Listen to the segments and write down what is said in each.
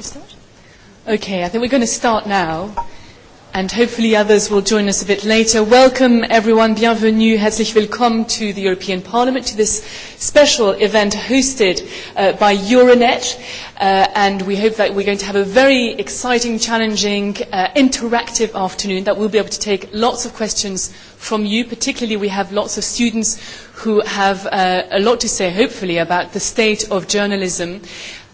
we start? Okay, I think we're going to start now. And hopefully others will join us a bit later. Welcome everyone, bienvenue, herzlich willkommen to the European Parliament, to this special event hosted uh, by Euronet. Uh, and we hope that we're going to have a very exciting, challenging, uh, interactive afternoon that we'll be able to take lots of questions from you. Particularly, we have lots of students who have uh, a lot to say, hopefully, about the state of journalism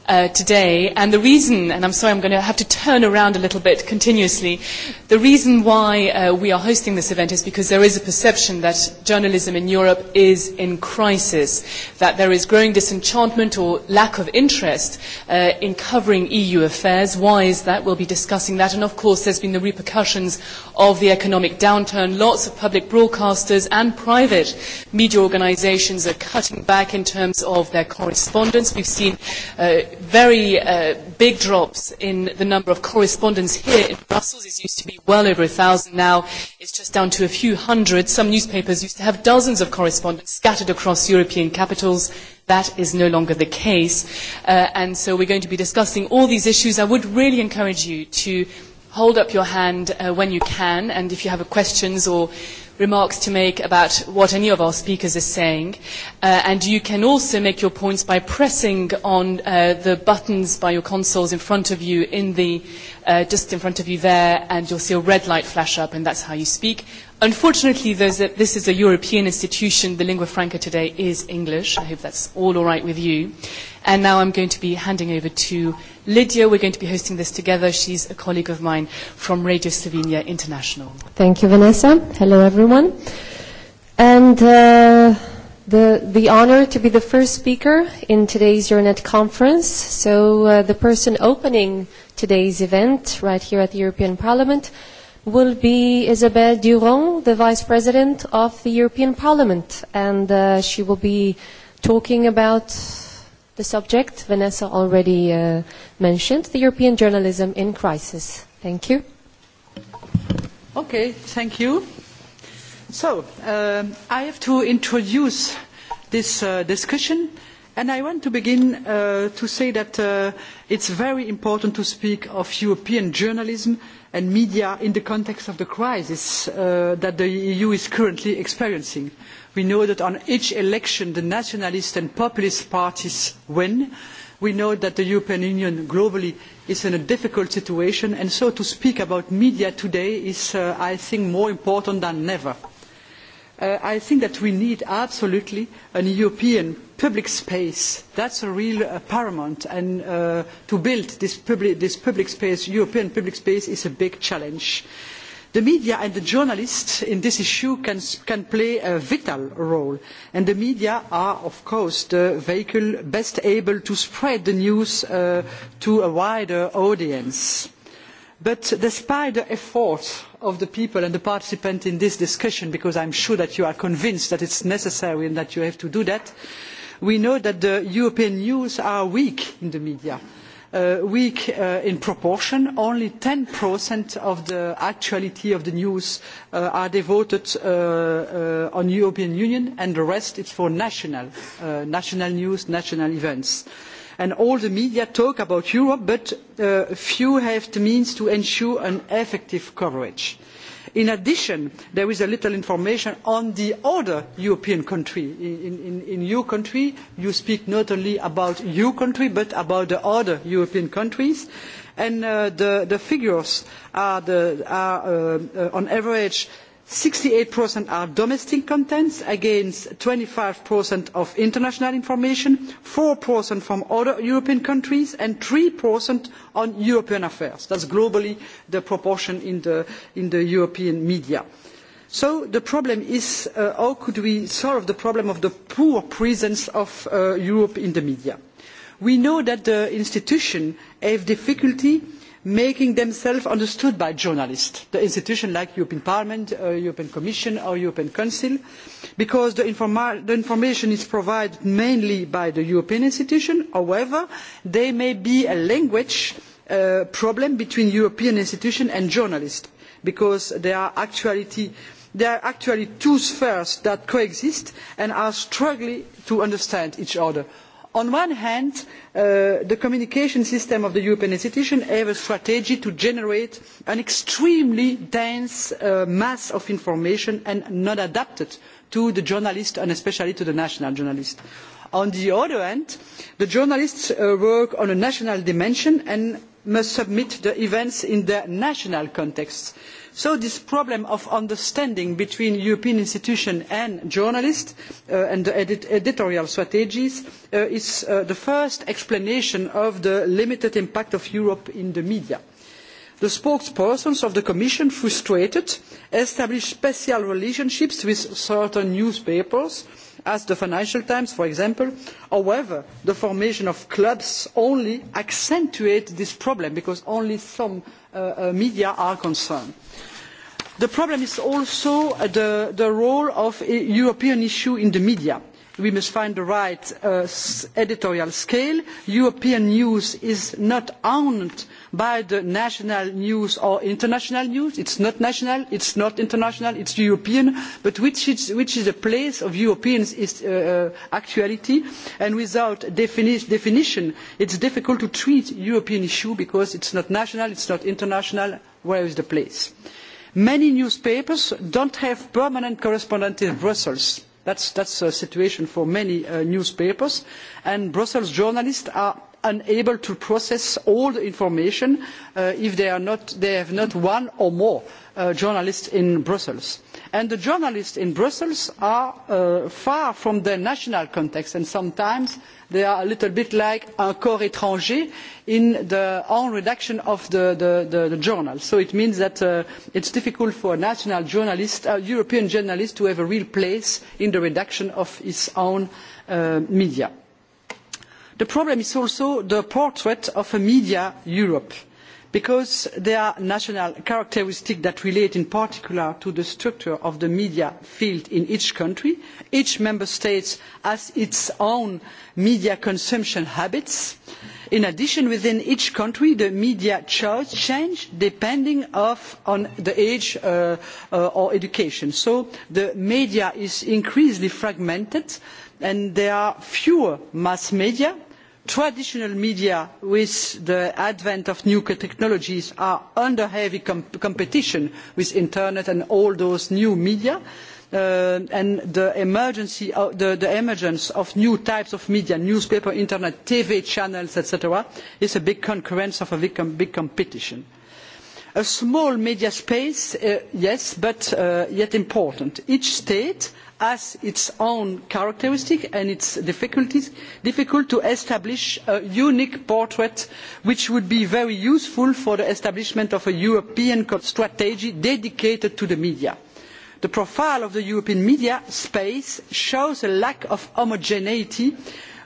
uh, today. And the reason, and I'm sorry, I'm going to have to turn around a little bit continuously, the reason why uh, we are hosting this event is because there is a perception that journalism in Europe is in crisis, that there is growing disenchantment or lack of interest uh, in covering EU affairs. Why is that? We'll be discussing that. And of course, there's been the repercussions of the economic downturn. Lots of public broadcasters and private media organizations are cutting back in terms of their correspondence. We've seen uh, very uh, big drops in the number of correspondents here in Brussels. It used to be well over a thousand. Now it's just down to a few hundred. Some newspapers used to have dozens of correspondents scattered across European capitals. That is no longer the case. Uh, and so we're going to be discussing all these issues. I would really encourage you to hold up your hand uh, when you can, and if you have questions or remarks to make about what any of our speakers is saying. Uh, and you can also make your points by pressing on uh, the buttons by your consoles in front of you, in the, uh, just in front of you there, and you'll see a red light flash up, and that's how you speak. Unfortunately, though, that this is a European institution. The lingua franca today is English. I hope that's all all right with you. And now I'm going to be handing over to Lydia. We're going to be hosting this together. She's a colleague of mine from Radio Slovenia International. Thank you, Vanessa. Hello, everyone. And uh, the, the honor to be the first speaker in today's Euronet conference. So uh, the person opening today's event right here at the European Parliament will be Isabelle Durand, the Vice President of the European Parliament, and uh, she will be talking about the subject Vanessa already uh, mentioned, the European journalism in crisis. Thank you. Okay, thank you. So, um, I have to introduce this uh, discussion. And I want to begin to say that it is very important to speak of European journalism and media in the context of the crisis that the eu is currently experiencing. we know that at each election the nationalist and populist parties win. we know that the european union globally is in a difficult situation and so to speak about media today is i think more important than ever I think that we need absolutely a European public space. That is a real paramount, and to build this public, space, European public space, is a big challenge. The media and the journalists in this issue can, play a vital role, and the media are, of course, the vehicle best able to spread the news to a wider audience but despite the efforts of the people and the participants in this discussion because i am sure that you are convinced that it is necessary and that you have to do that we know that the european news are weak in the media weak in proportion only ten of the actuality of the news are devoted to the european union and the rest is for national news national events and all the media talk about europe but few have the means to ensure an effective coverage. in addition there is little information on the other european countries. in your country you speak not only about your country but about the other european countries and the figures are on average sixty eight are domestic contents against twenty five of international information, four from other European countries and three on European affairs. That is globally the proportion in the, European media. So the problem is how could we solve the problem of the poor presence of Europe in the media? We know that the institutions have difficulty making themselves understood by journalists the institutions like the european parliament the european commission or the european council because the information is provided mainly by the european institutions. however there may be a language problem between european institutions and journalists because there are actually two spheres that coexist and are struggling to understand each other on the one hand the communication system of the european institutions has a strategy to generate an extremely dense mass of information and not adapted to the journalist and especially to the national journalist. on the other hand the journalists work on a national dimension and must submit the events in their national contexts. so this problem of understanding between european institutions and journalists and editorial strategies is the first explanation of the limited impact of europe in the media. the spokespersons of the commission frustrated established special relationships with certain newspapers as the financial times for example. however the formation of clubs only accentuates this problem because only some media are concerned. the problem is also the role of european issues in the media we must find the right editorial scale. european news is not owned by the national news or international news. It is not national, it is not international, it is European, but which is, which is the place of European actuality. And without definition, it is difficult to treat European issue because it is not national, it is not international. Where is the place? Many newspapers do not have permanent correspondents in Brussels. That is the situation for many newspapers. And Brussels journalists are unable to process all the information if they have not one or more journalists in brussels and the journalists in brussels are far from their national context and sometimes they are a little bit like un corps tranger in the own redaction of the journal so it means that it is difficult for a national journalist a european journalist to have a real place in the redaction of his own media the problem is also the portrait of a media europe because there are national characteristics that relate in particular to the structure of the media field in each country. each member state has its own media consumption habits. in addition within each country the media choice changes depending on the age or education. so the media is increasingly fragmented and there are fewer mass media traditional media with the advent of new technologies are under heavy competition with the internet and all those new media and the emergence of new types of media newspaper internet tv channels etc. is a big concurrence of a big competition. a small media space yes but yet important. each state has its own characteristics and it is difficult to establish a unique portrait which would be very useful for the establishment of a european strategy dedicated to the media. the profile of the european media space shows a lack of homogeneity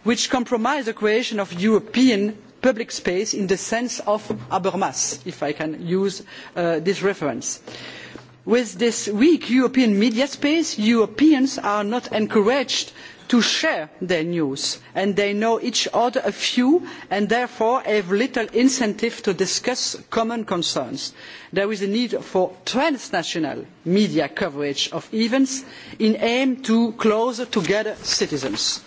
which compromises the creation of european public space in the sense of habermas if i can use this reference with this weak european media space europeans are not encouraged to share their news and they know each other a few and therefore have little incentive to discuss common concerns. there is a need for transnational media coverage of events in order to bring closer together citizens.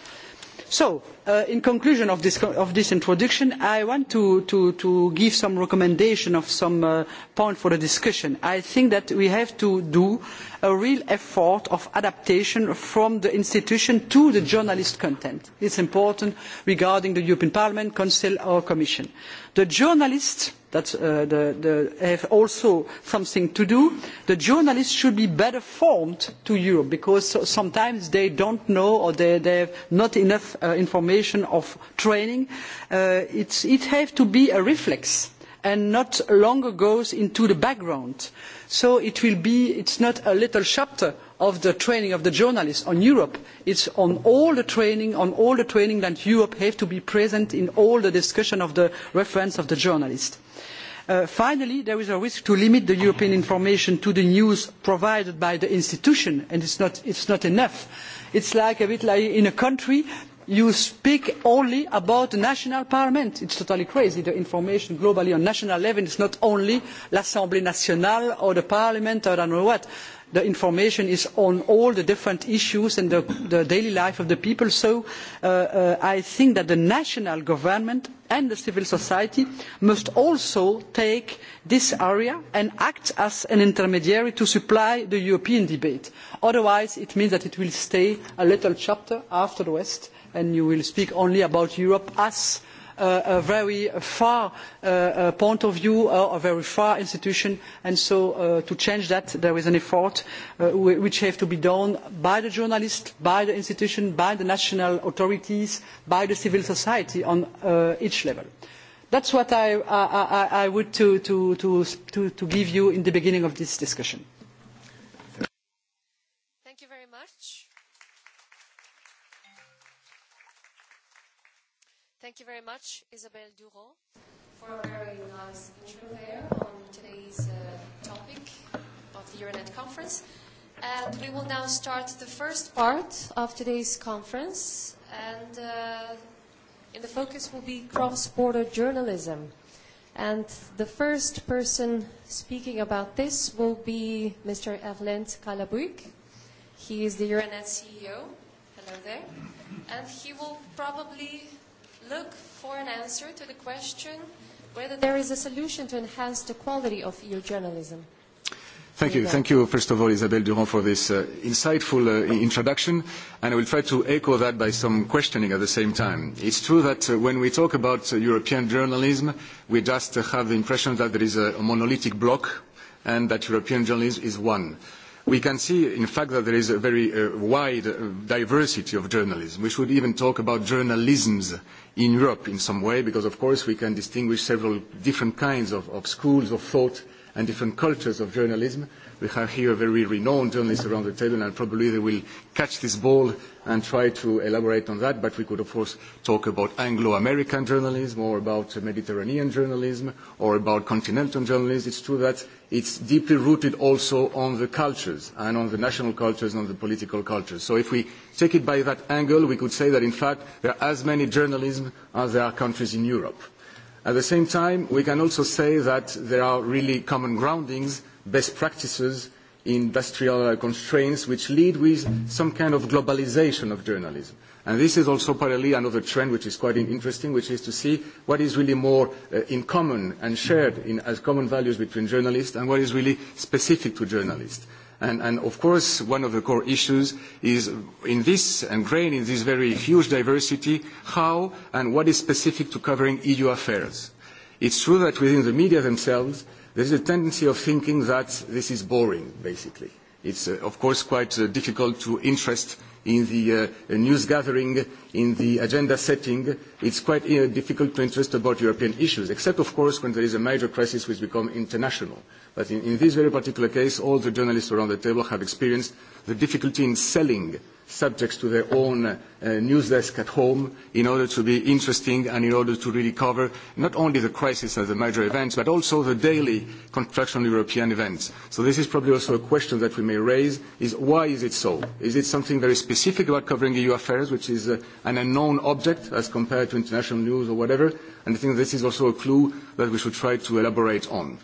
so in conclusion of this, introduction, I want to, give some recommendations of some points for the discussion. I think that we have to do a real effort of adaptation from the institution to the journalist content. It is important regarding the European Parliament, Council or Commission. The journalists have also something to do. The journalists should be better formed to Europe because sometimes they do not know or they, have not enough information transformation of training it has to be a reflex and not longer goes into the background. So it will be, it's not a little chapter of the training of the journalists on Europe. It's on all the training, on all the training that Europe has to be present in all the discussion of the reference of the journalists. finally, there is a risk to limit the European information to the news provided by the institution, and it's not, it's not enough. It's like a bit like in a country, you speak only about the national parliament. it is totally crazy the information globally on national level is not only l'assemblee nationale or the parliament or i not know what the information is on all the different issues and the daily life of the people so i think that the national government and civil society must also take this area and act as an intermediary to supply the european debate otherwise it means that it will stay a little chapter after the west and you will speak only about Europe as a very far point of view, a very far institution, and so to change that there is an effort which has to be done by the journalists, by the institution, by the national authorities, by the civil society on each level. That is what I would to give you in the beginning of this discussion. Thank you very much Thank you very much, Isabelle Durand, for a very nice intro there on today's uh, topic of the Euronet conference. And we will now start the first part of today's conference. And, uh, in the focus will be cross-border journalism. And the first person speaking about this will be Mr. Erlend Kalabuik. He is the Euronet CEO. Hello there. And he will probably look for an answer to the question whether there is a solution to enhance the quality of your journalism. Thank you. Thank you, first of all, Isabelle Durand, for this uh, insightful uh, introduction. And I will try to echo that by some questioning at the same time. It's true that uh, when we talk about uh, European journalism, we just uh, have the impression that there is a, a monolithic block and that European journalism is one. Uh, we can see, in fact, that there is a very wide diversity of journalism. We should even talk about journalisms in Europe in some way, because, of course, we can distinguish several different kinds of, schools of thought and different cultures of journalism we have here a very renowned journalist around the table, and probably they will catch this ball and try to elaborate on that. But we could, of course, talk about Anglo-American journalism, or about Mediterranean journalism, or about continental journalism. It's true that it's deeply rooted also on the cultures, and on the national cultures, and on the political cultures. So if we take it by that angle, we could say that, in fact, there are as many journalism as there are countries in Europe At the same time, we can also say that there are really common groundings, best practices, industrial constraints, which lead with some kind of globalisation of journalism. And this is also parallel another trend which is quite interesting, which is to see what is really more in common and shared as common values between journalists and what is really specific to journalists. And, of course, one of the core issues is in this and grain, in this very huge diversity, how and what is specific to covering EU affairs. It's true that within the media themselves, there is a tendency of thinking that this is boring, basically. It's, of course, quite difficult to interest in the news gathering, in the agenda setting. It's quite difficult to interest about European issues, except, of course, when there is a major crisis which becomes international But in, in this very particular case, all the journalists around the table have experienced the difficulty in selling subjects to their own uh, news desk at home in order to be interesting and in order to really cover not only the crisis and the major events, but also the daily construction European events. So this is probably also a question that we may raise, is why is it so? Is it something very specific about covering EU affairs, which is uh, an unknown object as compared to international news or whatever? And I think this is also a clue that we should try to elaborate on.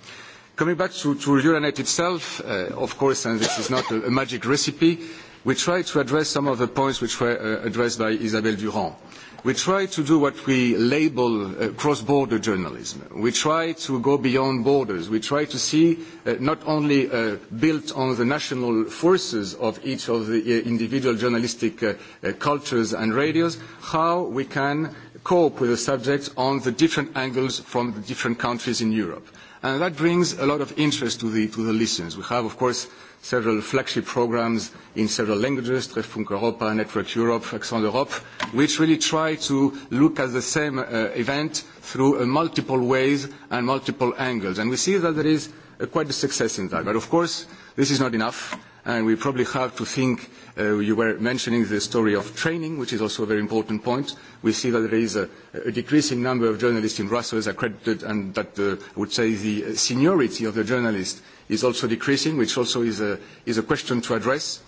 Coming back to Euronet itself, of course, and this is not a magic recipe, we try to address some of the points which were addressed by Isabelle Durand. We try to do what we label cross-border journalism. We try to go beyond borders. We try to see not only built on the national forces of each of the individual journalistic cultures and radios, how we can cope with the subject on the different angles from the different countries in Europe. And that brings a lot of interest to the, to the listeners. We have, of course, several flagship programs in several languages, Treffpunkt Europa, Network Europe, Accent Europe, which really try to look at the same event through multiple ways and multiple angles. And we see that there is quite a success in that. But of course, This is not enough, and we probably have to think, you were mentioning the story of training, which is also a very important point. We see that there is a, decreasing number of journalists in Brussels accredited, and that I would say the seniority of the journalist is also decreasing, which also is a, is a question to address.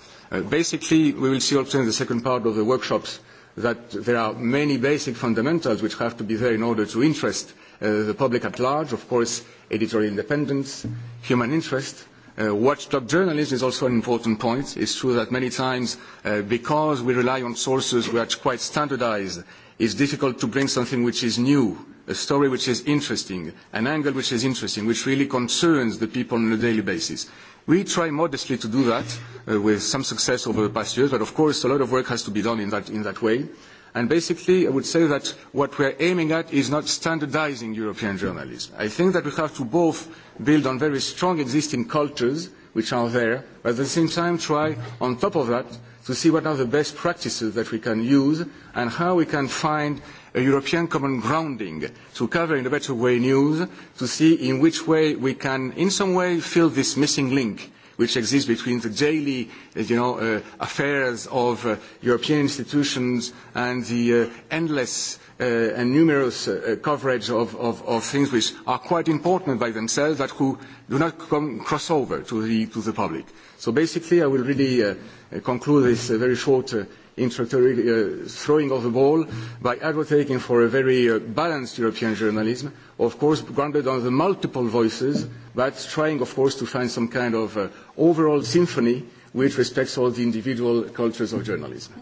basically, we will see also in the second part of the workshops that there are many basic fundamentals which have to be there in order to interest the public at large, of course, editorial independence, human interest, watchdog journalism is also an important point. It is true that many times, because we rely on sources which are quite standardised, it is difficult to bring something which is new, a story which is interesting, an angle which is interesting, which really concerns the people on a daily basis. We try modestly to do that with some success over the past years, but of course a lot of work has to be done in that, way. And basically, I would say that what we are aiming at is not standardising European journalism. I think that we have to both build on very strong existing cultures, which are there, but at the same time try, on top of that, to see what are the best practices that we can use and how we can find a European common grounding to cover in a better way news, to see in which way we can, in some way, fill this missing link which exists between the daily you know, uh, affairs of uh, European institutions and the uh, endless uh, and numerous uh, coverage of, of, of things which are quite important by themselves but who do not come cross over to the, to the public. So basically I will really uh, conclude this uh, very short uh, introductory throwing of the ball by advocating for a very balanced European journalism, of course grounded on the multiple voices, but trying, of course, to find some kind of overall symphony which respects all the individual cultures of journalism.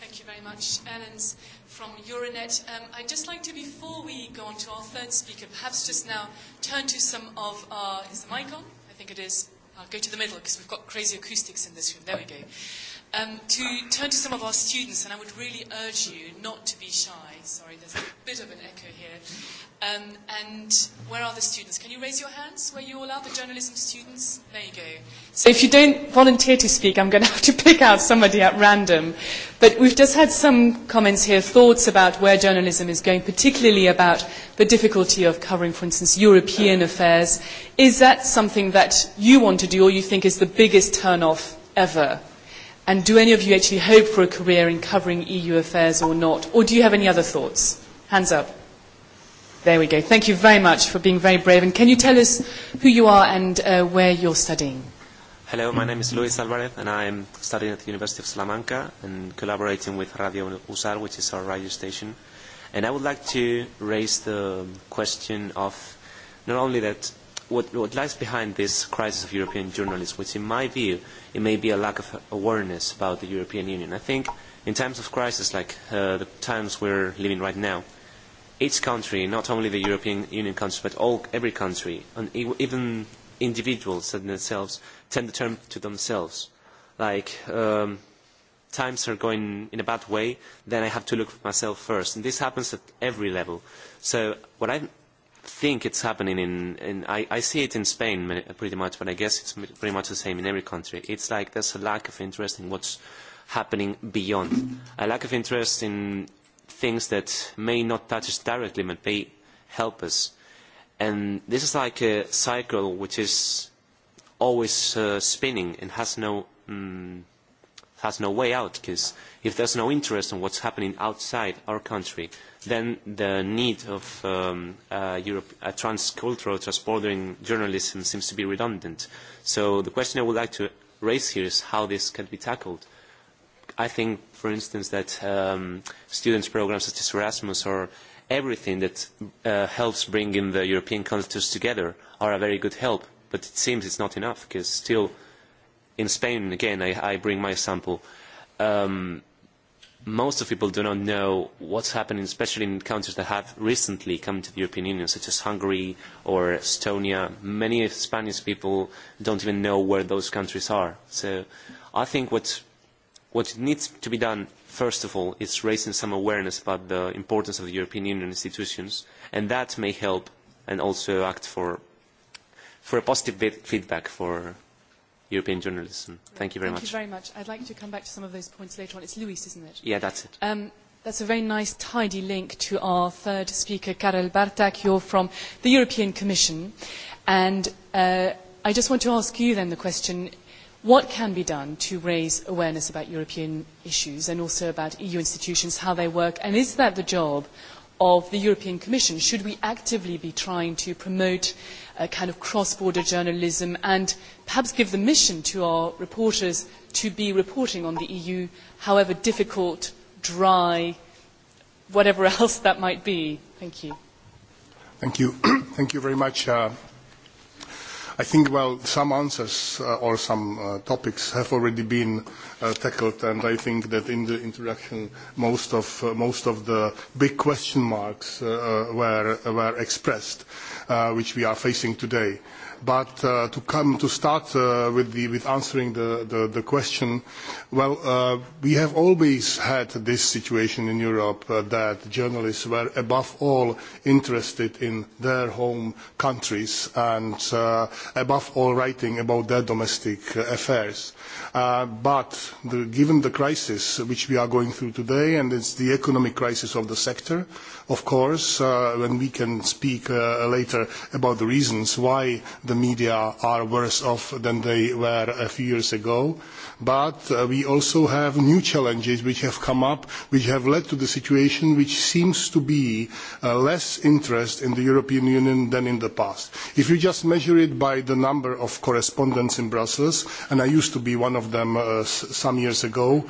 Thank you very much. Ellen's from Euronet. Um, I'd just like to, before we go on to our third speaker, perhaps just now turn to some of our, is the mic on? I think it is. I'll go to the middle because we've got crazy acoustics in this room. There we go um, to turn to some of our students, and I would really urge you not to be shy. Sorry, there's a bit of an echo here. Um, and where are the students? Can you raise your hands where you all are, the journalism students? There you go. So if you don't volunteer to speak, I'm going to have to pick out somebody at random. But we've just had some comments here, thoughts about where journalism is going, particularly about the difficulty of covering, for instance, European affairs. Is that something that you want to do or you think is the biggest turn-off ever? And do any of you actually hope for a career in covering EU affairs or not? Or do you have any other thoughts? Hands up. There we go. Thank you very much for being very brave. And can you tell us who you are and uh, where you're studying? Hello, my name is Luis Alvarez, and I'm studying at the University of Salamanca and collaborating with Radio USAR, which is our radio station. And I would like to raise the question of not only that what, lies behind this crisis of European journalists, which in my view, it may be a lack of awareness about the European Union. I think in times of crisis like the times we're living right now, each country, not only the European Union countries, but all, every country, and even individuals themselves, tend to turn to themselves. Like, times are going in a bad way, then I have to look for myself first. And this happens at every level. So what I'm think it's happening in, in I, I see it in Spain pretty much, but I guess it's pretty much the same in every country. It's like there's a lack of interest in what's happening beyond, a lack of interest in things that may not touch us directly but may help us. And this is like a cycle which is always uh, spinning and has no um, has no way out because if there's no interest in what's happening outside our country, Then the need of um, uh, Europe, a transcultural, transbordering journalism seems to be redundant. So the question I would like to raise here is how this can be tackled. I think, for instance, that um, students' programs such as Erasmus or everything that uh, helps bring in the European cultures together are a very good help. But it seems it's not enough because still in Spain, again, I, I bring my sample. Um, most of people do not know what's happening, especially in countries that have recently come to the European Union, such as Hungary or Estonia. Many Spanish people don't even know where those countries are. So I think what, what needs to be done, first of all, is raising some awareness about the importance of the European Union institutions, and that may help and also act for, for a positive feedback for, European journalism. Thank you very much. Thank you very much. I'd like to come back to some of those points later on. It's Luis, isn't it? Yeah, that's it. Um, that's a very nice, tidy link to our third speaker, Karel Bartak. You're from the European Commission. And uh, I just want to ask you then the question, what can be done to raise awareness about European issues and also about EU institutions, how they work, and is that the job of the European Commission? Should we actively be trying to promote a kind of cross-border journalism and perhaps give the mission to our reporters to be reporting on the EU, however difficult, dry, whatever else that might be? Thank you. Thank you. Thank you very much I think, well, some answers or some topics have already been tackled, and I think that in the introduction, most of the big question marks were expressed, which we are facing today But to come to start with answering the question, well, we have always had this situation in Europe that journalists were above all interested in their home countries and above all writing about their domestic affairs. But given the crisis which we are going through today, and it's the economic crisis of the sector, of course, when we can speak later about the reasons why the the media are worse off than they were a few years ago. But we also have new challenges which have come up, which have led to the situation which seems to be less interest in the European Union than in the past. If you just measure it by the number of correspondents in Brussels, and I used to be one of them some years ago,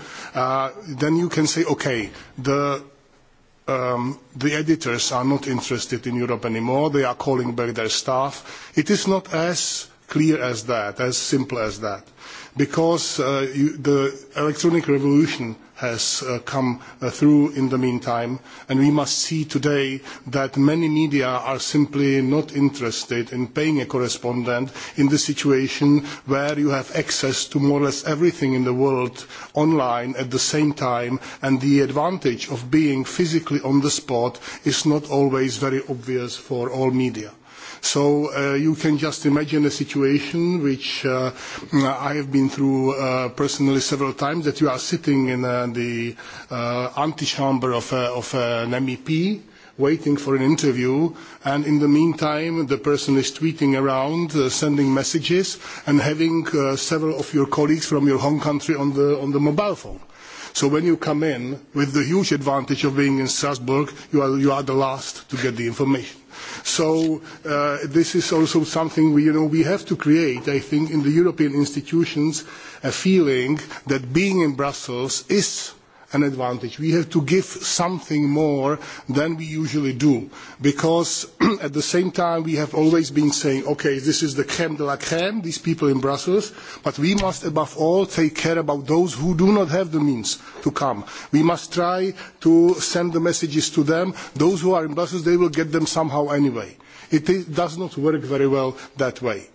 then you can say, okay, the the editors are not interested in Europe anymore. They are calling back their staff. It is not as clear as that, as simple as that. Because the electronic revolution has come through in the meantime, and we must see today that many media are simply not interested in paying a correspondent in the situation where you have access to more or less everything in the world online at the same time, and the advantage of being physically on the spot is not always very obvious for all media. So you can just imagine a situation which I have been through personally several times, that you are sitting in the antechamber of an MEP, waiting for an interview and in the meantime the person is tweeting around sending messages and having several of your colleagues from your home country on the mobile phone So when you come in with the huge advantage of being in Strasbourg, you are, you are the last to get the information. So this is also something we, you know, we have to create, I think, in the European institutions, a feeling that being in Brussels is an advantage. We have to give something more than we usually do because at the same time we have always been saying, okay, this is the creme de la creme, these people in Brussels, but we must above all take care about those who do not have the means to come. We must try to send the messages to them. Those who are in Brussels, they will get them somehow anyway. It does not work very well that way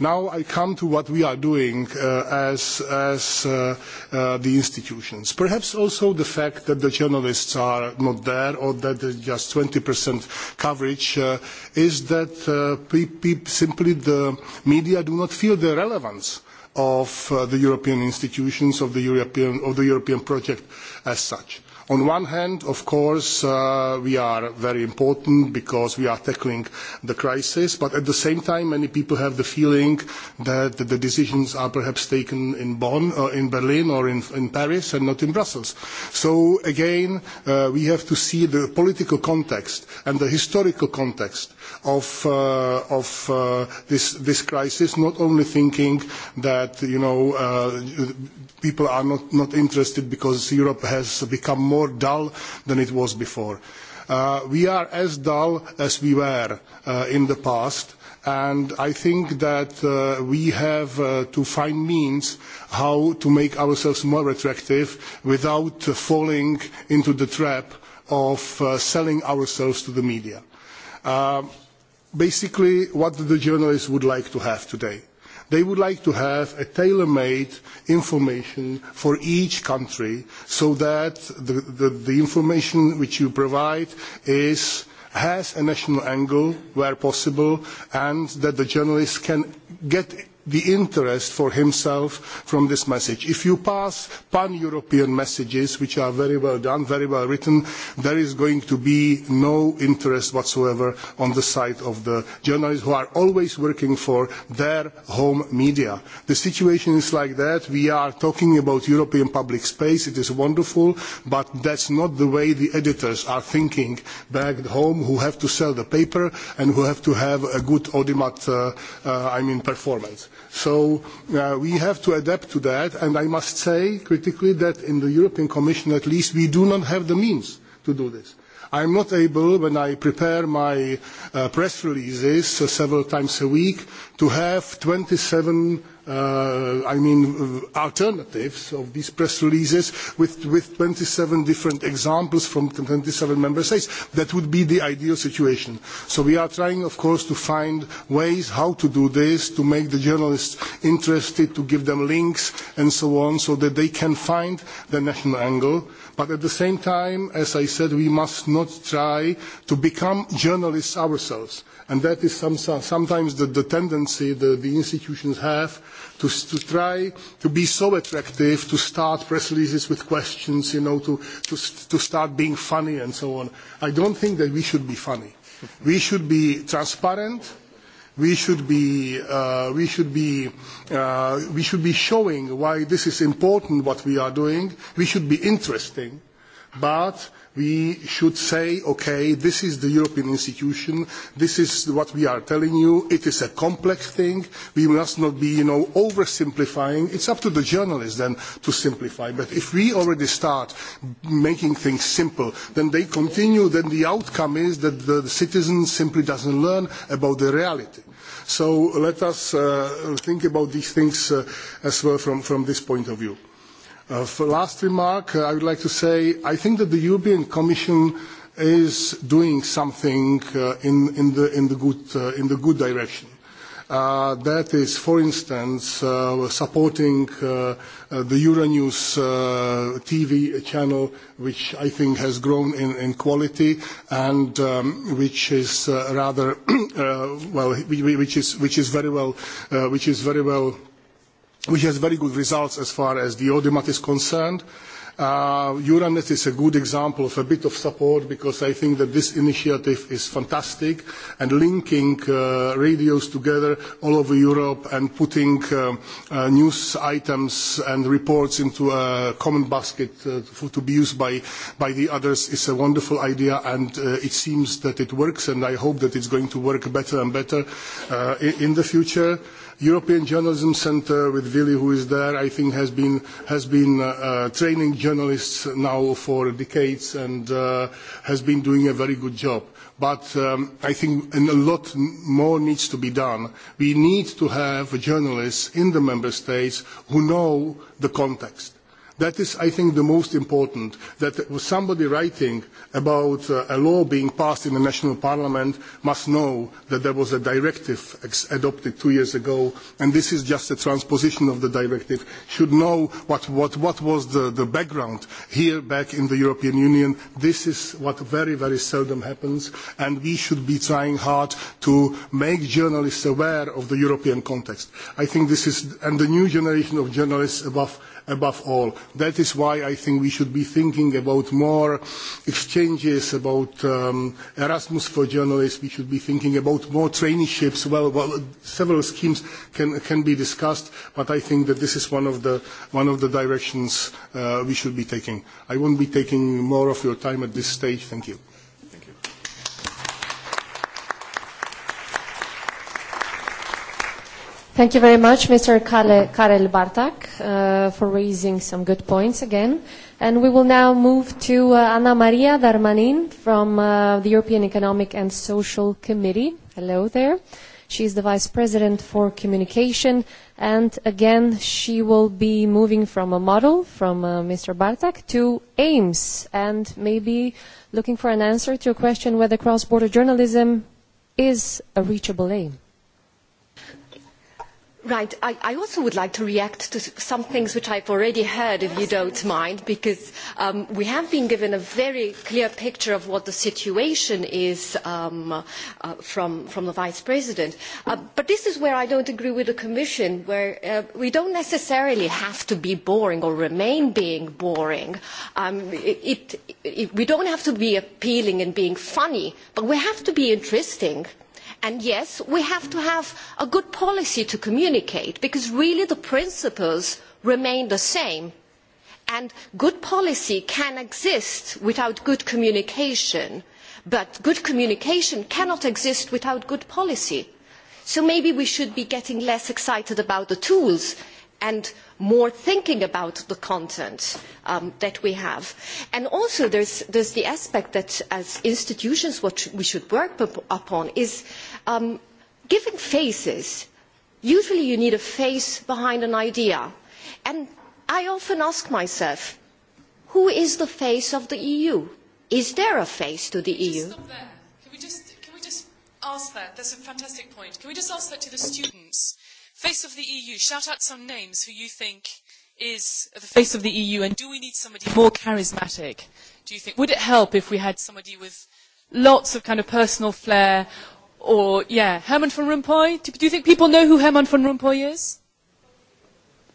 Now I come to what we are doing as, the institutions. Perhaps also the fact that the journalists are not there or that there is just 20% coverage is that simply the media do not feel the relevance of the European institutions, of the European, of the European project as such On one hand, of course, we are very important because we are tackling the crisis, but at the same time, many people have the feeling that the decisions are perhaps taken in Bonn, or in Berlin, or in, Paris, and not in Brussels. So again, we have to see the political context and the historical context of, this, crisis, not only thinking that people are not, interested because Europe has become more dull than it was before. we are as dull as we were in the past, and I think that we have to find means how to make ourselves more attractive without falling into the trap of selling ourselves to the media. basically, what the journalists would like to have today They would like to have a tailor-made information for each country so that the, the, the information which you provide is has a national angle where possible and that the journalists can get the interest for himself from this message. If you pass pan-European messages, which are very well done, very well written, there is going to be no interest whatsoever on the side of the journalists who are always working for their home media. The situation is like that. We are talking about European public space. It is wonderful, but that's not the way the editors are thinking back home who have to sell the paper and who have to have a good Audimat, I mean, performance. So we have to adapt to that, and I must say critically that in the European Commission at least we do not have the means to do this. I am not able, when I prepare my press releases several times a week, to have twenty seven I mean, alternatives of these press releases with, with 27 different examples from 27 member states. That would be the ideal situation. So we are trying, of course, to find ways how to do this, to make the journalists interested, to give them links and so on, so that they can find the national angle But at the same time, as I said, we must not try to become journalists ourselves. And that is sometimes the, tendency that the institutions have to, try to be so attractive, to start press releases with questions, you know, to, to, to start being funny and so on. I don't think that we should be funny. We should be transparent we should be uh, we should be uh, we should be showing why this is important what we are doing we should be interesting but we should say, okay, this is the European institution, this is what we are telling you, it is a complex thing, we must not be, you know, oversimplifying. It's up to the journalists then to simplify. But if we already start making things simple, then they continue, then the outcome is that the, the citizen simply doesn't learn about the reality. So let us think about these things as well from, from this point of view for last remark, I would like to say I think that the European Commission is doing something in, the, good, direction. that is, for instance, supporting the Euronews TV channel, which I think has grown in, quality and which is rather well, which is very well, which is very well which has very good results as far as the AudiMat is concerned. Euronet is a good example of a bit of support because I think that this initiative is fantastic and linking radios together all over Europe and putting news items and reports into a common basket to be used by, the others is a wonderful idea and it seems that it works and I hope that it is going to work better and better in the future. European Journalism Centre with Vili, who is there, I think has been, has been training journalists now for decades and has been doing a very good job but I think a lot more needs to be done. We need to have journalists in the member states who know the context That is, I think, the most important, that somebody writing about a law being passed in the national parliament must know that there was a directive adopted two years ago, and this is just a transposition of the directive, should know what, what, what was the, the background here back in the European Union. This is what very, very seldom happens, and we should be trying hard to make journalists aware of the European context. I think this is, and the new generation of journalists above above all. That is why I think we should be thinking about more exchanges, about Erasmus for journalists. We should be thinking about more traineeships. Well, several schemes can, be discussed, but I think that this is one of the, one of the directions we should be taking. I won't be taking more of your time at this stage. Thank you. Thank you very much, Mr. Karel Bartak, uh, for raising some good points again. And we will now move to uh, Anna Maria Darmanin from uh, the European Economic and Social Committee. Hello there. She is the Vice President for Communication. And again, she will be moving from a model from uh, Mr. Bartak to aims and maybe looking for an answer to a question whether cross-border journalism is a reachable aim. Right. I, I also would like to react to some things which I have already heard, if you don't mind, because um we have been given a very clear picture of what the situation is from, the Vice President. but this is where I don't agree with the Commission, where uh we do not necessarily have to be boring or remain being boring. Um it we don't have to be appealing and being funny, but we have to be interesting and yes we have to have a good policy to communicate because really the principles remain the same and good policy can exist without good communication but good communication cannot exist without good policy so maybe we should be getting less excited about the tools and more thinking about the content that we have. And also there is the aspect that as institutions what we should work upon is giving faces. Usually you need a face behind an idea. And I often ask myself, who is the face of the EU? Is there a face to the EU? Can we just ask that? That's a fantastic point. Can we just ask that to the students? Face of the EU, shout out some names who you think is the face of the EU, and do we need somebody more charismatic? Do you think would it help if we had somebody with lots of kind of personal flair, or yeah, Herman Van Rompuy? Do you think people know who Herman Van Rompuy is?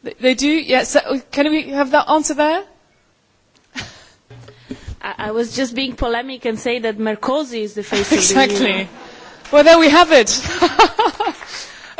They, they do. Yes. So, can we have that answer there? I, I was just being polemic and say that Mercosi is the face of the EU. Exactly. Well, there we have it.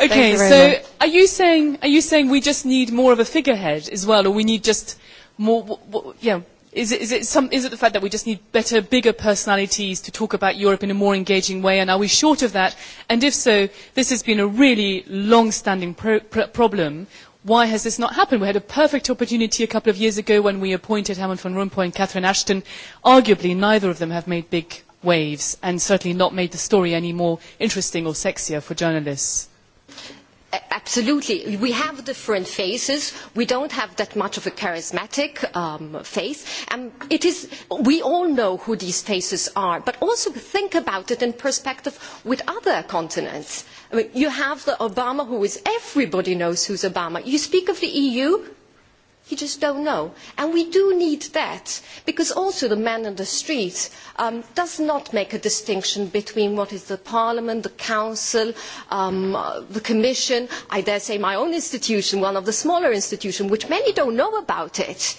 Okay, so are you saying are you saying we just need more of a figurehead as well, or we need just more? w yeah, is it, is it some? Is it the fact that we just need better, bigger personalities to talk about Europe in a more engaging way? And are we short of that? And if so, this has been a really long-standing pro- pr problem. Why has this not happened? We had a perfect opportunity a couple of years ago when we appointed Herman van Rompuy and Catherine Ashton. Arguably, neither of them have made big waves and certainly not made the story any more interesting or sexier for journalists. Absolutely. We have different faces. We don't have that much of a charismatic face. And it is, we all know who these faces are, but also think about it in perspective with other continents. I mean, you have the Obama who is everybody knows who's Obama. You speak of the EU, You just don't know. And we do need that because also the man on the street does not make a distinction between what is the Parliament, the Council, the Commission, I dare say my own institution, one of the smaller institutions, which many don't know about it.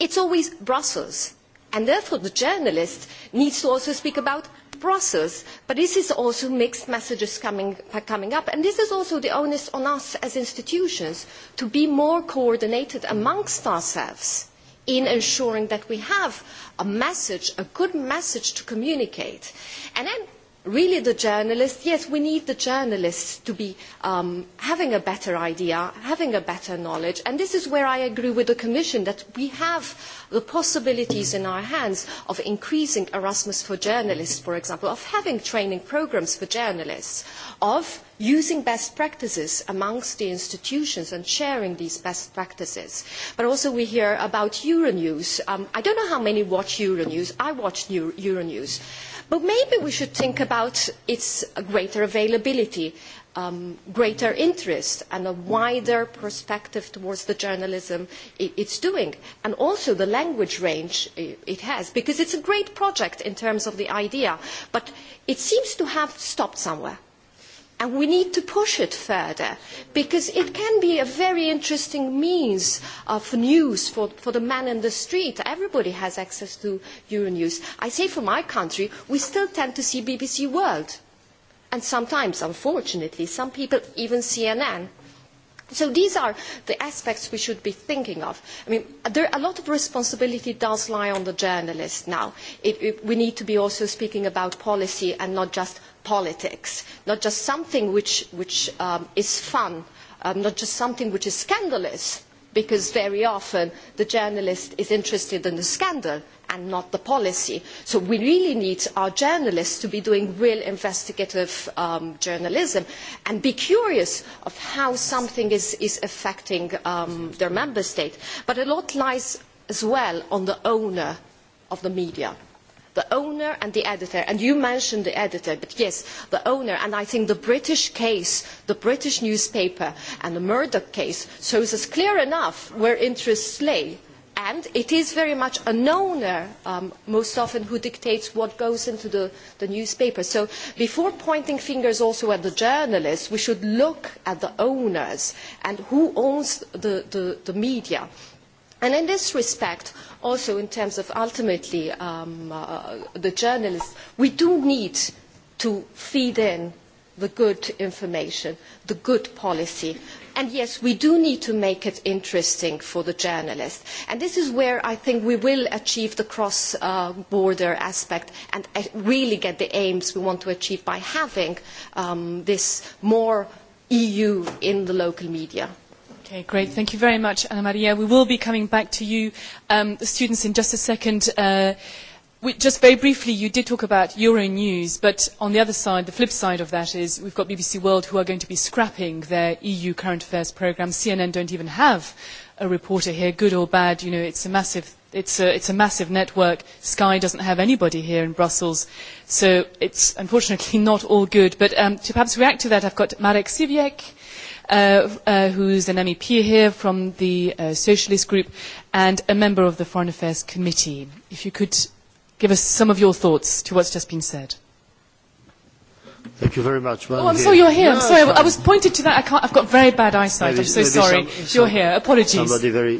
It's always Brussels. And therefore the journalist needs to also speak about process, but this is also mixed messages coming, up. And this is also the onus on us as institutions to be more coordinated amongst ourselves in ensuring that we have a message, a good message to communicate. And then really the journalists, yes, we need the journalists to be having a better idea, having a better knowledge. And this is where I agree with the Commission that we have the possibilities in our hands of increasing Erasmus for journalists, for example, of having training programmes for journalists, of using best practices amongst the institutions and sharing these best practices. But also we hear about Euronews. I don't know how many watch Euronews. I watch Euronews But maybe we should think about its greater availability, greater interest, and a wider perspective towards the journalism it, it's doing, and also the language range it has, because it's a great project in terms of the idea, but it seems to have stopped somewhere And we need to push it further because it can be a very interesting means of news for, the man in the street. Everybody has access to Euronews. I say for my country, we still tend to see BBC World. And sometimes, unfortunately, some people even CNN. So these are the aspects we should be thinking of. I mean, there, a lot of responsibility does lie on the journalist now. we need to be also speaking about policy and not just politics, not just something which, which is fun, not just something which is scandalous, because very often the journalist is interested in the scandal and not the policy. So we really need our journalists to be doing real investigative journalism and be curious of how something is, affecting their member state. But a lot lies as well on the owner of the media the owner and the editor. And you mentioned the editor, but yes, the owner. And I think the British case, the British newspaper and the Murdoch case shows us clear enough where interests lay. And it is very much an owner, most often, who dictates what goes into the, newspaper. So before pointing fingers also at the journalists, we should look at the owners and who owns the media And in this respect, also in terms of ultimately the journalists, we do need to feed in the good information, the good policy. And yes, we do need to make it interesting for the journalist. And this is where I think we will achieve the cross-border aspect and really get the aims we want to achieve by having this more EU in the local media. Okay, great. Thank you very much, Ana Maria. We will be coming back to you, um, the students, in just a second. Uh, we, just very briefly, you did talk about Euronews, but on the other side, the flip side of that is we've got BBC World who are going to be scrapping their EU current affairs programme. CNN don't even have a reporter here, good or bad. You know, it's a massive it's a, it's a massive network. Sky doesn't have anybody here in Brussels, so it's unfortunately not all good. But um, to perhaps react to that, I've got Marek Siviek uh, who's an MEP here from the uh, Socialist Group and a member of the Foreign Affairs Committee. If you could give us some of your thoughts to what's just been said. Thank you very much. Well, oh, I'm sorry you're here. I'm sorry. I was pointed to that. I can't, I've got very bad eyesight. I'm so sorry. you're here. Apologies. Somebody very,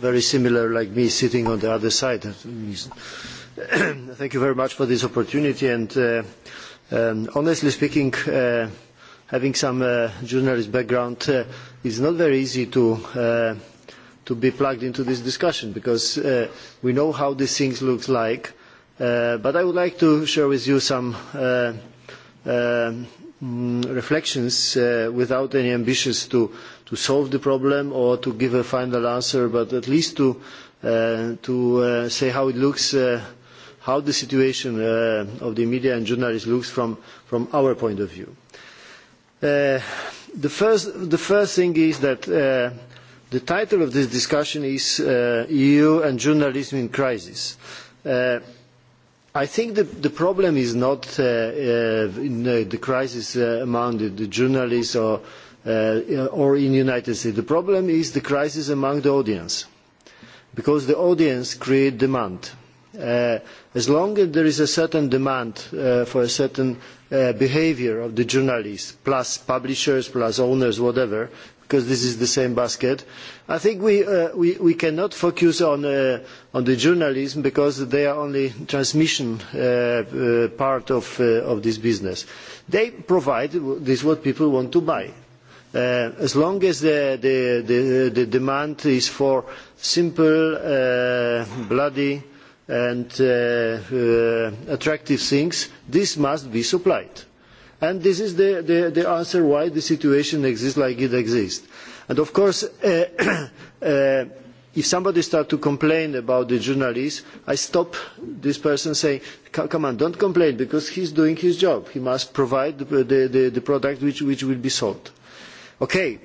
very similar like me sitting on the other side. Thank you very much for this opportunity. And uh, um, honestly speaking, uh, having some journalist background, it is not very easy to be plugged into this discussion because we know how these things look like. but I would like to share with you some reflections without any ambitions to, to solve the problem or to give a final answer, but at least to, to say how it looks, how the situation of the media and journalists looks from, from our point of view the, first, the first thing is that the title of this discussion is EU and Journalism in Crisis. I think the, the problem is not in the, crisis among the, journalists or, or in the United States. The problem is the crisis among the audience, because the audience creates demand. as long as there is a certain demand for a certain behaviour of the journalists, plus publishers, plus owners, whatever, because this is the same basket. I think we, cannot focus on, the journalism because they are only transmission part of, this business. They provide this what people want to buy. as long as the, demand is for simple, bloody, and attractive things, this must be supplied. And this is the, the, the answer why the situation exists like it exists. And of course, if somebody starts to complain about the journalist, I stop this person saying, come on, don't complain, because he is doing his job. He must provide the, the, the product which, which will be sold. Okay,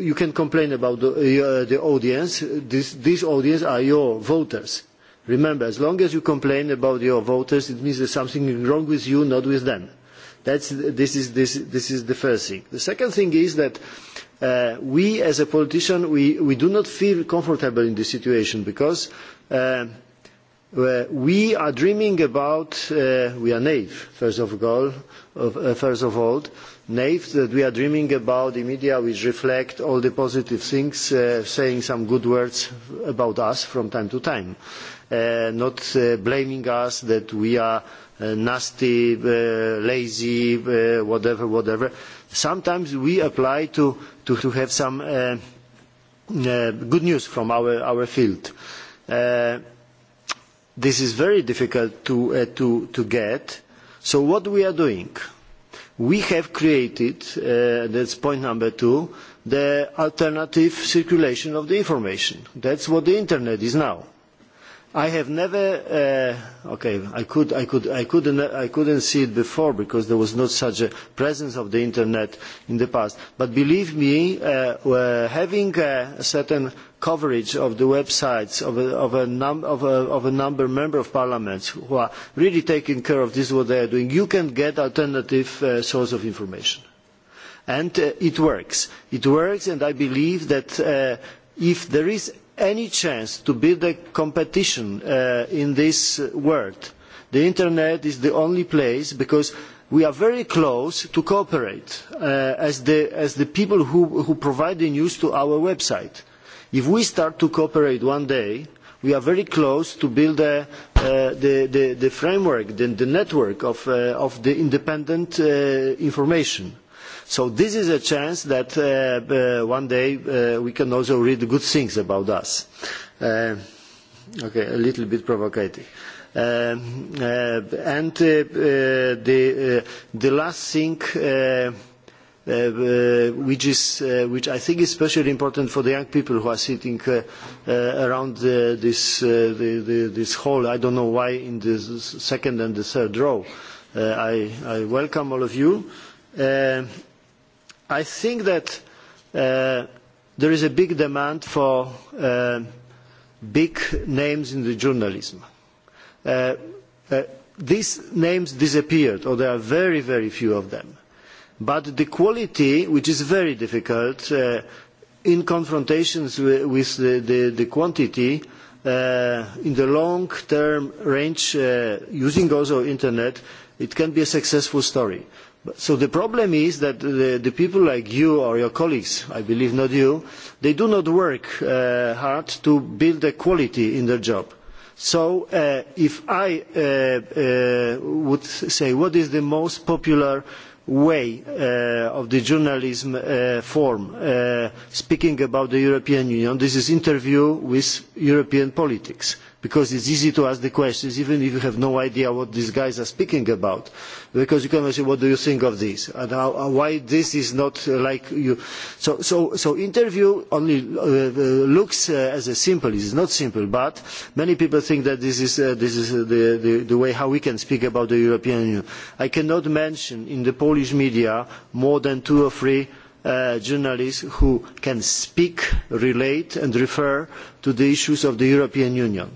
you can complain about the, audience. This, this audience are your voters Remember, as long as you complain about your voters, it means something is something wrong with you, not with them. That's, this, is, this, this is the first thing. The second thing is that we, as a politician, we, we do not feel comfortable in this situation because we are dreaming about, we are naive, first of all, first of all, naive that we are dreaming about the media which reflect all the positive things, saying some good words about us from time to time not blaming us that we are nasty, lazy, whatever, whatever. Sometimes we apply to, have some good news from our, field. this is very difficult to, get. So what we are doing? We have created, uh, that's point number two, the alternative circulation of the information. That is what the internet is now I have never, uh, okay, I, could, I, could, I, couldn't, I couldn't see it before because there was not such a presence of the internet in the past. But believe me, uh, having a certain coverage of the websites of a, of a, num of a, of a number of member of parliaments who are really taking care of this, what they are doing, you can get alternative uh, source of information. And uh, it works. It works, and I believe that uh, if there is any chance to beat the competition in this world. The internet is the only place because we are very close to cooperate as, the, people who, provide the news to our website. If we start to cooperate one day, we are very close to build the, framework, the, network of, the independent information So this is a chance that one day we can also read good things about us. okay, a little bit provocative. and the, the last thing which is which I think is especially important for the young people who are sitting around this this hall. I don't know why in the second and the third row. I, I welcome all of you. I think that there is a big demand for big names in the journalism. these names disappeared, or there are very, very few of them. But the quality, which is very difficult, in confrontations with, the, quantity, in the long-term range, using also internet, it can be a successful story so the problem is that the, people like you or your colleagues, I believe not you, they do not work hard to build a quality in their job. So if I would say what is the most popular way of the journalism form speaking about the European Union, this is interview with European politics because it is easy to ask the questions even if you have no idea what these guys are speaking about because you can say what do you think of this and how, why this is not like you so so so interview only looks as a simple it is not simple but many people think that this is this is the, the the way how we can speak about the european union i cannot mention in the polish media more than two or three journalists who can speak relate and refer to the issues of the european union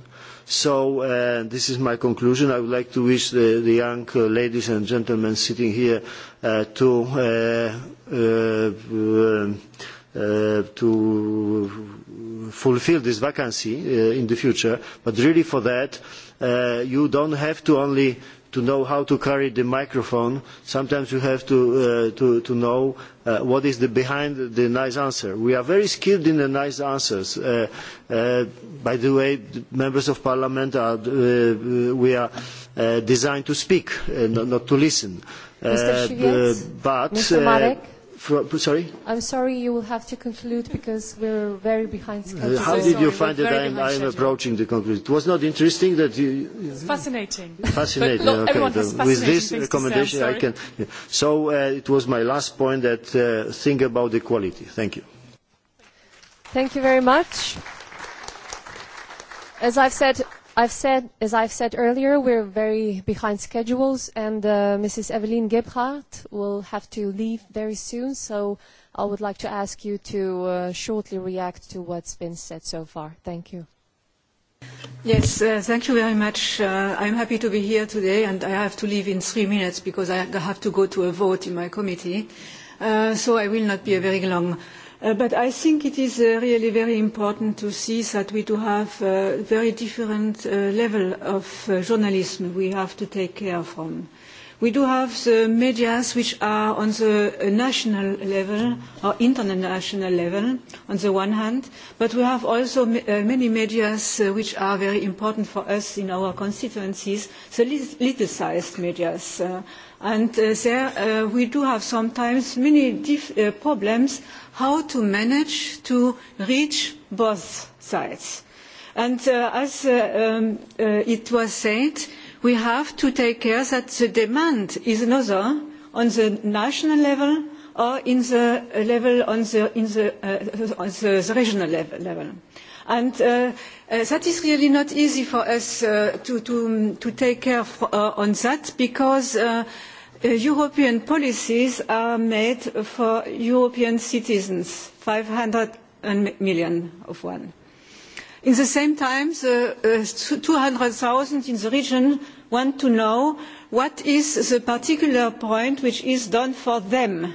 So this is my conclusion. I would like to wish the, the young ladies and gentlemen sitting here to to fulfil this vacancy in the future. But really for that, you don't have to only to know how to carry the microphone. Sometimes you have to, to, to know what is the behind the nice answer. We are very skilled in the nice answers. by the way, the members of parliament are, we are designed to speak, not, to listen. Mr. Mr. Marek For, sorry? I'm sorry you will have to conclude because we're very behind schedule. How did you find that I'm, I'm approaching the conclusion? It was not interesting that you... It's fascinating. Fascinating, okay. Everyone has With this recommendation I can... Yeah. So uh, it was my last point that uh, think about the quality. Thank you. Thank you very much. As I've said, I've said, as I've said earlier, we're very behind schedules, and uh, Mrs. Evelyn Gebhardt will have to leave very soon. So I would like to ask you to uh, shortly react to what's been said so far. Thank you. Yes, uh, thank you very much. Uh, I'm happy to be here today, and I have to leave in three minutes because I have to go to a vote in my committee. Uh, so I will not be very long but I think it is really very important to see that we do have a very different level of journalism we have to take care from. We do have the media which are on the national level or international level on the one hand, but we have also many media which are very important for us in our constituencies, the little-sized media. and there we do have sometimes many problems how to manage to reach both sides. And as it was said, we have to take care that the demand is another on the national level or in the level on the, in the, uh, on the, the regional level. level. And uh, uh, that is really not easy for us uh, to, to, to take care for, uh, on that because uh, European policies are made for European citizens, five hundred million of one. At the same time, the two hundred 200,000 in the region want to know what is the particular point which is done for them,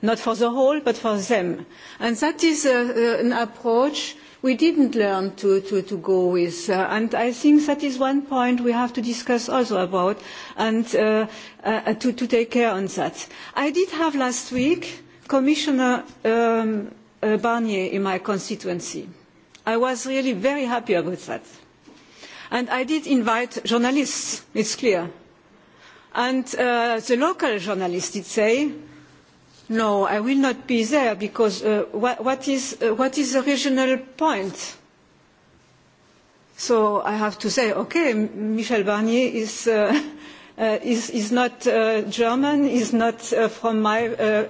not for the whole, but for them. And that is an approach uh, we didn't learn to, to, to go with. Uh, and I think that is one point we have to discuss also about and uh, uh, to, to take care on that. I did have last week Commissioner um, uh, Barnier in my constituency. I was really very happy about that. And I did invite journalists, it's clear. And uh, the local journalists did say, No, I will not be there because what, is, the regional point? So I have to say, okay, Michel Barnier is, is, not German, is not from my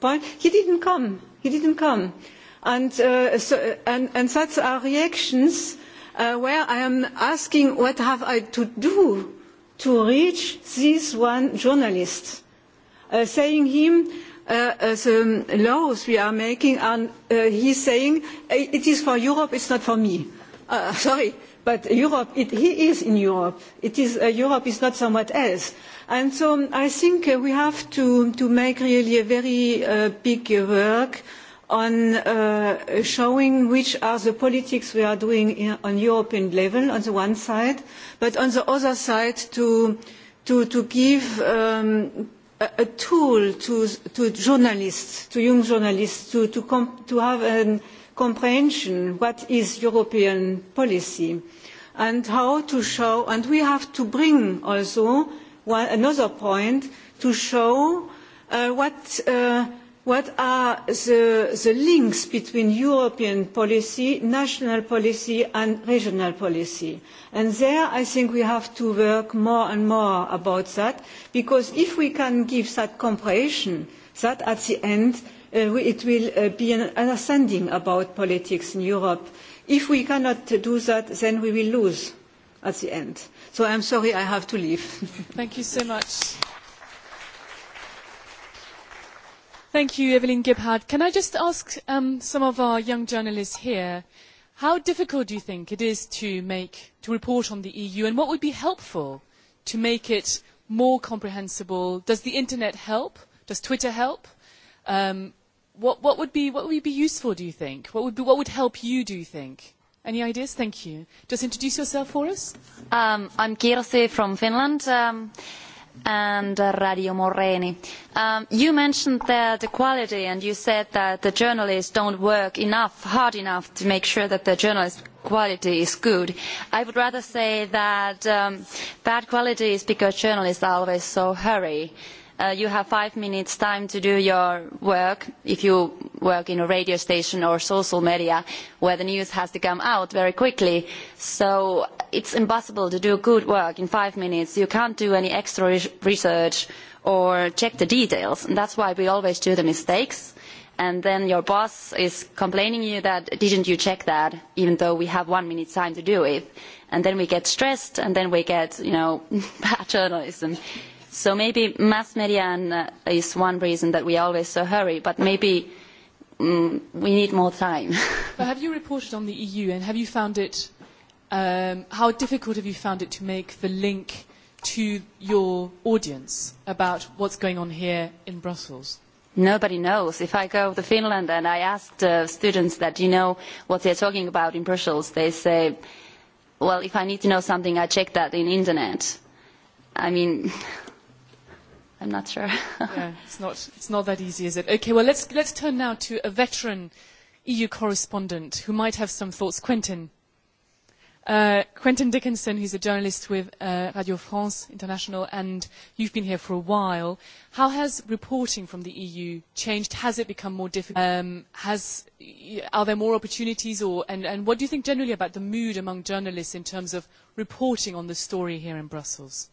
point. He didn't come. He didn't come. And, such are reactions where I am asking what have I to do to reach this one journalist, saying him, the laws we are making and he is saying it is for Europe, it is not for me. sorry, but Europe, he is in Europe. Europe is not somewhat else. And so I think we have to, make really a very big work on showing which are the politics we are doing on European level on the one side, but on the other side to, give a tool to, to journalists, to young journalists, to, to, to have a comprehension what is European policy and how to show, and we have to bring also one, another point to show uh, what uh, What are the, links between European policy, national policy and regional policy? And there I think we have to work more and more about that because if we can give that comprehension, that at the end it will be an understanding about politics in Europe. If we cannot do that, then we will lose at the end. So I am sorry I have to leave. Thank you so much. Thank you, Evelyn Gibhard. Can I just ask um, some of our young journalists here, how difficult do you think it is to make, to report on the EU, and what would be helpful to make it more comprehensible? Does the internet help? Does Twitter help? Um, what, what, would be, what would be useful, do you think? What would, be, what would help you, do you think? Any ideas? Thank you. Just introduce yourself for us. Um, I'm Kirsi from Finland. Um, and Radio Moreni. you mentioned that quality and you said that the journalists don't work enough, hard enough to make sure that the journalist quality is good. I would rather say that bad quality is because journalists are always so hurried you have five minutes time to do your work if you work in a radio station or social media where the news has to come out very quickly. So it's impossible to do good work in five minutes. You can't do any extra research or check the details. And that's why we always do the mistakes. And then your boss is complaining to you that didn't you check that, even though we have one minute time to do it. And then we get stressed, and then we get, you know, bad journalism So maybe mass media is one reason that we are always so hurry, but maybe we need more time. but have you reported on the EU and have you found it, um, how difficult have you found it to make the link to your audience about what's going on here in Brussels? Nobody knows. If I go to Finland and I ask the students that, you know, what they're talking about in Brussels, they say, well, if I need to know something, I check that in internet. I mean, I'm not sure. yeah, it's not, it's not that easy, is it? Okay, well, let's, let's turn now to a veteran EU correspondent who might have some thoughts. Quentin. Uh, Quentin Dickinson, who's a journalist with uh, Radio France International, and you've been here for a while. How has reporting from the EU changed? Has it become more difficult? Um, has, are there more opportunities? Or, and, and what do you think generally about the mood among journalists in terms of reporting on the story here in Brussels?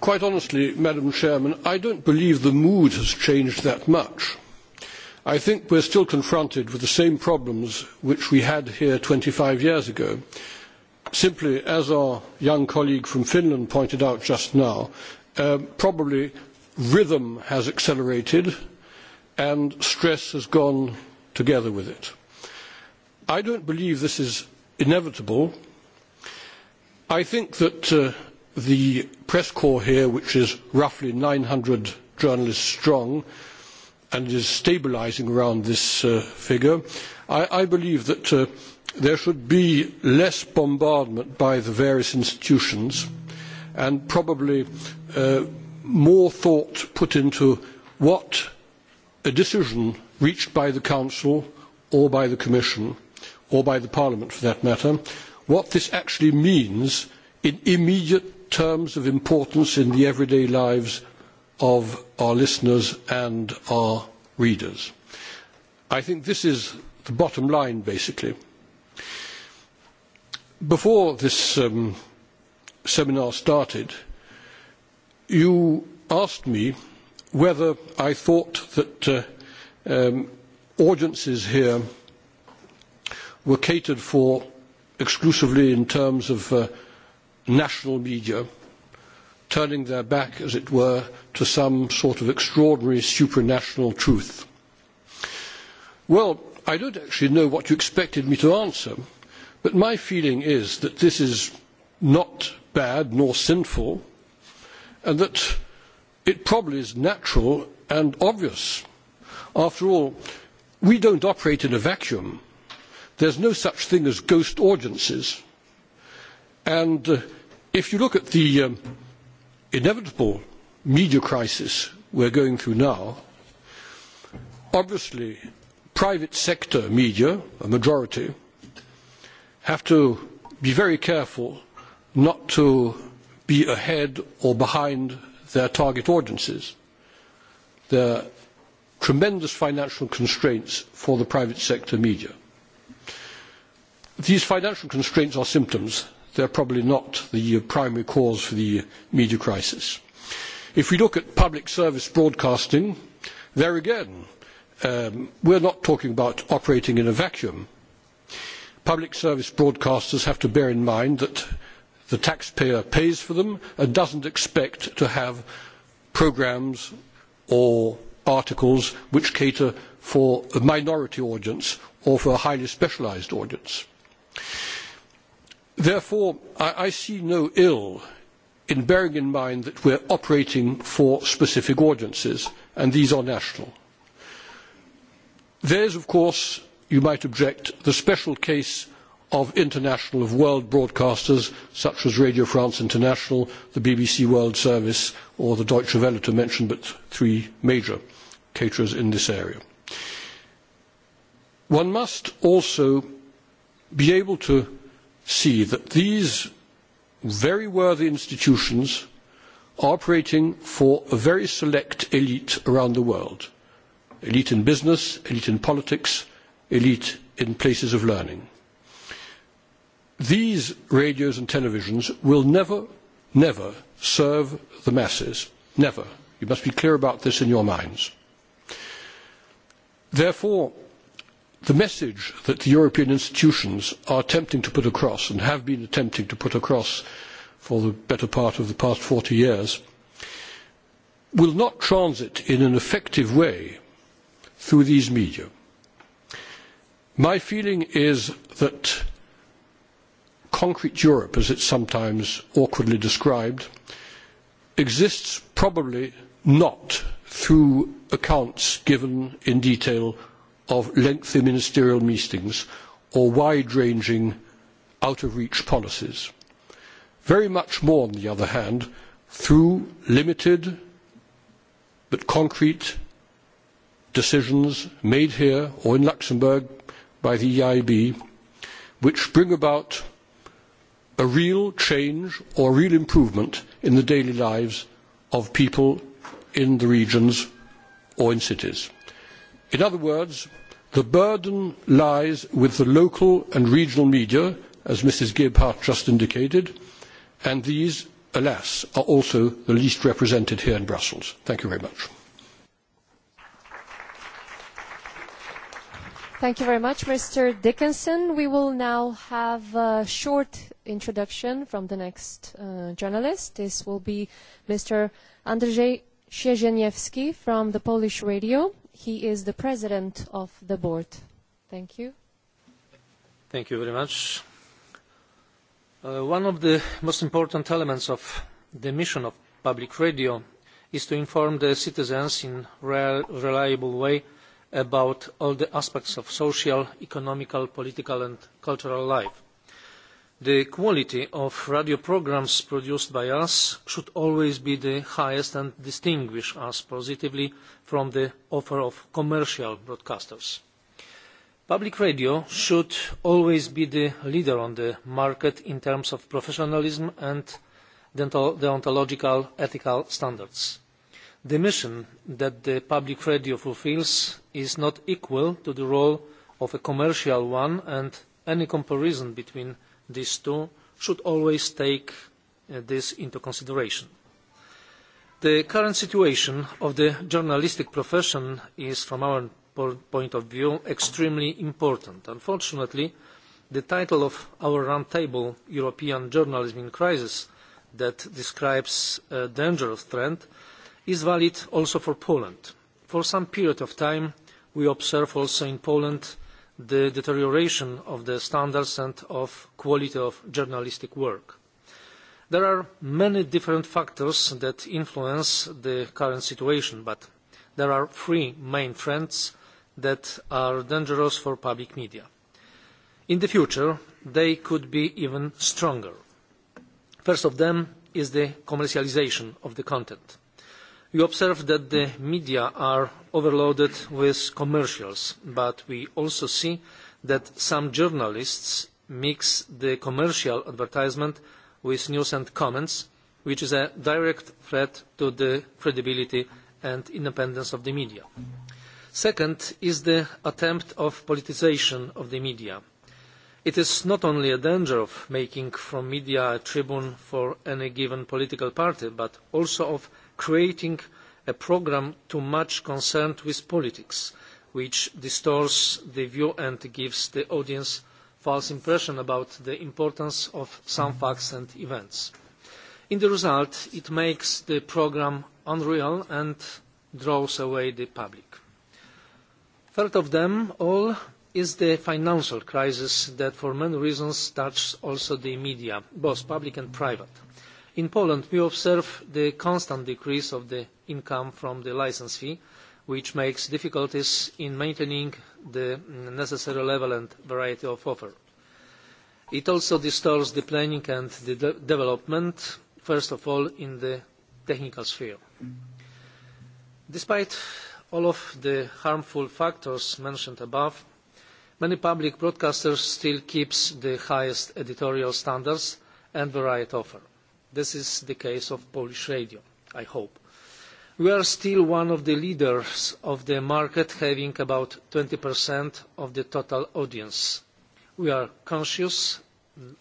Quite honestly, Madam Chairman, I don't believe the mood has changed that much. I think we are still confronted with the same problems which we had here twenty five years ago. Simply, as our young colleague from Finland pointed out just now, probably rhythm has accelerated and stress has gone together with it. I do not believe this is inevitable. I think that the press corps here, which is roughly nine hundred journalists strong and is stabilising around this figure, I, believe that there should be less bombardment by the various institutions and probably more thought put into what a decision reached by the Council or by the Commission or by Parliament for that matter, what this actually means in immediate terms of importance in the everyday lives of our listeners and our readers. I think this is the bottom line, basically. Before this seminar started, you asked me whether I thought that audiences here were catered for exclusively in terms of national media turning their back, as it were, to some sort of extraordinary supranational truth. Well, I don't actually know what you expected me to answer, but my feeling is that this is not bad nor sinful, and that it probably is natural and obvious. After all, we don't operate in a vacuum. There's no such thing as ghost audiences And if you look at the inevitable media crisis we are going through now, obviously private sector media, a majority, have to be very careful not to be ahead or behind their target audiences. There are tremendous financial constraints for the private sector media. These financial constraints are symptoms they are probably not the primary cause for the media crisis. If we look at public service broadcasting, there again, we are not talking about operating in a vacuum. Public service broadcasters have to bear in mind that the taxpayer pays for them and does not expect to have programmes or articles which cater for a minority audience or for a highly specialised audience. Therefore, I see no ill in bearing in mind that we are operating for specific audiences, and these are national. There is, of course, you might object, the special case of international, of world broadcasters such as Radio France International, the BBC World Service, or the Deutsche Welle to mention but three major caterers in this area. One must also be able to see that these very worthy institutions are operating for a very select elite around the world elite in business, elite in politics, elite in places of learning. These radios and televisions will never, never serve the masses. Never. You must be clear about this in your minds. Therefore, the message that the European institutions are attempting to put across and have been attempting to put across for the better part of the past forty years will not transit in an effective way through these media. My feeling is that concrete Europe, as it's sometimes awkwardly described, exists probably not through accounts given in detail of lengthy ministerial meetings or wide-ranging, out-of-reach policies. Very much more, on the other hand, through limited but concrete decisions made here or in Luxembourg by the EIB, which bring about a real change or real improvement in the daily lives of people in the regions or in cities. In other words, The burden lies with the local and regional media, as Mrs Gebhardt just indicated, and these, alas, are also the least represented here in Brussels. Thank you very much. Thank you very much, Mr. Dickinson. We will now have a short introduction from the next uh, journalist. This will be Mr. Andrzej Sierzeniewski from the Polish radio. He is the president of the board. Thank you. Thank you very much. one of the most important elements of the mission of public radio is to inform the citizens in a reliable way about all the aspects of social, economical, political and cultural life The quality of radio programmes produced by us should always be the highest and distinguish us positively from the offer of commercial broadcasters. Public radio should always be the leader on the market in terms of professionalism and deontological ethical standards. The mission that the public radio fulfils is not equal to the role of a commercial one and any comparison between these two should always take this into consideration. The current situation of the journalistic profession is, from our point of view, extremely important. Unfortunately, the title of our roundtable, European Journalism in Crisis, that describes a dangerous trend, is valid also for Poland. For some period of time, we observe also in Poland the deterioration of the standards and of quality of journalistic work. There are many different factors that influence the current situation, but there are three main trends that are dangerous for public media. In the future, they could be even stronger. First of them is the commercialisation of the content We observe that the media are overloaded with commercials, but we also see that some journalists mix the commercial advertisement with news and comments, which is a direct threat to the credibility and independence of the media. Second is the attempt of politicisation of the media. It is not only a danger of making from media a tribune for any given political party, but also of creating a programme too much concerned with politics, which distorts the view and gives the audience a false impression about the importance of some facts and events. In the result, it makes the programme unreal and draws away the public. Third of them all is the financial crisis that for many reasons touches also the media, both public and private In Poland, we observe the constant decrease of the income from the licence fee, which makes difficulties in maintaining the necessary level and variety of offer. It also distorts the planning and the development, first of all in the technical sphere. Despite all of the harmful factors mentioned above, many public broadcasters still keep the highest editorial standards and variety offer. This is the case of Polish radio, I hope. We are still one of the leaders of the market, having about 20% of the total audience. We are conscious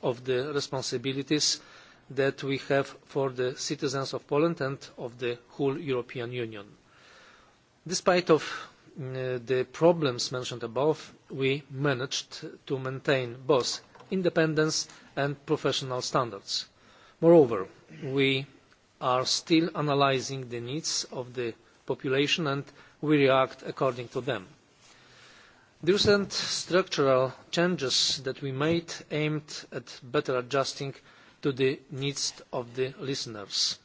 of the responsibilities that we have for the citizens of Poland and of the whole European Union. Despite of the problems mentioned above, we managed to maintain both independence and professional standards Moreover, we are still analysing the needs of the population and we react according to them. The recent structural changes that we made aimed at better adjusting to the needs of the listeners.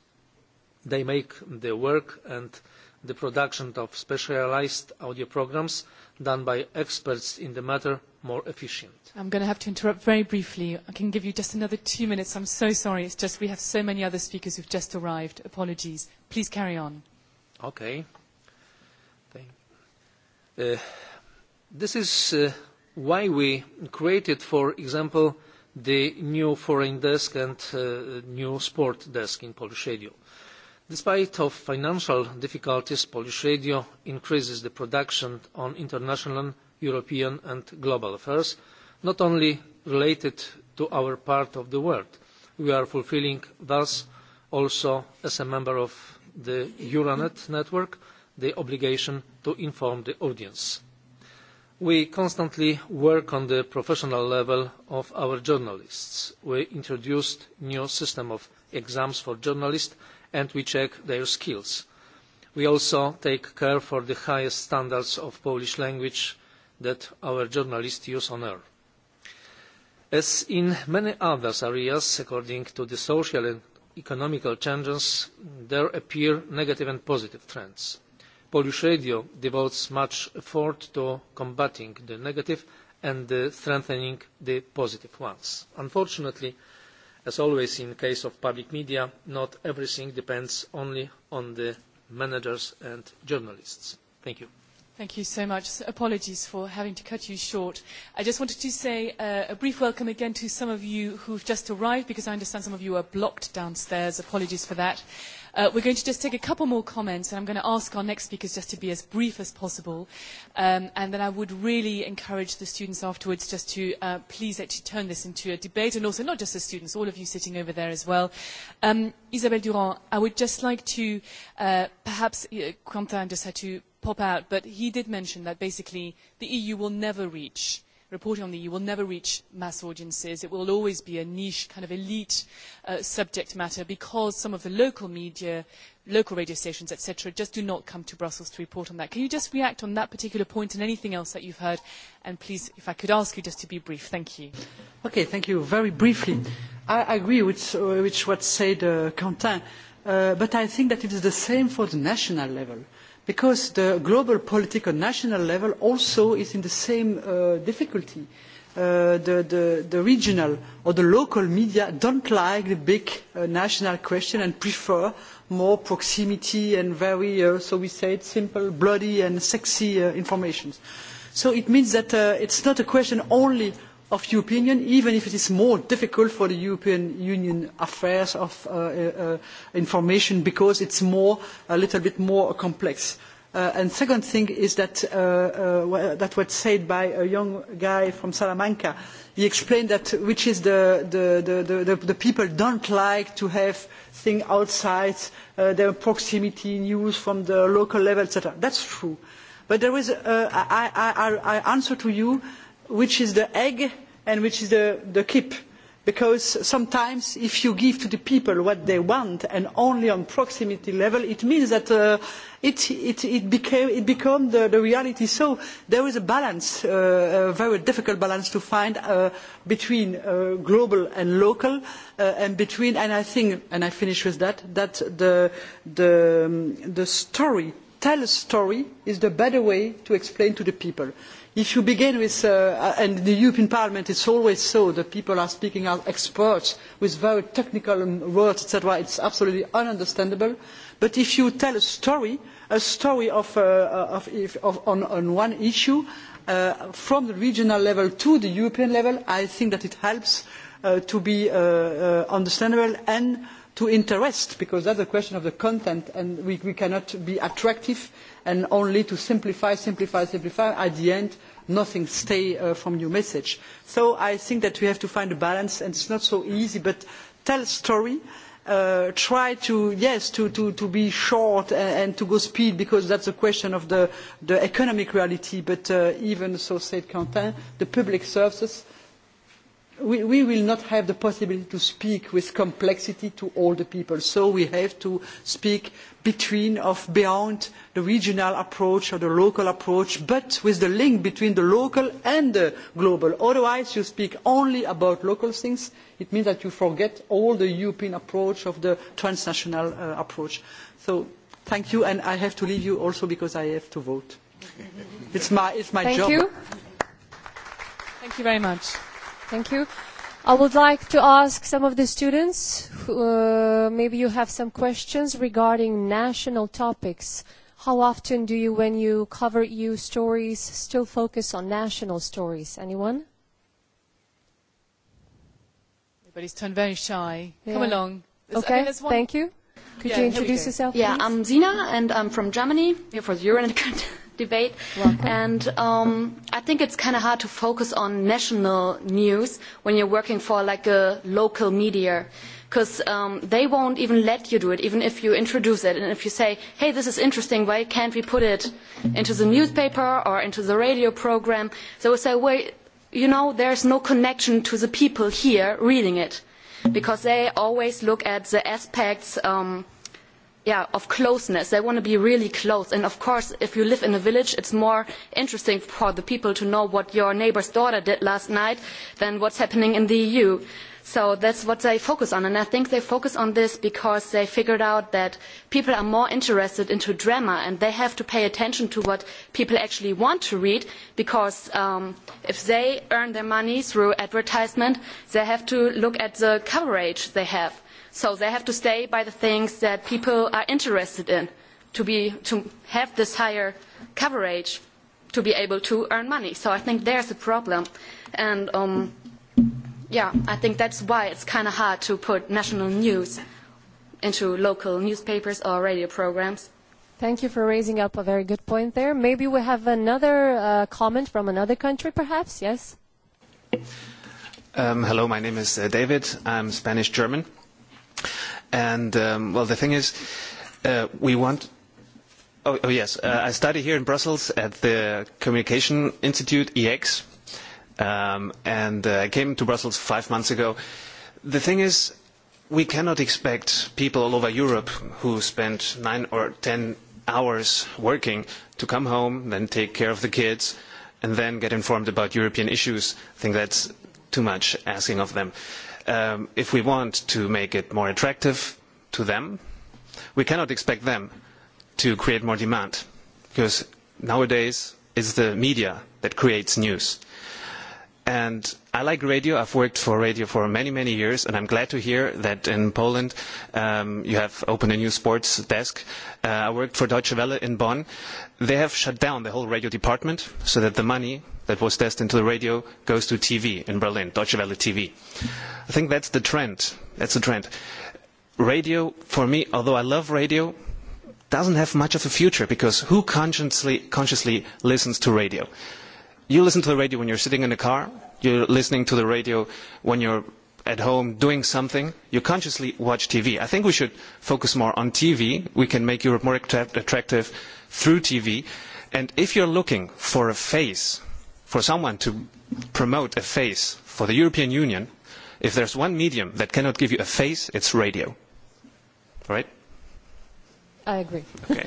They make the work and the production of specialised audio programmes done by experts in the matter more efficient. I'm going to have to interrupt very briefly. I can give you just another two minutes. I'm so sorry. It's just we have so many other speakers who've just arrived. Apologies. Please carry on. Okay. Thank this is uh, why we created, for example, the new foreign desk and uh, new sport desk in Polish schedule Despite of financial difficulties, Polish radio increases the production on international, European and global affairs, not only related to our part of the world. We are fulfilling thus also as a member of the Euronet network the obligation to inform the audience. We constantly work on the professional level of our journalists. We introduced a new system of exams for journalists and we check their skills. We also take care for the highest standards of Polish language that our journalists use on air. As in many other areas, according to the social and economical changes, there appear negative and positive trends. Polish radio devotes much effort to combating the negative and strengthening the positive ones. Unfortunately, As always in the case of public media, not everything depends only on the managers and journalists. Thank you. Thank you so much. Apologies for having to cut you short. I just wanted to say a brief welcome again to some of you who have just arrived because I understand some of you are blocked downstairs. Apologies for that. Uh, we're going to just take a couple more comments, and I'm going to ask our next speakers just to be as brief as possible. Um, and then I would really encourage the students afterwards just to uh, please actually turn this into a debate, and also not just the students, all of you sitting over there as well. Um, Isabelle Durand, I would just like to uh, perhaps, uh, Quentin just had to pop out, but he did mention that basically the EU will never reach reporting on the EU will never reach mass audiences. It will always be a niche, kind of elite subject matter because some of the local media, local radio stations, etc., just do not come to Brussels to report on that. Can you just react on that particular point and anything else that you've heard? And please, if I could ask you just to be brief. Thank you. Okay, thank you. Very briefly, I agree with, what said Quentin, but I think that it is the same for the national level because the global political national level also is in the same difficulty. the, regional or the local media don't like the big national question and prefer more proximity and very, so we say it, simple, bloody and sexy information. So it means that it is not a question only of European Union, even if it is more difficult for the European Union affairs of information because it is a little bit more complex. The second thing is that, that was said by a young guy from Salamanca. He explained that which is the, the, do not like to have things outside their proximity news from the local level, etc. is true. But there is, I, I, I answer to you which is the egg and which is the kip because sometimes if you give to the people what they want and only on proximity level it means that it becomes the reality so there is a balance a very difficult balance to find between global and local and between and i think and i finish with that that the story tell a story is the better way to explain to the people if you begin with and the european parliament is always so the people are speaking as experts with very technical words etc it is absolutely ununderstandable but if you tell a story a story on one issue from the regional level to the european level i think that it helps to be understandable and to interest because that is a question of the content and we cannot be attractive and only to simplify simplify simplify at the end nothing stays from your message. so i think that we have to find a balance and it is not so easy but tell a story try to be short and to go speed because that is a question of the economic reality but even so said quentin the public services we, we will not have the possibility to speak with complexity to all the people. So we have to speak between of beyond the regional approach or the local approach, but with the link between the local and the global. Otherwise, you speak only about local things. It means that you forget all the European approach of the transnational approach. So thank you, and I have to leave you also because I have to vote. It's my, it's my job. Thank you very much. Thank you. I would like to ask some of the students, uh, maybe you have some questions regarding national topics. How often do you, when you cover EU stories, still focus on national stories? Anyone? Everybody's turned very shy. Yeah. Come along. There's, okay, I mean, one... thank you. Could yeah, you introduce yourself? Yeah, I'm Zina, and I'm from Germany, here for the Euronet debate. And um, I think it's kind of hard to focus on national news when you're working for like a local media because um, they won't even let you do it, even if you introduce it. And if you say, hey, this is interesting, why can't we put it into the newspaper or into the radio program? They will say, wait, you know, there's no connection to the people here reading it because they always look at the aspects um, – of closeness. They want to be really close. And of course, if you live in a village, it is more interesting for the people to know what your neighbour's daughter did last night than what is happening in the EU. So that is what they focus on. And I think they focus on this because they figured out that people are more interested in drama and they have to pay attention to what people actually want to read because if they earn their money through advertisement, they have to look at the coverage they have So they have to stay by the things that people are interested in to, be, to have this higher coverage to be able to earn money. So I think there's a problem. And um, yeah, I think that's why it's kind of hard to put national news into local newspapers or radio programs. Thank you for raising up a very good point there. Maybe we have another uh, comment from another country, perhaps? Yes? Um, hello, my name is uh, David. I'm Spanish German And um, well, the thing is, uh, we want. Oh, oh yes, uh, I study here in Brussels at the Communication Institute EX, um, and uh, I came to Brussels five months ago. The thing is, we cannot expect people all over Europe who spend nine or ten hours working to come home, then take care of the kids, and then get informed about European issues. I think that's too much asking of them. Uh, if we want to make it more attractive to them, we cannot expect them to create more demand because nowadays it's the media that creates news. And I like radio. I've worked for radio for many, many years, and I'm glad to hear that in Poland you have opened a new sports desk. I worked for Deutsche Welle in Bonn. They have shut down the whole radio department so that the money that was destined to the radio goes to TV in Berlin, Deutsche Welle TV. I think that's the trend. That's the trend. Radio, for me, although I love radio, doesn't have much of a future because who consciously, consciously listens to radio? You listen to the radio when you're sitting in a car. You're listening to the radio when you're at home doing something. You consciously watch TV. I think we should focus more on TV. We can make Europe more attractive through TV. And if you're looking for a face for someone to promote a face for the European Union, if there's one medium that cannot give you a face, it's radio. Right? I agree. Okay.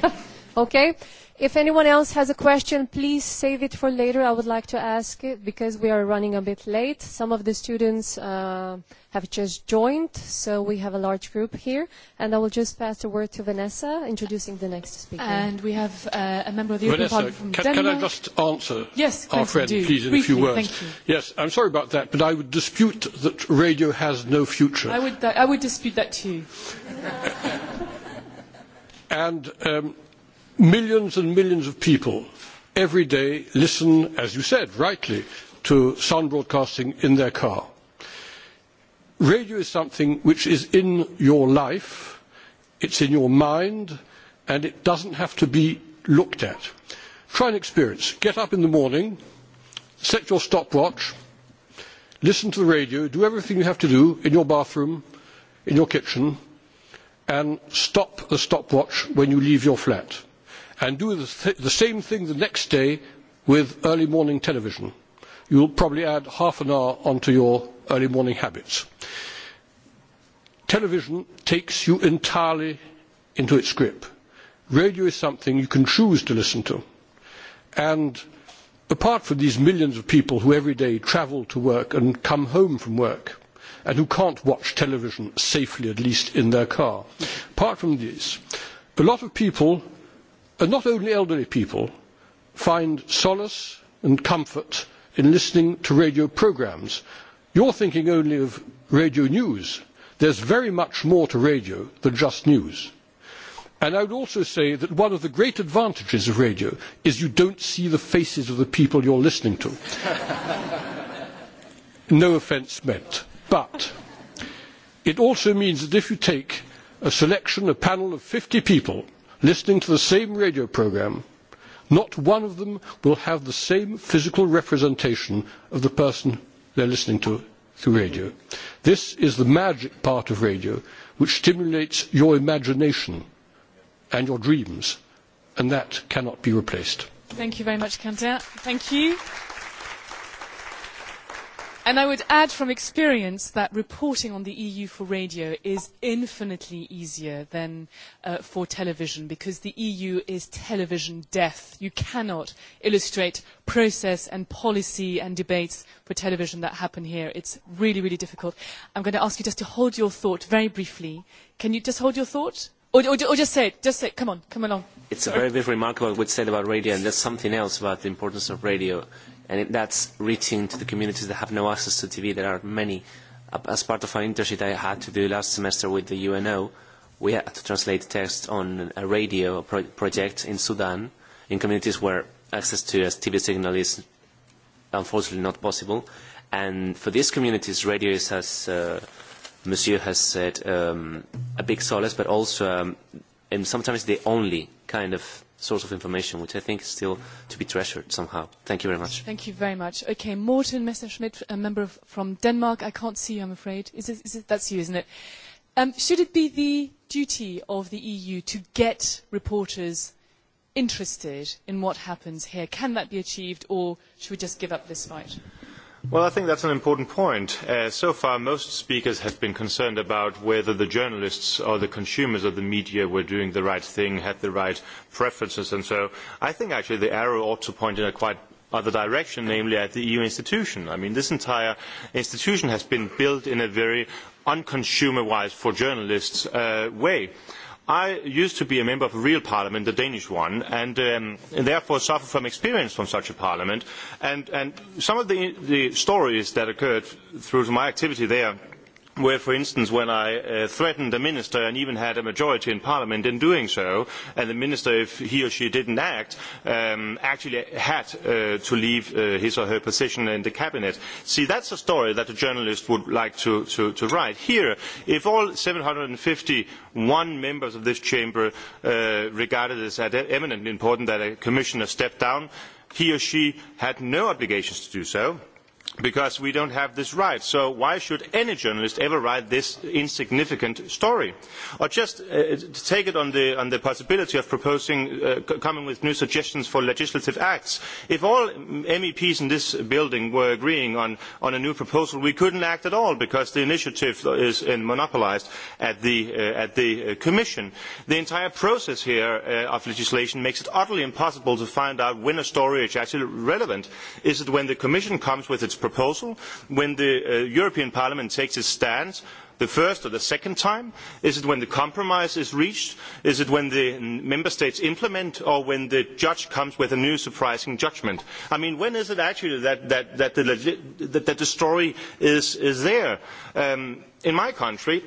okay. If anyone else has a question, please save it for later. I would like to ask it because we are running a bit late. Some of the students uh, have just joined, so we have a large group here. And I will just pass the word to Vanessa, introducing the next speaker. And we have uh, a member of the European Parliament from can, Denmark. Can I just answer yes, our friend, do. please, in Briefly, a few words? Thank you. Yes, I'm sorry about that, but I would dispute that radio has no future. I would, I would dispute that too. and... Um, millions and millions of people every day listen, as you said rightly, to sound broadcasting in their car. Radio is something which is in your life, it is in your mind, and it does not have to be looked at. Try an experience. Get up in the morning, set your stopwatch, listen to the radio, do everything you have to do in your bathroom, in your kitchen, and stop the stopwatch when you leave your flat and do the same thing the next day with early morning television. You will probably add half an hour onto your early morning habits. Television takes you entirely into its grip. Radio is something you can choose to listen to. And apart from these millions of people who every day travel to work and come home from work, and who can't watch television safely, at least in their car, apart from these, a lot of people And not only elderly people find solace and comfort in listening to radio programmes. You're thinking only of radio news. There's very much more to radio than just news. And I would also say that one of the great advantages of radio is you don't see the faces of the people you're listening to. no offence meant. But it also means that if you take a selection, a panel of 50 people, listening to the same radio programme, not one of them will have the same physical representation of the person they are listening to through radio. This is the magic part of radio, which stimulates your imagination and your dreams, and that cannot be replaced. Thank you very much, Quentin. Thank you. And I would add from experience that reporting on the EU for radio is infinitely easier than for television because the EU is television deaf. You cannot illustrate process and policy and debates for television that happen here. It's really, really difficult. I'm going to ask you just to hold your thought very briefly. Can you just hold your thought? Or, or, or just say it. Just say it. Come on. Come along. It's a very, very remarkable what you said about radio, and is something else about the importance of radio and it, that's reaching to the communities that have no access to TV. There are many. As part of an internship I had to do last semester with the UNO, we had to translate text on a radio pro- project in Sudan, in communities where access to a TV signal is unfortunately not possible. And for these communities, radio is, as uh, Monsieur has said, um, a big solace, but also um, and sometimes the only kind of source of information, which I think is still to be treasured somehow. Thank you very much. Thank you very much. Okay, Morten Messerschmidt, a member of, from Denmark. I can't see you, I'm afraid. Is it, is it, that's you, isn't it? Um, should it be the duty of the EU to get reporters interested in what happens here? Can that be achieved, or should we just give up this fight? Well, I think that's an important point. so far, most speakers have been concerned about whether the journalists or the consumers of the media were doing the right thing, had the right preferences, and so I think actually the arrow ought to point in a quite other direction, namely at the EU institution. I mean, this entire institution has been built in a very unconsumer-wise for journalists way I used to be a member of a real parliament, the Danish one, and therefore suffer from experience from such a parliament. And, some of the, stories that occurred through my activity there where for instance when i threatened a minister and even had a majority in parliament in doing so and the minister if he or she did not act actually had to leave his or her position in the cabinet. See that is a story that a journalist would like to write. here if all seven hundred and fifty one members of this chamber regarded it as eminently important that a commissioner step down he or she had no obligations to do so because we do not have this right. So why should any journalist ever write this insignificant story? Or just take it on the, possibility of proposing, coming with new suggestions for legislative acts. If all MEPs in this building were agreeing on, a new proposal, we could not act at all because the initiative is monopolised at the, Commission. The entire process here of legislation makes it utterly impossible to find out when a story is actually relevant. Is it when the Commission comes with its proposal when the european parliament takes its stand the first or the second time? Is it when the compromise is reached? Is it when the member states implement or when the judge comes with a new surprising judgment? I mean, when is it actually that, that, that, the, legit, that, that the story is, is there? in my country,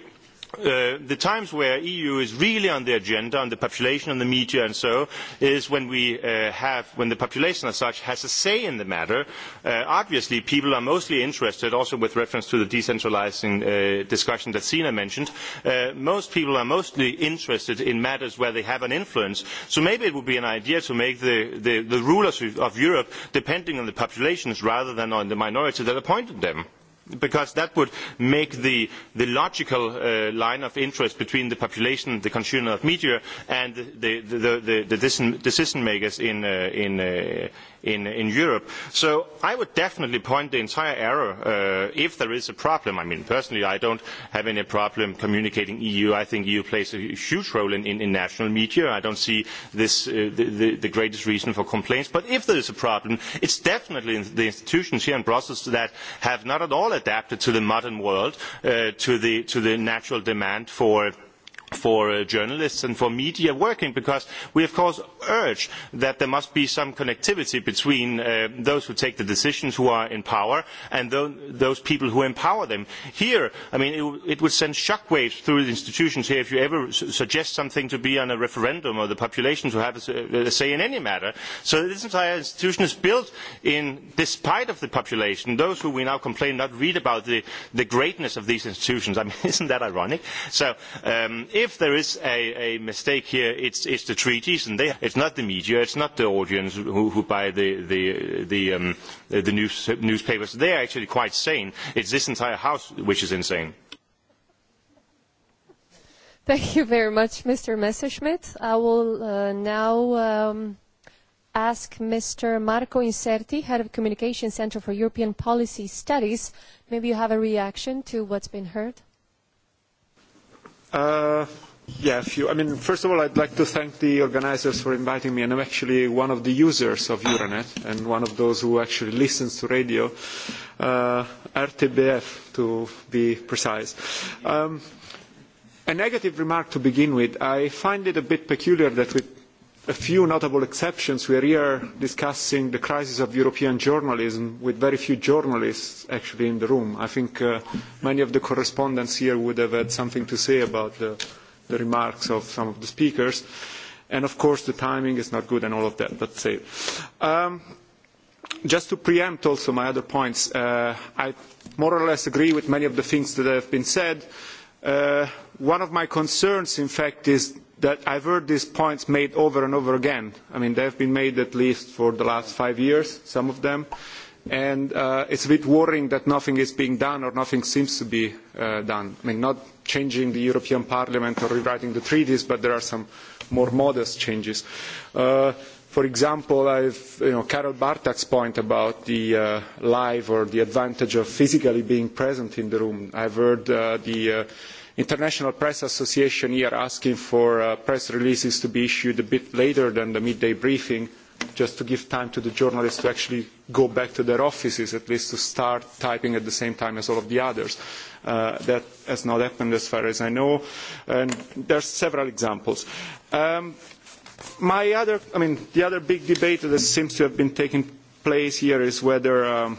the times where the EU is really on the agenda, on the population, on the media and so, is when, we, have, when the population as such has a say in the matter. obviously, people are mostly interested, also with reference to the decentralising discussion that Sina mentioned, most people are mostly interested in matters where they have an influence. So maybe it would be an idea to make the, the rulers of Europe depending on the populations rather than on the minority that appointed them because that would make the, logical line of interest between the population, the consumer of media, and the, decision makers in, in, in Europe. So I would definitely point the entire error if there is a problem. I mean, personally, I don't have any problem communicating EU. I think EU plays a huge role in, in, national media. I don't see this, the, the, greatest reason for complaints. But if there is a problem, it is definitely the institutions here in Brussels that have not at all adapted to the modern world, to, the, natural demand for for journalists and for media working because we of course urge that there must be some connectivity between those who take the decisions who are in power and those people who empower them. Here, I mean, it would send shockwaves through the institutions here if you ever suggest something to be on a referendum or the population to have a say in any matter. So this entire institution is built in despite of the population, those who we now complain not read about the, greatness of these institutions. I mean, isn't that ironic? So, if there is a mistake here it is the treaties and it is not the media it is not the audience who buy the newspapers they are actually quite sane it is this entire house which is insane. Thank you very much, Mr. Messerschmidt. I will uh, now um, ask Mr. Marco Inserti, Head of Communication Center for European Policy Studies. Maybe you have a reaction to what's been heard. Uh, yeah, a few. I mean, first of all, I'd like to thank the organizers for inviting me, and I'm actually one of the users of Euronet and one of those who actually listens to radio, uh, RTBF to be precise. Um, a negative remark to begin with. I find it a bit peculiar that with a few notable exceptions, we are here discussing the crisis of European journalism with very few journalists actually in the room. I think many of the correspondents here would have had something to say about the, remarks of some of the speakers. And of course, the timing is not good and all of that, but say. just to preempt also my other points, I more or less agree with many of the things that have been said. one of my concerns, in fact, is that I've heard these points made over and over again. I mean, they've been made at least for the last five years, some of them. And uh, it's a bit worrying that nothing is being done or nothing seems to be uh, done. I mean, not changing the European Parliament or rewriting the treaties, but there are some more modest changes. Uh, for example, I've, you know, Carol Bartak's point about the uh, live or the advantage of physically being present in the room. I've heard uh, the uh, International Press Association here asking for press releases to be issued a bit later than the midday briefing, just to give time to the journalists to actually go back to their offices, at least to start typing at the same time as all of the others. that has not happened as far as I know, and there are several examples. my other, I mean, the other big debate that seems to have been taking place here is whether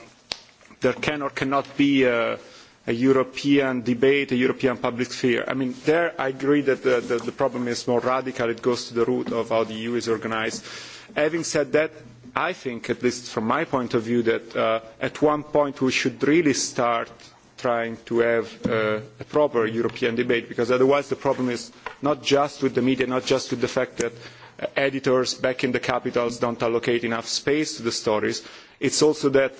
there can or cannot be a a European debate, a European public sphere. I mean, there I agree that the, the, the problem is more radical. It goes to the root of how the EU is organised. Having said that, I think, at least from my point of view, that at one point we should really start trying to have a proper European debate, because otherwise the problem is not just with the media, not just with the fact that editors back in the capitals do not allocate enough space to the stories, it is also that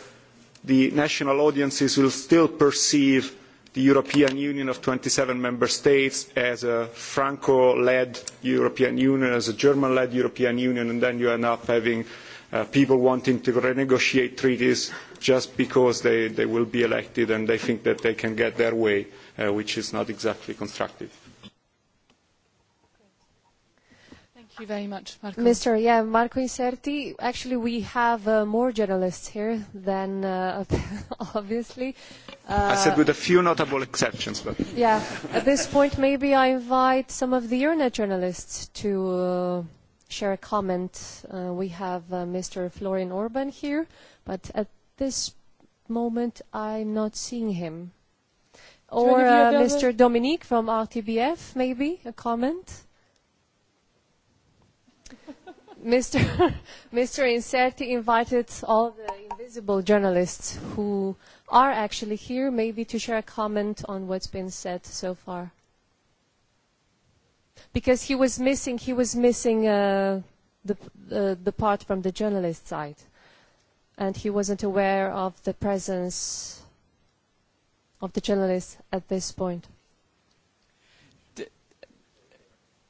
the national audiences will still perceive the European Union of twenty seven member states as a Franco-led European Union, as a German-led European Union, and then you end up having people wanting to renegotiate treaties just because they, will be elected and they think that they can get their way, which is not exactly constructive. Thank you very much, Marco. Mr. Yeah, Marco Inserti. Actually, we have uh, more journalists here than uh, obviously. Uh, I said with a few notable exceptions, but yeah. At this point, maybe I invite some of the internet journalists to uh, share a comment. Uh, we have uh, Mr. Florian Orban here, but at this moment, I'm not seeing him. Or uh, Mr. Dominique from RTBF, maybe a comment. Mr. Mr. Inserti invited all the invisible journalists who are actually here, maybe to share a comment on what's been said so far. Because he was missing, he was missing uh, the uh, the part from the journalist side, and he wasn't aware of the presence of the journalists at this point.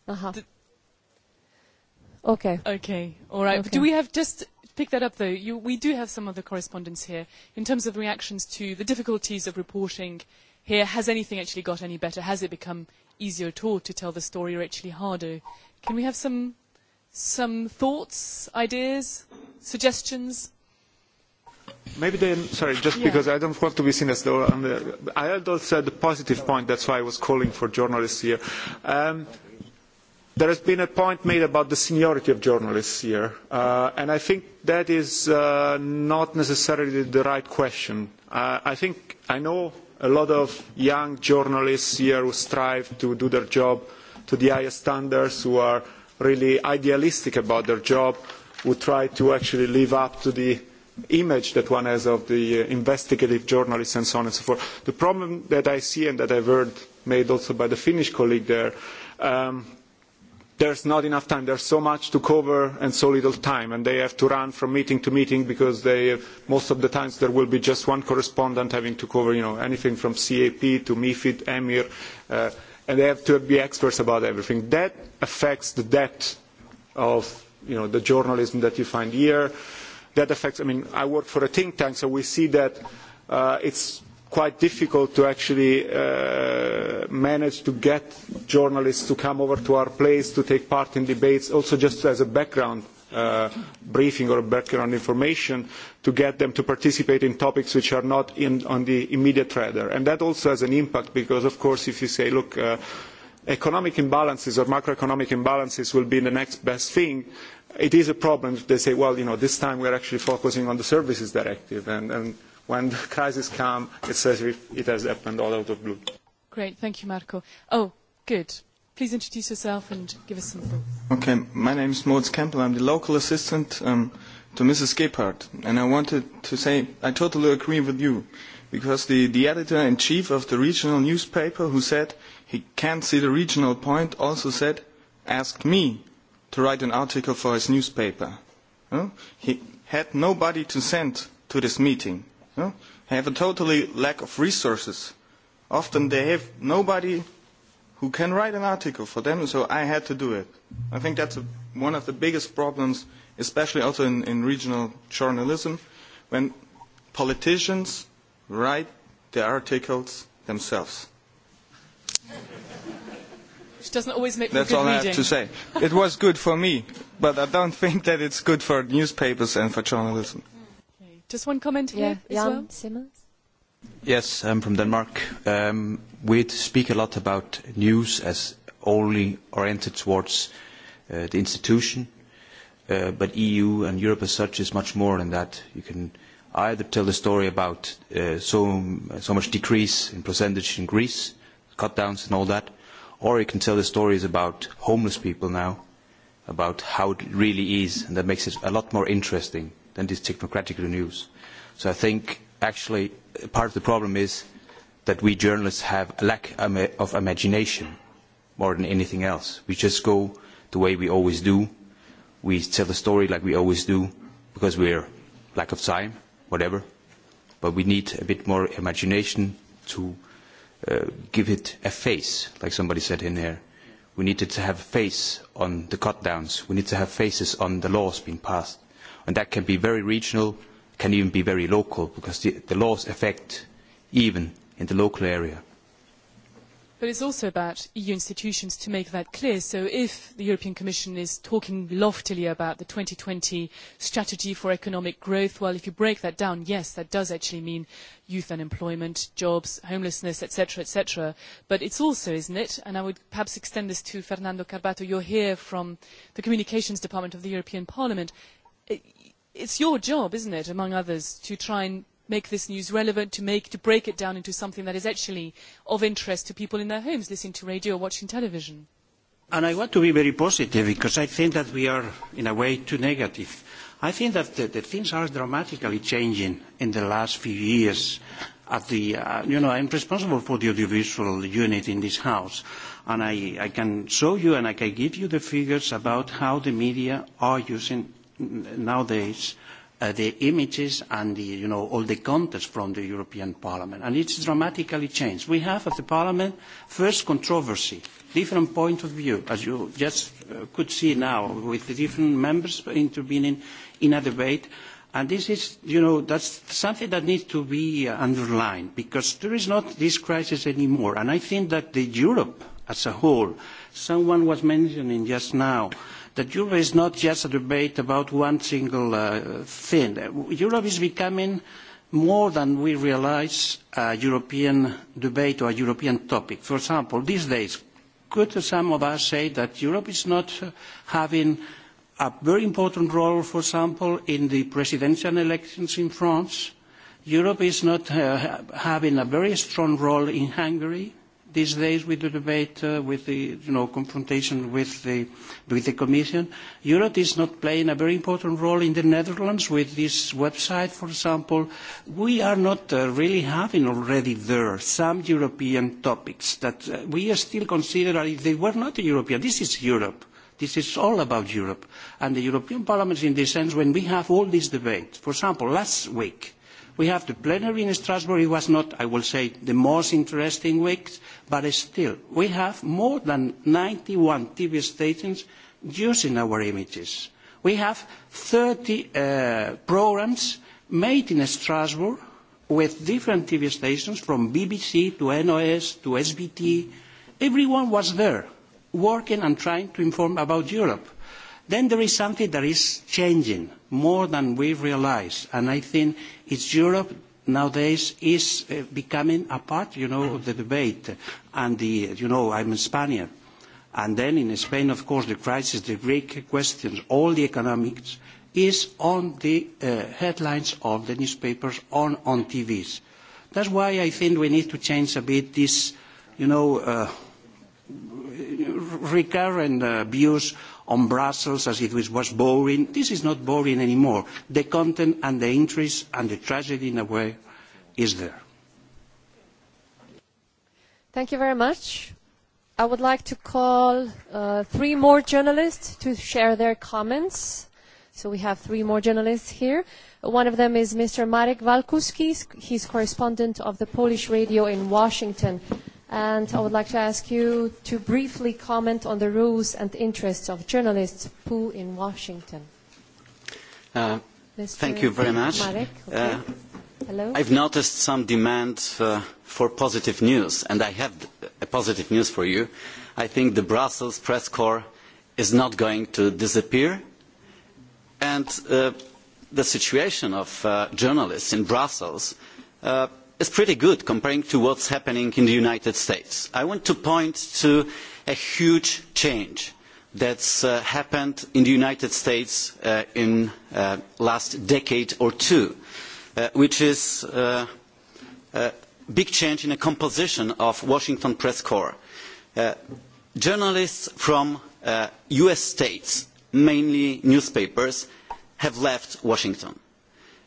Uh-huh. Okay. Okay. All right. Okay. Do we have just pick that up though? You, we do have some other correspondence here in terms of reactions to the difficulties of reporting. Here, has anything actually got any better? Has it become easier at all to tell the story, or actually harder? Can we have some some thoughts, ideas, suggestions? Maybe they, sorry, just yeah. because I don't want to be seen as though I'm the, I also said the positive point, that's why I was calling for journalists here. Um, There has been a point made about the seniority of journalists here, and I think that is not necessarily the right question. I think I know a lot of young journalists here who strive to do their job to the highest standards, who are really idealistic about their job, who try to actually live up to the image that one has of the investigative journalist and so on and so forth. The problem that I see and that I have heard made also by the Finnish colleague there, um, there's not enough time. There's so much to cover and so little time, and they have to run from meeting to meeting because they, most of the times there will be just one correspondent having to cover, you know, anything from CAP to MIFID, EMIR, uh, and they have to be experts about everything. That affects the depth of, you know, the journalism that you find here. That affects. I mean, I work for a think tank, so we see that uh, it's quite difficult to actually manage to get journalists to come over to our place to take part in debates, also just as a background briefing or background information to get them to participate in topics which are not in, on the immediate radar. And that also has an impact because, of course, if you say, look, economic imbalances or macroeconomic imbalances will be the next best thing, it is a problem if they say, well, you know, this time we are actually focusing on the Services Directive. And, and when the crisis comes, it's as if it has happened all out of blue. Great, thank you, Marco. Oh, good. Please introduce yourself and give us some thoughts. Okay, my name is Moritz Campbell. I'm the local assistant um, to Mrs. Gephardt, and I wanted to say I totally agree with you, because the, the editor-in-chief of the regional newspaper who said he can't see the regional point also said, ask me to write an article for his newspaper. He had nobody to send to this meeting have a totally lack of resources. Often they have nobody who can write an article for them, so I had to do it. I think that's a, one of the biggest problems, especially also in, in regional journalism, when politicians write the articles themselves. Which doesn't always make That's good all reading. I have to say. It was good for me, but I don't think that it's good for newspapers and for journalism. Just one comment here yeah. as well. Simmons. Yes, I'm from Denmark. Um, we speak a lot about news as only oriented towards uh, the institution, uh, but EU and Europe as such is much more than that. You can either tell the story about uh, so, so much decrease in percentage in Greece, cut downs and all that, or you can tell the stories about homeless people now, about how it really is, and that makes it a lot more interesting than these technocratic renews. So I think actually part of the problem is that we journalists have a lack of imagination more than anything else. We just go the way we always do. We tell the story like we always do because we're lack of time, whatever. But we need a bit more imagination to uh, give it a face, like somebody said in here. We needed to have a face on the cutdowns. We need to have faces on the laws being passed and that can be very regional, can even be very local, because the, the laws affect even in the local area. But it's also about EU institutions to make that clear. So if the European Commission is talking loftily about the twenty strategy for economic growth, well, if you break that down, yes, that does actually mean youth unemployment, jobs, homelessness, etc., etc. But it's also, isn't it, and I would perhaps extend this to Fernando Carbato, you're here from the Communications Department of the European Parliament, it's your job, isn't it, among others, to try and make this news relevant, to make to break it down into something that is actually of interest to people in their homes, listening to radio or watching television. And I want to be very positive because I think that we are, in a way, too negative. I think that the, the things are dramatically changing in the last few years. At the, uh, you know, I'm responsible for the audiovisual unit in this house, and I, I can show you and I can give you the figures about how the media are using nowadays uh, the images and the, you know, all the contents from the European Parliament. And it's dramatically changed. We have at the Parliament first controversy, different point of view, as you just uh, could see now with the different members intervening in a debate. And this is, you know, that's something that needs to be underlined because there is not this crisis anymore. And I think that the Europe as a whole, someone was mentioning just now, uh, that Europe is not just a debate about one single thing. Europe is becoming more than we realise a European debate or a European topic. For example, these days, could some of us say that Europe is not having a very important role, for example, in the presidential elections in France? Europe is not having a very strong role in Hungary? these days with the debate, uh, with the you know, confrontation with the, with the Commission. Europe is not playing a very important role in the Netherlands with this website, for example. We are not uh, really having already there some European topics that uh, we are still consider that if they were not European. This is Europe. This is all about Europe. And the European Parliament, in this sense, when we have all these debates, for example, last week, we have the plenary in Strasbourg. It was not, I will say, the most interesting week But still, we have more than ninety one TV stations using our images. We have thirty programmes made in Strasbourg with different TV stations from BBC to NOS to SVT. Everyone was there working and trying to inform about Europe. Then there is something that is changing more than we realise, and I think it's Europe nowadays is becoming a part, you know, of the debate. And the, you know, I'm a Spaniard. And then in Spain, of course, the crisis, the Greek questions, all the economics is on the headlines of the newspapers, on, on TVs. That's why I think we need to change a bit this, you know, recurrent views on Brussels as if it was boring. This is not boring anymore. The content and the interest and the tragedy, in a way, is there. Thank you very much. I would like to call uh, three more journalists to share their comments. So we have three more journalists here. One of them is Mr. Marek Walkuski. He's correspondent of the Polish radio in Washington and I would like to ask you to briefly comment on the rules and interests of journalists who in Washington. Uh, thank you very much. Marek, okay. Hello? I've noticed some demand uh, for positive news, and I have a positive news for you. I think the Brussels press corps is not going to disappear, and uh, the situation of uh, journalists in Brussels uh, is pretty good compared to what is happening in the United States. I want to point to a huge change that has happened in the United States in the last decade or two, which is a big change in the composition of Washington Press Corps. journalists from US states, mainly newspapers, have left Washington.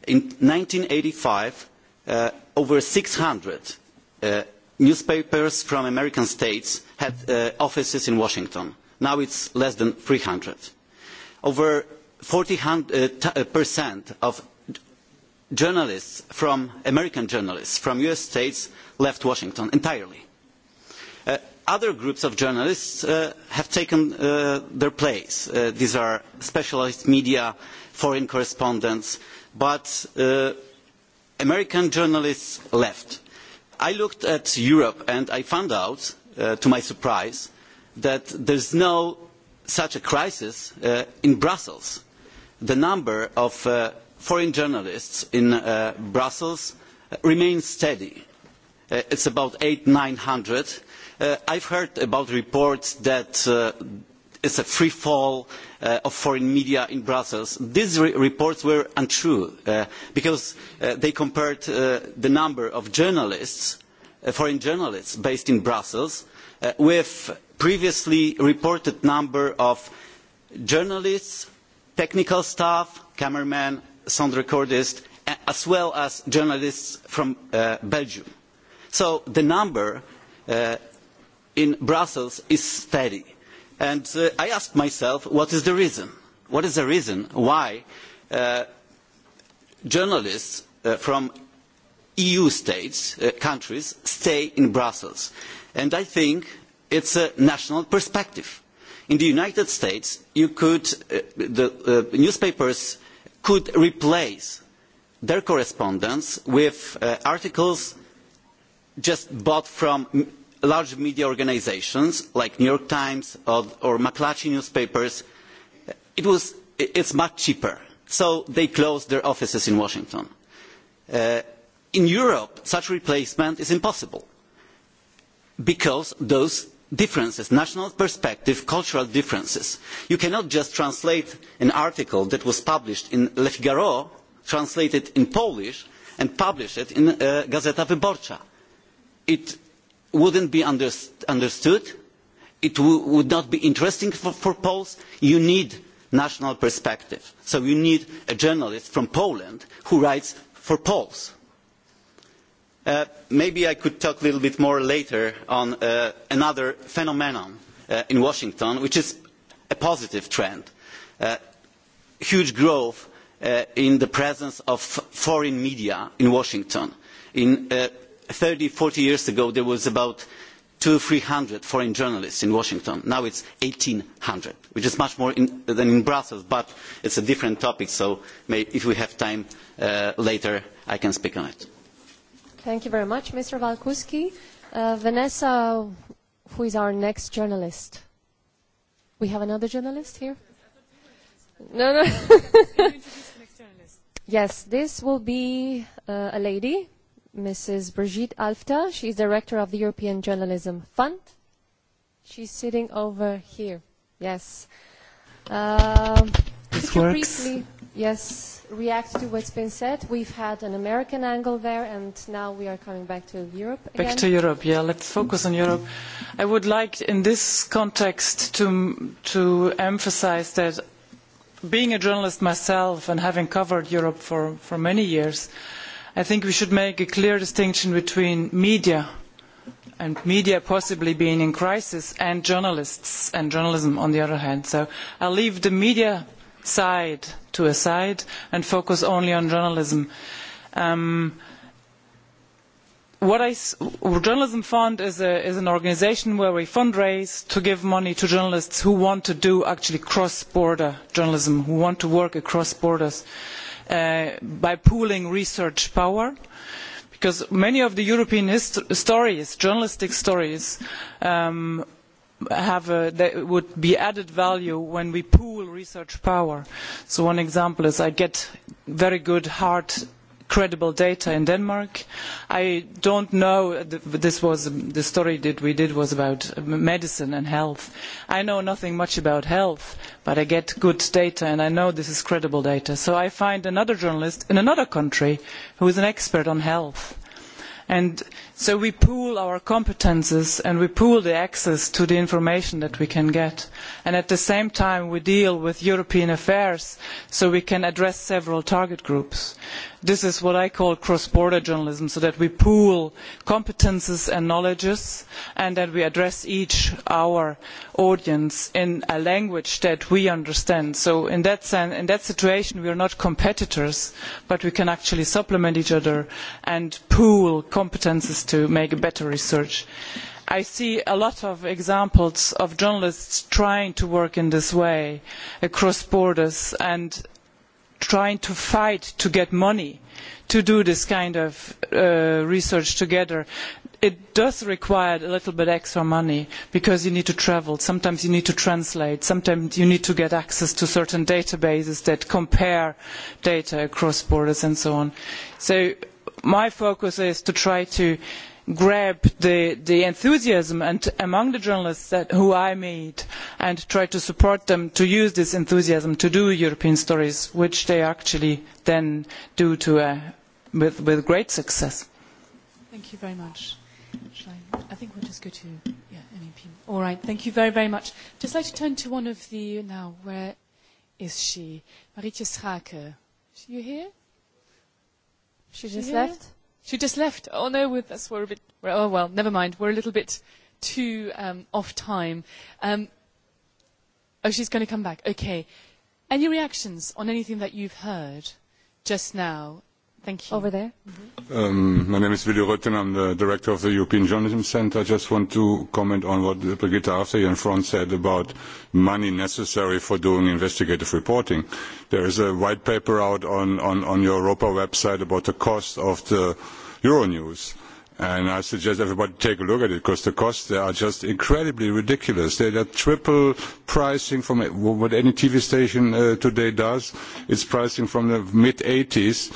In eighty five over six hundred newspapers from American states had offices in Washington. Now it is less than three hundred. Over forty of journalists from American journalists from US states left Washington entirely. other groups of journalists have taken their place. these are specialised media, foreign correspondents, but American journalists left. I looked at Europe and I found out, to my surprise, that there is no such a crisis in Brussels. The number of foreign journalists in Brussels remains steady. It is about eight 900. I have heard about reports that is a free fall of foreign media in Brussels. These reports were untrue because they compared the number of journalists, foreign journalists based in Brussels, with previously reported number of journalists, technical staff, cameramen, sound recordists, as well as journalists from Belgium. So the number in Brussels is steady And I asked myself, what is the reason? What is the reason why journalists from EU states, countries, stay in Brussels? And I think it is a national perspective. In the United States, the newspapers could replace their correspondence with articles just bought from large media organisations like New York Times or, or McClatchy newspapers, it was, it's much cheaper. So they closed their offices in Washington. in Europe, such replacement is impossible because those differences, national perspective, cultural differences. You cannot just translate an article that was published in Le Figaro, it in Polish, and publish it in Gazeta Wyborcza. It wouldn't be understood. It would not be interesting for, Poles. You need national perspective. So you need a journalist from Poland who writes for Poles. maybe I could talk a little bit more later on another phenomenon in Washington, which is a positive trend. huge growth in the presence of foreign media in Washington, in thirty forty years ago there were about two or three hundred foreign journalists in washington now it is eighteen hundred which is much more in than in brussels but it is a different topic so if we have time uh later i can speak on it thank you very much mr valkuski vanessa who is our next journalist we have another journalist here no no yes this will be a lady Mrs. Brigitte Alfta. She's director of the European Journalism Fund. She's sitting over here. Yes. Um, this could works. you briefly, yes, react to what's been said? We've had an American angle there, and now we are coming back to Europe. Again. Back to Europe. Yeah, let's focus on Europe. I would like, in this context, to to emphasize that being a journalist myself and having covered Europe for for many years I think we should make a clear distinction between media and media possibly being in crisis and journalists and journalism on the other hand. So I'll leave the media side to a side and focus only on journalism. what I, Journalism Fund is, a, is an organisation where we fundraise to give money to journalists who want to do actually cross-border journalism, who want to work across borders. Uh, by pooling research power because many of the European stories, journalistic stories, would be added value when we pool research power. So one example is I get very good hard credible data in Denmark. I don't know, this was, the story that we did was about medicine and health. I know nothing much about health, but I get good data and I know this is credible data. So I find another journalist in another country who is an expert on health. And So we pool our competences and we pool the access to the information that we can get. And at the same time, we deal with European affairs so we can address several target groups. This is what I call cross-border journalism, so that we pool competences and knowledges and that we address each our audience in a language that we understand. So in that, sense, in that situation, we are not competitors, but we can actually supplement each other and pool competences to make better research. I see a lot of examples of journalists trying to work in this way across borders and trying to fight to get money to do this kind of research together. It does require a little bit extra money because you need to travel. Sometimes you need to translate. Sometimes you need to get access to certain databases that compare data across borders and so on. So my focus is to try to grab the enthusiasm among the journalists who i meet and try to support them to use this enthusiasm to do european stories which they actually then do with great success. thank you very much. I think we'll just go to yeah, MEP. All right, thank you very, very much. Just like to turn to one of the, now, where is she? Marietje Schaake. Are you here? She just left? She just left. Oh no, with us we're a bit. Oh well, never mind. We're a little bit too um, off time. Um, oh, she's going to come back. Okay. Any reactions on anything that you've heard just now? Thank you. Over there. my name is Willy Rutten. I'm the director of the European Journalism Center. I just want to comment on what Brigitte After and Front said about money necessary for doing investigative reporting. There is a white paper out on, on, on your Europa website about the cost of the Euronews. And I suggest everybody take a look at it because the costs there are just incredibly ridiculous. They are triple pricing from what any TV station today does. It's pricing from the mid 80s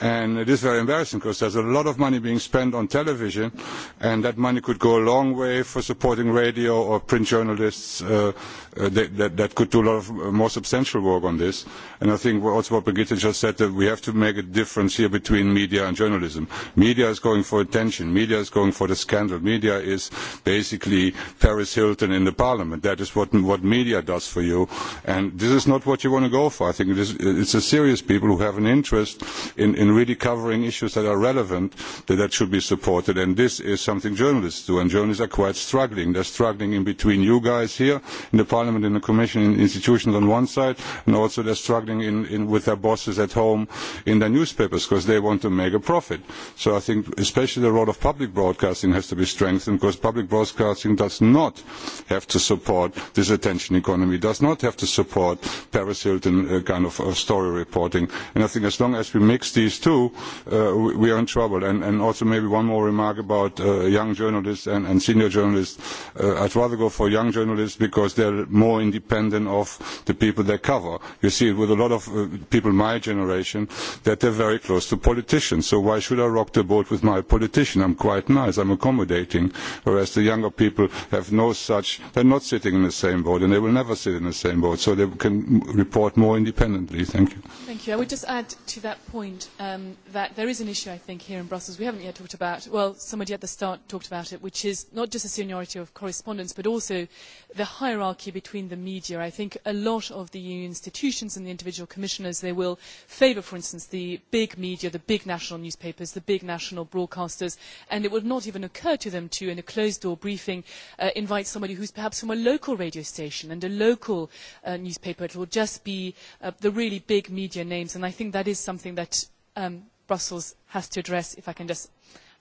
And it is very embarrassing because there is a lot of money being spent on television, and that money could go a long way for supporting radio or print journalists that, could do a lot of more substantial work on this. And I think also what Brigitte just said, that we have to make a difference here between media and journalism. Media is going for attention. Media is going for the scandal. Media is basically Paris Hilton in the parliament. That is what, what media does for you. And this is not what you want to go for. I think it is, it's the serious people who have an interest in in really covering issues that are relevant, that that should be supported. And this is something journalists do, and journalists are quite struggling. They're struggling in between you guys here in the Parliament, in the Commission, in institutions on one side, and also they're struggling in, in, with their bosses at home in their newspapers because they want to make a profit. So I think especially the role of public broadcasting has to be strengthened because public broadcasting does not have to support this attention economy, does not have to support Paris Hilton kind of, story reporting. And I think as long as we mix these these two, we are in trouble. And also maybe one more remark about young journalists and senior journalists. I'd rather go for young journalists because they're more independent of the people they cover. You see it with a lot of people my generation that they're very close to politicians. So why should I rock the boat with my politician? I'm quite nice. I'm accommodating. Whereas the younger people have no such, they're not sitting in the same boat and they will never sit in the same boat. So they can report more independently. Thank you. Thank you. I would just add to that point um, that there is an issue, I think, here in Brussels we haven't yet talked about. Well, somebody at the start talked about it, which is not just the seniority of correspondence, but also the hierarchy between the media. I think a lot of the EU institutions and the individual commissioners, they will favour, for instance, the big media, the big national newspapers, the big national broadcasters, and it would not even occur to them to, in a closed-door briefing, uh, invite somebody who's perhaps from a local radio station and a local uh, newspaper. It will just be uh, the really big media names, and I think that is something that um, Brussels has to address, if I can just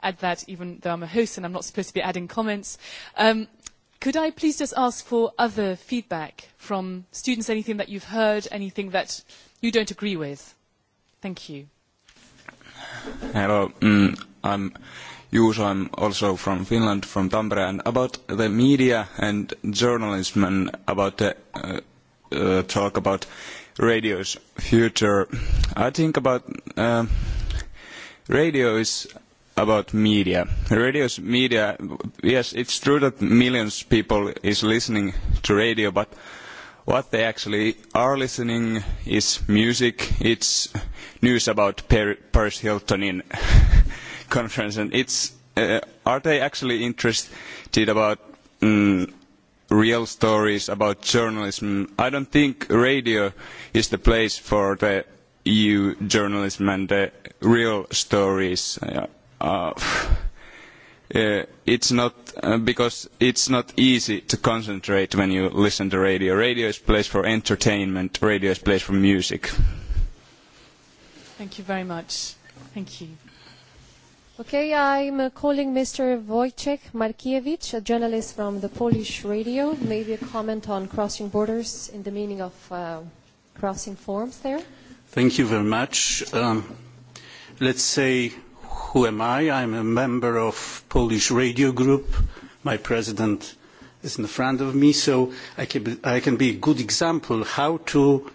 add that, even though I'm a host and I'm not supposed to be adding comments. Um, could I please just ask for other feedback from students, anything that you've heard, anything that you don't agree with? Thank you. Hello, mm, I'm Juuso. I'm also from Finland, from Tampere. And about the media and journalism and about the uh, uh, talk about radio's future. I think about uh, radio is about media. Radio's media, yes, it's true that millions of people is listening to radio, but what they actually are listening is music, it's news about per- Paris Hilton in conference, and it's, uh, are they actually interested about real stories about journalism. I don't think radio is the place for the EU journalism and the real stories. Uh, it's not because it's not easy to concentrate when you listen to radio. Radio is a place for entertainment. Radio is a place for music. Thank you very much. Thank you. Okay, I'm calling Mr. Wojciech Markiewicz, a journalist from the Polish radio. Maybe a comment on crossing borders in the meaning of uh, crossing forms there? Thank you very much. Um, let's say, who am I? I'm a member of Polish radio group. My president is in front of me, so I can be, I can be a good example how to,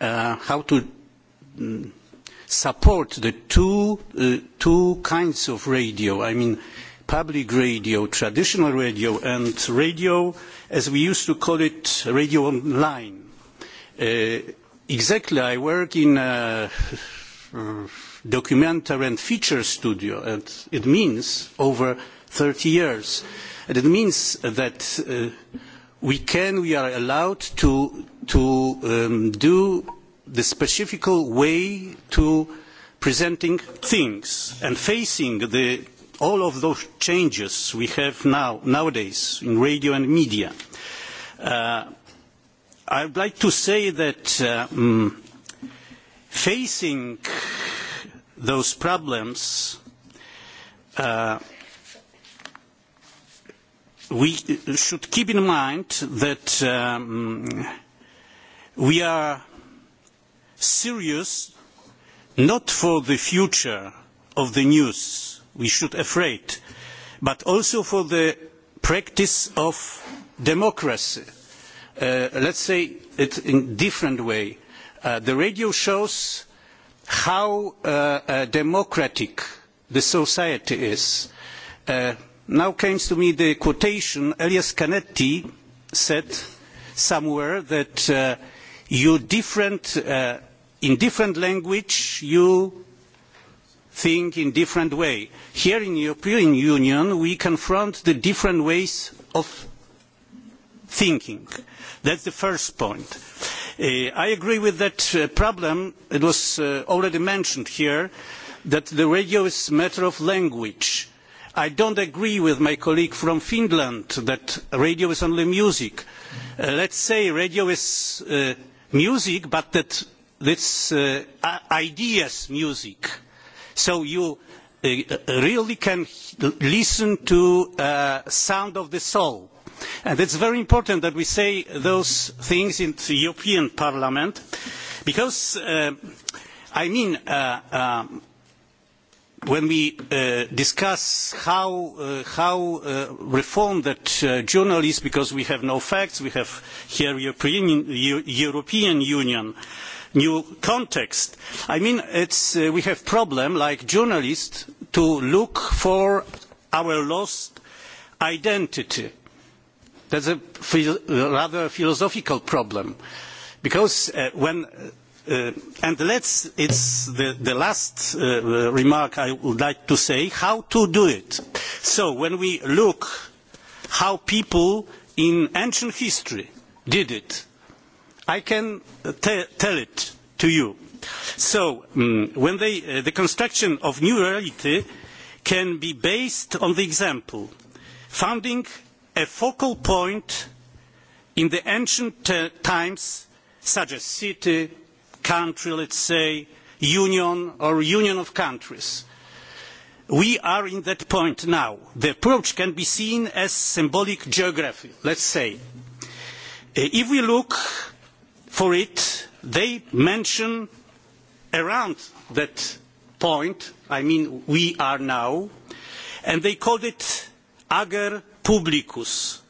uh, how to support the two, kinds of radio, I mean public radio, traditional radio, and radio, as we used to call it, radio online. exactly, I work in a documentary and feature studio, and it means over thirty years. And it means that we can, we are allowed to, do the specific way to presenting things and facing all of those changes we have now nowadays in radio and media. I would like to say that facing those problems we should keep in mind that we are serious not for the future of the news, we should be afraid, but also for the practice of democracy. Let us say it in a different way. the radio shows how democratic the society is. now comes to me the quotation Elias Canetti said somewhere that you different, uh, in different language you think in different way. Here in the European Union we confront the different ways of thinking. That's the first point. I agree with that problem. It was already mentioned here that the radio is a matter of language. I do not agree with my colleague from Finland that radio is only music. Let us say radio is music, but that this uh, ideas music. So you really can listen to the sound of the soul. And it's very important that we say those things in the European Parliament because, I mean, when we discuss how, reform that journalists, because we have no facts, we have here European, Union, new context. I mean, it's, uh, we have problem like journalists to look for our lost identity. That's a rather philosophical problem, because when and let's, it's the, the last remark I would like to say, how to do it. So when we look how people in ancient history did it, I can tell it to you. So when they, the construction of new reality can be based on the example, founding a focal point in the ancient times such as city, country, let us say, union or union of countries. We are at that point now. The approach can be seen as symbolic geography, let us say. If we look for it, they mention around that point, I mean we are now, and they called it ager publicus,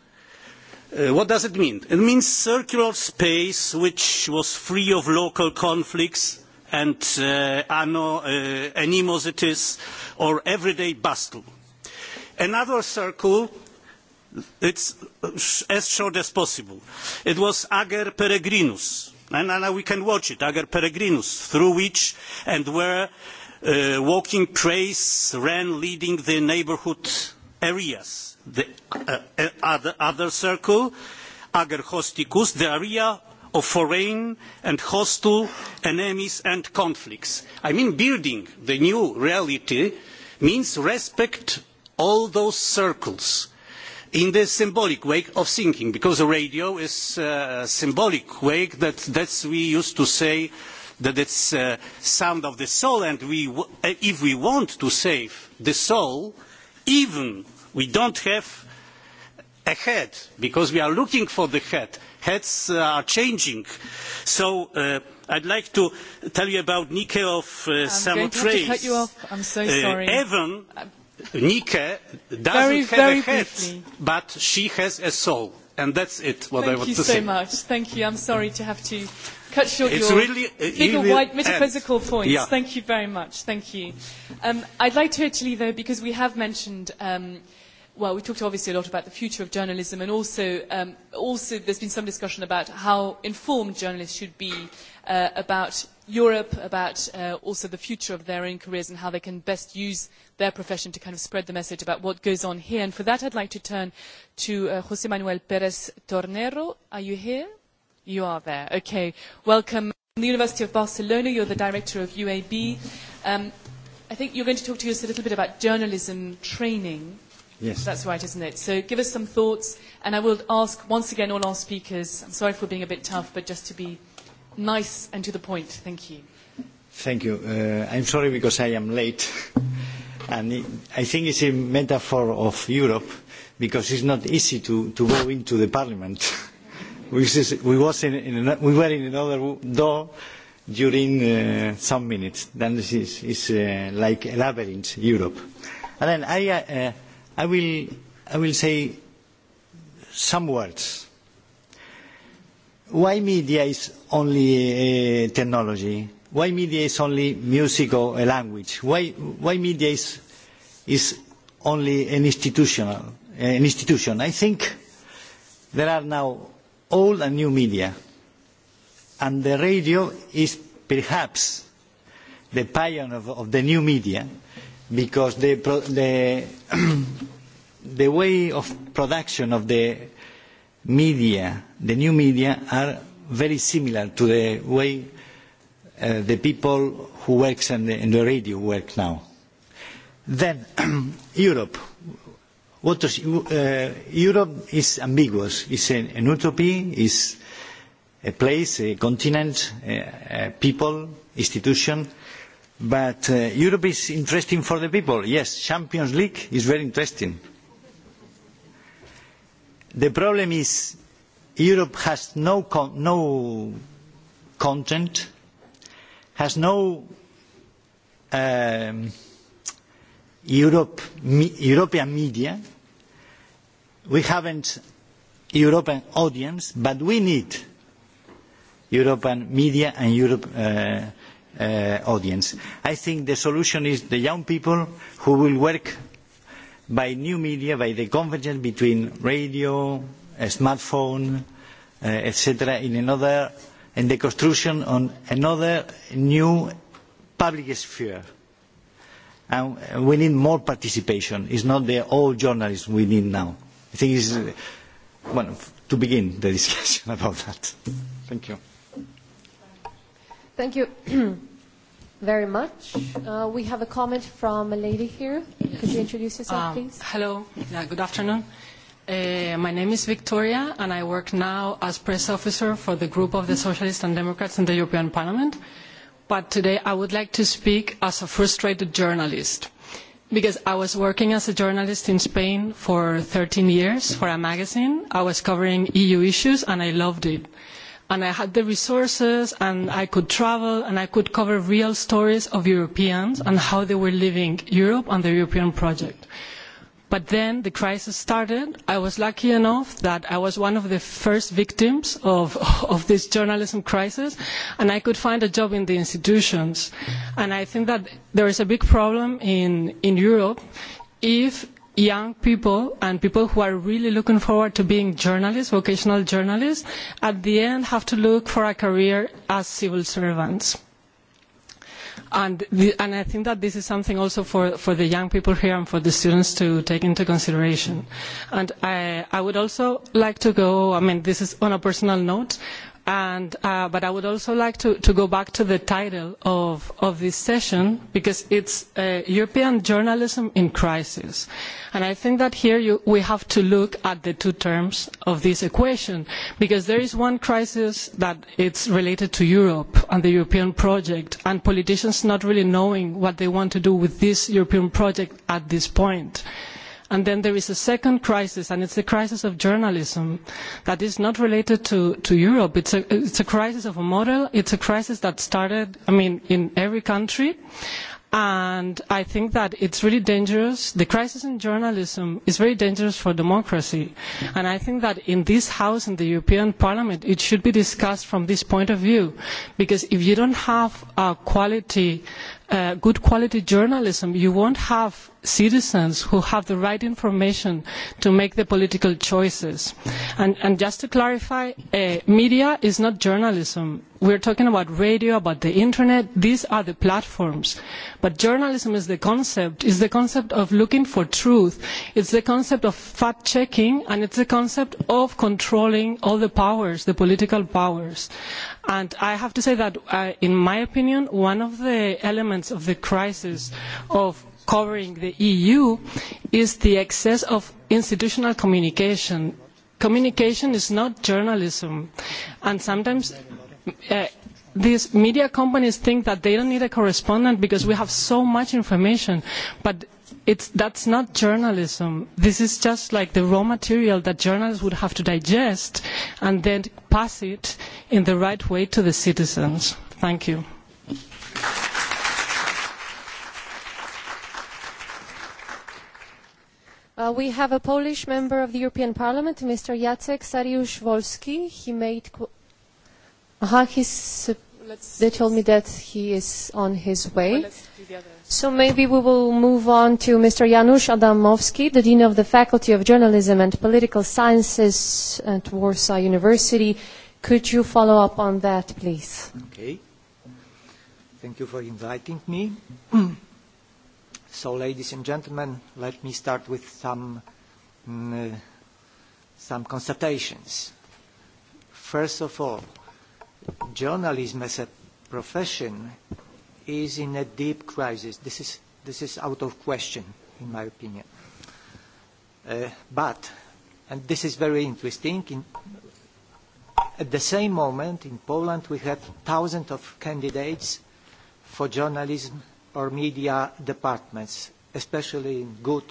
what does it mean? It means circular space which was free of local conflicts and animosities or everyday bustle. Another circle, it's as short as possible. It was Ager Peregrinus, and now we can watch it, Ager Peregrinus, through which and where walking praise ran leading the neighbourhood areas the other circle, ager hosticus, the area of foreign and hostile enemies and conflicts. I mean, building the new reality means respect all those circles in the symbolic way of thinking, because the radio is a symbolic way that that's we used to say that it's a sound of the soul, and we, if we want to save the soul, even we do not have a head because we are looking for the head. Heads are changing. So uh, I'd like to tell you about Nike of uh, Samothrace. cut you off. I'm so sorry. Evan, Nike doesn't have a head, but she has a soul. And that's it, what I want to say. Thank you so much. Thank you. I'm sorry to have to cut short it's your really, big white metaphysical points. Yeah. Thank you very much. Thank you. Um, I'd like to actually, though, because we have mentioned... Um, well, we talked obviously a lot about the future of journalism, and also, um, also there's been some discussion about how informed journalists should be uh, about Europe, about uh, also the future of their own careers and how they can best use their profession to kind of spread the message about what goes on here. And for that, I'd like to turn to uh, Jose Manuel Perez Tornero. Are you here? You are there. Okay. Welcome. From the University of Barcelona, you're the director of UAB. Um, I think you're going to talk to us a little bit about journalism training Yes. That's right, isn't it? So give us some thoughts, and I will ask once again all our speakers, I'm sorry for being a bit tough, but just to be nice and to the point. Thank you. Thank you. Uh, I'm sorry because I am late. And it, I think it's a metaphor of Europe because it's not easy to, to go into the parliament. we, was in, in an, we were in another door during uh, some minutes. Then this is, is uh, like a labyrinth, Europe. And then I, uh, I will, I will say some words. Why media is only technology? Why media is only music or a language? Why, why media is, is only an, institutional, an institution? I think there are now old and new media, and the radio is perhaps the pioneer of, of the new media because the, the, the way of production of the media, the new media, are very similar to the way uh, the people who work in the, in the radio work now. Then, Europe. What does, uh, Europe is ambiguous. It's an, an utopy, it's a place, a continent, a, a people, institution But Europe is interesting for the people. Yes, Champions League is very interesting. The problem is Europe has no, con no content, has no um, Europe, me, European media. We haven't European audience, but we need European media and Europe. Uh, audience. I think the solution is the young people who will work by new media, by the convergence between radio, smartphone, etc., in another, and the construction on another new public sphere. And we need more participation. It's not the old journalists we need now. I think it's, well, to begin the discussion about that. Thank you. Thank you very much. Uh, we have a comment from a lady here. Could you introduce yourself, um, please? Hello. Yeah, good afternoon. Uh, my name is Victoria, and I work now as press officer for the group of the Socialists and Democrats in the European Parliament. But today I would like to speak as a frustrated journalist because I was working as a journalist in Spain for 13 years for a magazine. I was covering EU issues, and I loved it and I had the resources and I could travel and I could cover real stories of Europeans and how they were living Europe and the European project. But then the crisis started. I was lucky enough that I was one of the first victims of, this journalism crisis, and I could find a job in the institutions. And I think that there is a big problem in Europe if young people and people who are really looking forward to being journalists, vocational journalists, at the end have to look for a career as civil servants. And, I think that this is something also for, for the young people here and for the students to take into consideration. And I, I would also like to go, I mean, this is on a personal note, but I would also like to, go back to the title of, this session because it is European journalism in crisis. And I think that here we have to look at the two terms of this equation because there is one crisis that is related to Europe and the European project and politicians not really knowing what they want to do with this European project at this point. And then there is a second crisis, and it's the crisis of journalism that is not related to, to Europe. It's a, it's a crisis of a model. It's a crisis that started, I mean, in every country. And I think that it is really dangerous. The crisis in journalism is very dangerous for democracy. And I think that in this House, in the European Parliament, it should be discussed from this point of view. Because if you don't have a quality, good quality journalism, you won't have citizens who have the right information to make the political choices. And, just to clarify, media is not journalism. We are talking about radio, about the internet. These are the platforms. But journalism is the concept, is the concept of looking for truth. It's the concept of fact-checking, and it's the concept of controlling all the powers, the political powers. And I have to say that, in my opinion, one of the elements of the crisis of covering the EU is the excess of institutional communication. Communication is not journalism. And sometimes these media companies think that they don't need a correspondent because we have so much information. But it's, that's not journalism. This is just like the raw material that journalists would have to digest and then pass it in the right way to the citizens. Thank you. we have a Polish member of the European Parliament, Mr. Jacek Sariusz-Wolski. He made... Uh, he's, they told me that he is on his way. So maybe we will move on to Mr. Janusz Adamowski, the Dean of the Faculty of Journalism and Political Sciences at Warsaw University. Could you follow up on that, please? Okay. Thank you for inviting me. So, ladies and gentlemen, let me start with some, constatations. First of all, journalism as a profession is in a deep crisis. This is, this is out of question, in my opinion. but, and this is very interesting, at the same moment in Poland we have thousands of candidates for journalism or media departments, especially in good,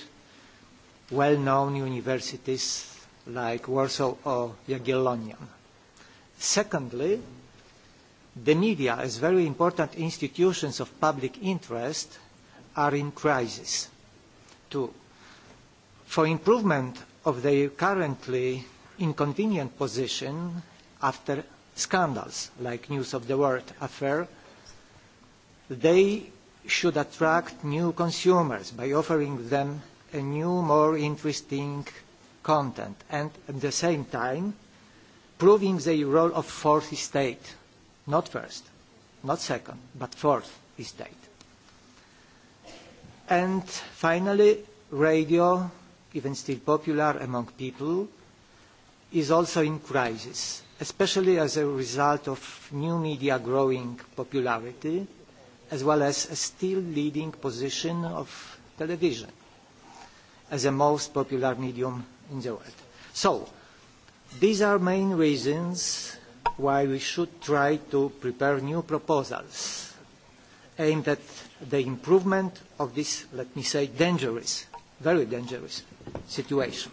well-known universities like Warsaw or Jagiellonian. Secondly, the media as very important institutions of public interest are in crisis. Two, for improvement of their currently inconvenient position after scandals like News of the World affair, they should attract new consumers by offering them a new, more interesting content, and at the same time, proving the role of fourth estate, not first, not second, but fourth estate. And finally, radio, even still popular among people, is also in crisis, especially as a result of new media growing popularity as well as a still leading position of television as the most popular medium in the world. So, these are main reasons why we should try to prepare new proposals aimed at the improvement of this, let me say, dangerous, very dangerous situation.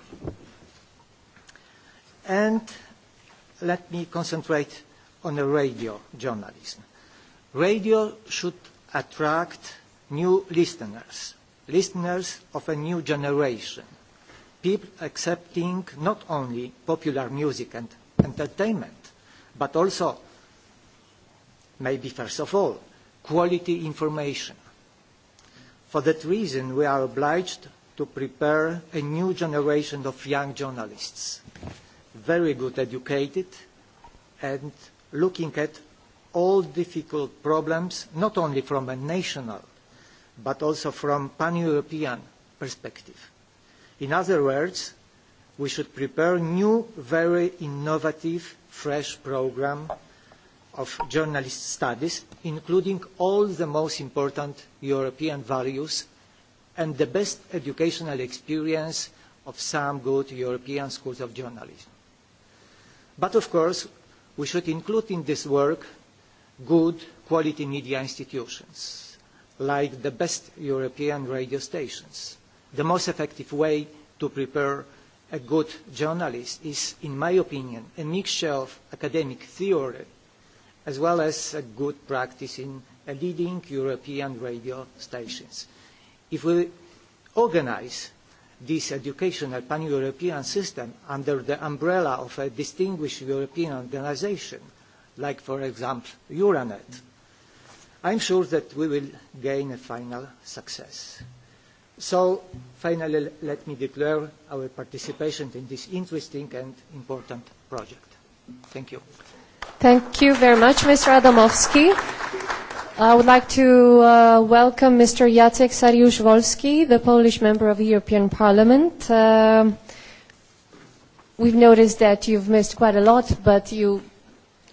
And let me concentrate on the radio journalism Radio should attract new listeners, listeners of a new generation, people accepting not only popular music and entertainment, but also, maybe first of all, quality information. For that reason, we are obliged to prepare a new generation of young journalists, very good educated and looking at all difficult problems, not only from a national, but also from a pan-European perspective. In other words, we should prepare a new, very innovative, fresh programme of journalist studies, including all the most important European values and the best educational experience of some good European schools of journalism. But of course, we should include in this work good quality media institutions, like the best European radio stations. The most effective way to prepare a good journalist is, in my opinion, a mixture of academic theory as well as a good practice in leading European radio stations. If we organise this educational pan-European system under the umbrella of a distinguished European organisation, like, for example, Euronet. I'm sure that we will gain a final success. So, finally, let me declare our participation in this interesting and important project. Thank you. Thank you very much, Mr. Adamowski. I would like to uh, welcome Mr. Jacek Sariusz-Wolski, the Polish member of the European Parliament. Um, we've noticed that you've missed quite a lot, but you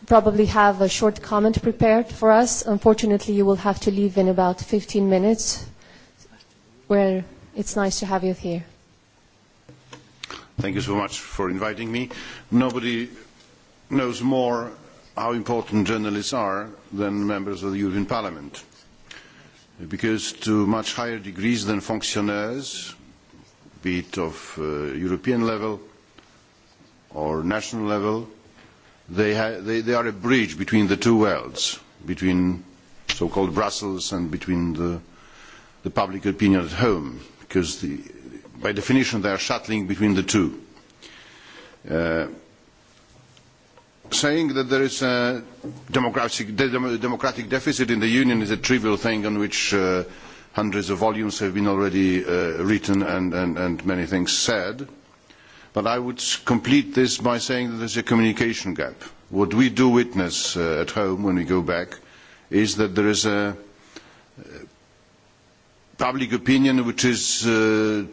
probably have a short comment prepared for us. Unfortunately, you will have to leave in about 15 minutes, where it's nice to have you here. Thank you so much for inviting me. Nobody knows more how important journalists are than members of the European Parliament, because to much higher degrees than functionaries, be it of European level or national level, they, they, are a bridge between the two worlds, between so-called Brussels and between the, the public opinion at home, because the, by definition they are shuttling between the two. saying that there is a democratic, democratic deficit in the Union is a trivial thing on which hundreds of volumes have been already written and, and, and many things said But I would complete this by saying that there is a communication gap. What we do witness at home when we go back is that there is a public opinion which is to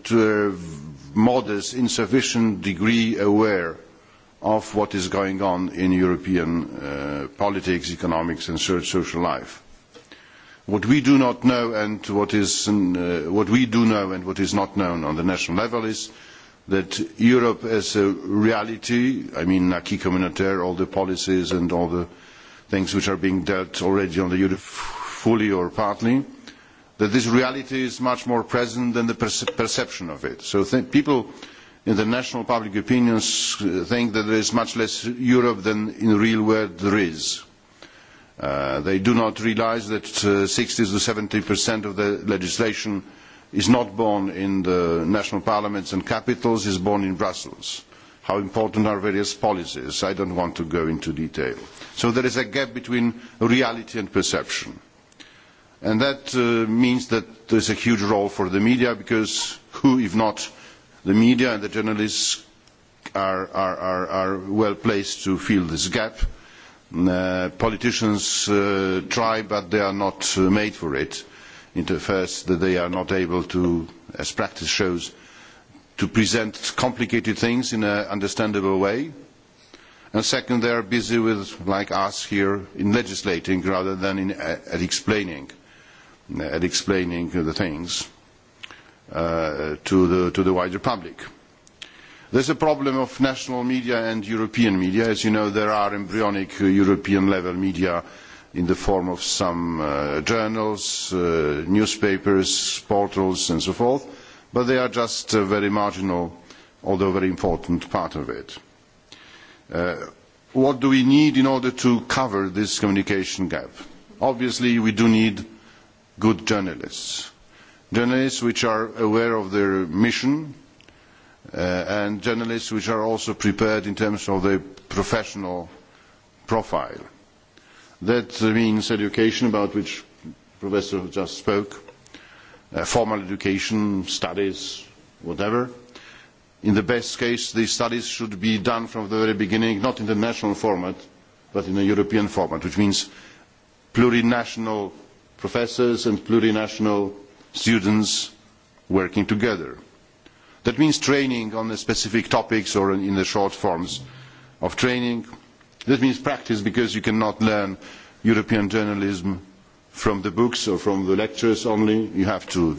a modest, insufficient degree aware of what is going on in European politics, economics and social life. What we do not know and what is what we do know and what is not known on the national level is that Europe as a reality, I mean, acquis communautaire, all the policies and all the things which are being dealt already on the Europe fully or partly, that this reality is much more present than the perception of it. So people in the national public opinions think that there is much less Europe than in the real world there is. they do not realise that sixty to 70% of the legislation is not born in the national parliaments and capitals, is born in Brussels. How important are various policies? I don't want to go into detail. So there is a gap between reality and perception. And that means that there is a huge role for the media because who, if not the media and the journalists, are, are, are, well placed to fill this gap. politicians try, but they are not made for it into first that they are not able to, as practice shows, to present complicated things in an understandable way. And second, they are busy with, like us here, in legislating rather than in, at explaining, at explaining the things uh, to, the, to the wider public. There is a problem of national media and European media. As you know, there are embryonic European-level media in the form of some journals, newspapers, portals, and so forth, but they are just a very marginal, although very important part of it. what do we need in order to cover this communication gap? Obviously, we do need good journalists. Journalists which are aware of their mission and journalists which are also prepared in terms of their professional profile That means education about which Professor just spoke, formal education, studies, whatever. In the best case, these studies should be done from the very beginning, not in the national format, but in a European format, which means plurinational professors and plurinational students working together. That means training on the specific topics or in the short forms of training, That means practice because you cannot learn European journalism from the books or from the lectures only. You have to,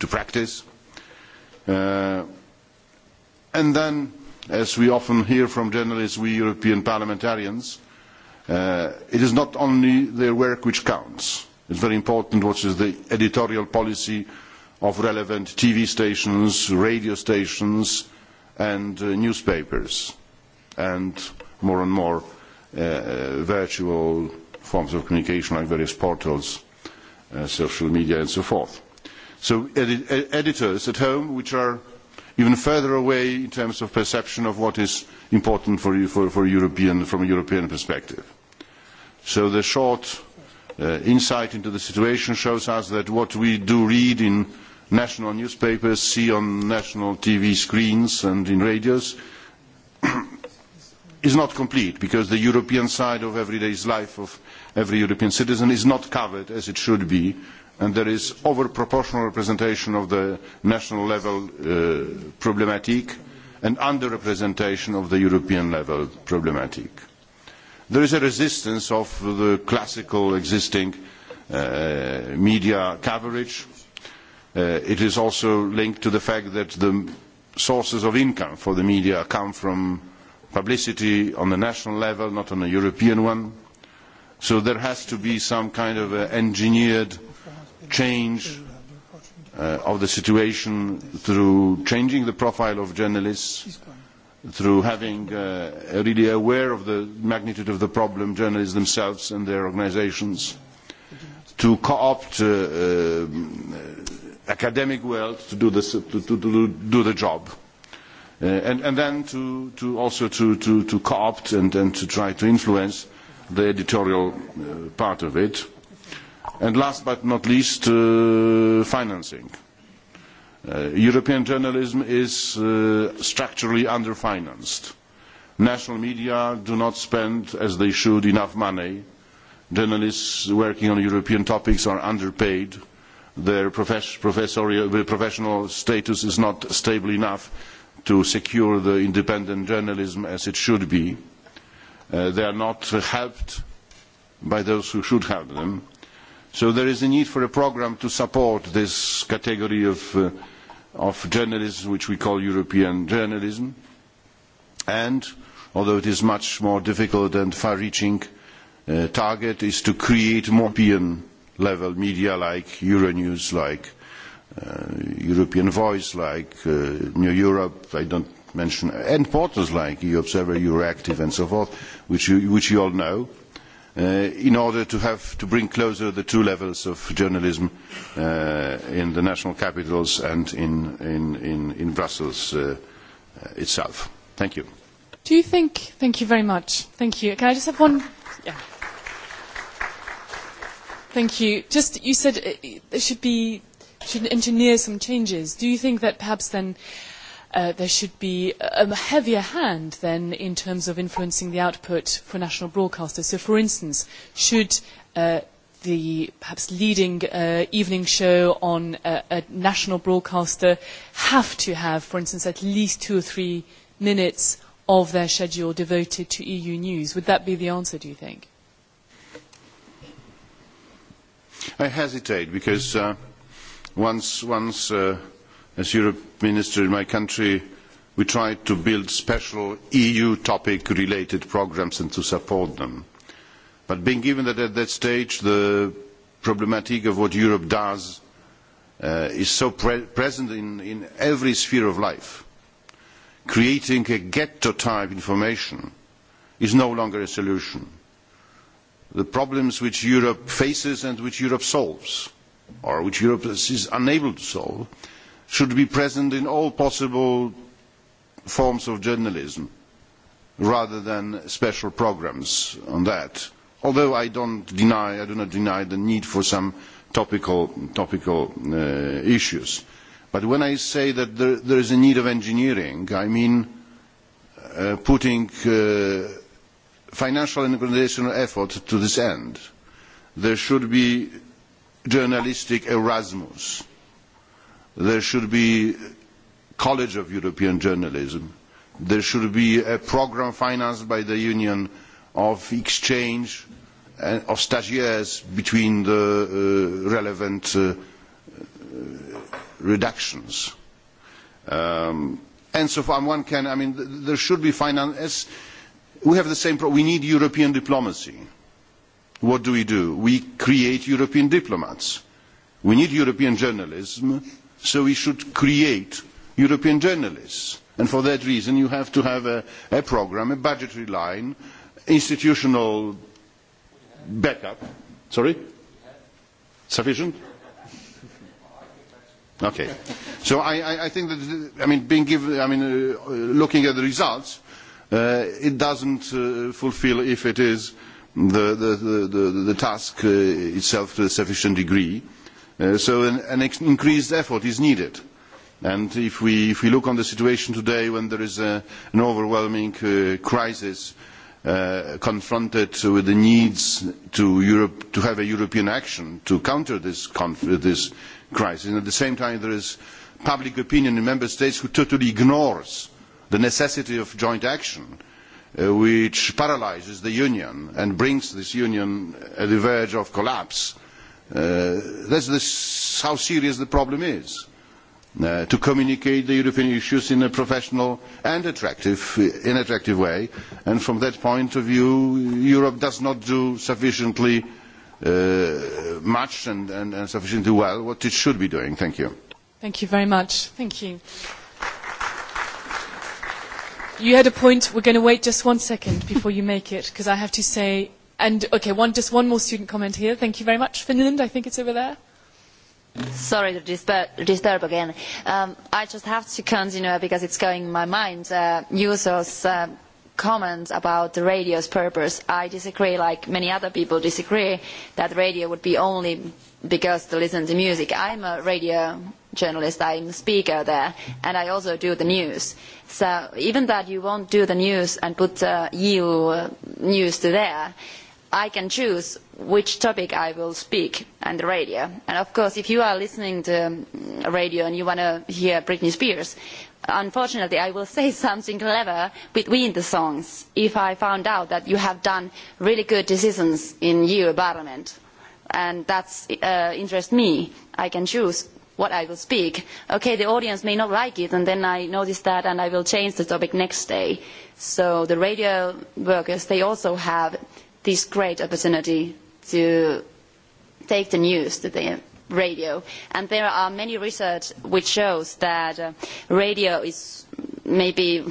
to practice. and then, as we often hear from journalists, we European parliamentarians, it is not only their work which counts. It is very important what is the editorial policy of relevant TV stations, radio stations, and newspapers. And more and more virtual forms of communication like various portals, social media and so forth. So editors at home, which are even further away in terms of perception of what is important for, for, for European, from a European perspective. So the short insight into the situation shows us that what we do read in national newspapers, see on national TV screens and in radios is not complete because the European side of everyday life of every European citizen is not covered as it should be and there is over proportional representation of the national level problematic and under representation of the European level problematic. There is a resistance of the classical existing media coverage. it is also linked to the fact that the sources of income for the media come from publicity on the national level, not on a European one. So there has to be some kind of engineered change of the situation through changing the profile of journalists, through having really aware of the magnitude of the problem, journalists themselves and their organisations, to co-opt uh, academic world to do, the to, to, to do the job and, then to, to also to, to, to co-opt and, and to try to influence the editorial part of it. And last but not least, financing. European journalism is structurally underfinanced. National media do not spend, as they should, enough money. Journalists working on European topics are underpaid. Their professional status is not stable enough to secure the independent journalism as it should be. they are not helped by those who should help them. So there is a need for a programme to support this category of, journalism, which we call European journalism. And, although it is much more difficult and far-reaching, target is to create more European-level media like Euronews, like European Voice, like New Europe, I don't mention, and portals like EU Observer, Euroactive, and so forth, which you, which you all know, in order to have to bring closer the two levels of journalism in the national capitals and in, in, in, in Brussels itself. Thank you. Do you think? Thank you very much. Thank you. Can I just have one? Yeah. Thank you. Just you said it, should be should engineer some changes. Do you think that perhaps then uh, there should be a heavier hand then in terms of influencing the output for national broadcasters? So, for instance, should uh, the perhaps leading uh, evening show on a, a national broadcaster have to have, for instance, at least two or three minutes of their schedule devoted to EU news? Would that be the answer, do you think? I hesitate because. Uh, Once, once as Europe Minister in my country, we tried to build special EU topic-related programmes and to support them. But being given that at that stage the problematic of what Europe does is so present in, every sphere of life, creating a ghetto-type information is no longer a solution. The problems which Europe faces and which Europe solves or which Europe is unable to solve, should be present in all possible forms of journalism rather than special programmes on that. Although I, don't deny, I do not deny the need for some topical, issues. But when I say that there, there is a need of engineering, I mean putting financial and organizational effort to this end. There should be journalistic Erasmus. There should be a College of European Journalism. There should be a programme financed by the Union of exchange of stagiaires between the relevant reductions. and so far one can, I mean, there should be finance. We have the same problem. We need European diplomacy what do we do? We create European diplomats. We need European journalism, so we should create European journalists. And for that reason, you have to have a, a programme, a budgetary line, institutional backup. Sorry? Sufficient? Okay. So I, I, I think that, I mean, being given, I mean, uh, looking at the results, uh, it doesn't uh, fulfill if it is uh, the, the, the, the task itself to a sufficient degree. so an, increased effort is needed. And if we, if we look on the situation today when there is an overwhelming crisis confronted with the needs to, have a European action to counter this, crisis, and at the same time there is public opinion in member states who totally ignores the necessity of joint action uh, which paralyses the union and brings this union to the verge of collapse. That is how serious the problem is. to communicate the European issues in a professional and attractive, way. And from that point of view, Europe does not do sufficiently much and, sufficiently well what it should be doing. Thank you. Thank you very much. Thank you. You had a point. We're going to wait just one second before you make it, because I have to say. And okay, one just one more student comment here. Thank you very much, Finland. I think it's over there. Sorry to disturb, disturb again. Um, I just have to continue because it's going in my mind. Uh, users. Uh, comment about the radio's purpose. I disagree, like many other people disagree, that radio would be only because to listen to music. I'm a radio journalist, I'm speaker there, and I also do the news. So even that you won't do the news and put uh, EU news to there, I can choose which topic I will speak on the radio. And of course, if you are listening to radio and you want to hear Britney Spears, unfortunately, I will say something clever between the songs if I found out that you have done really good decisions in EU Parliament. And that interests me. I can choose what I will speak. Okay, the audience may not like it, and then I notice that, and I will change the topic next day. So the radio workers, they also have this great opportunity to take the news to the radio. And there are many research which shows that radio is maybe,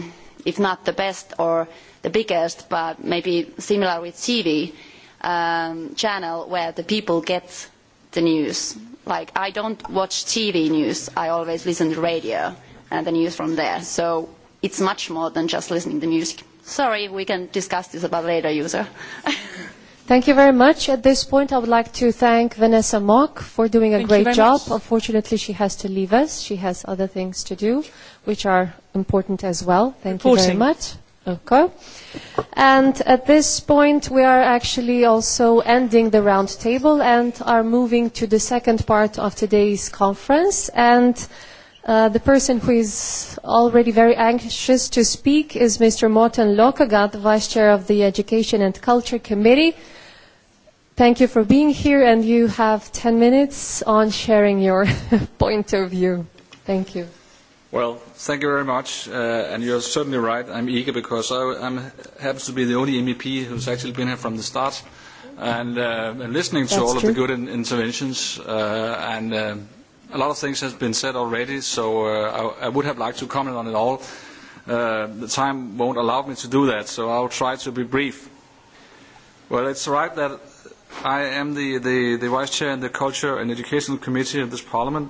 if not the best or the biggest, but maybe similar with TV um, channel where the people get the news like I don't watch TV news. I always listen to radio and the news from there. So it's much more than just listening to music. Sorry, we can discuss this about later, user. Thank you very much. At this point, I would like to thank Vanessa Mock for doing a Thank great job. Much. Unfortunately, she has to leave us. She has other things to do, which are important as well. Thank you very much. Okay. And at this point, we are actually also ending the round table and are moving to the second part of today's conference. And uh, the person who is already very anxious to speak is Mr. Morten Lokagat, Vice Chair of the Education and Culture Committee. Thank you for being here, and you have 10 minutes on sharing your point of view. Thank you. Well, thank you very much, Uh and you're certainly right. I'm eager because I I'm, happens to be the only MEP who's actually been here from the start, and, uh, and listening to all of the good in, interventions, uh, and uh, a lot of things has been said already. So uh, I, I would have liked to comment on it all. Uh, the time won't allow me to do that, so I'll try to be brief. Well, it's right that I am the, the, the vice chair in the Culture and Educational Committee of this Parliament,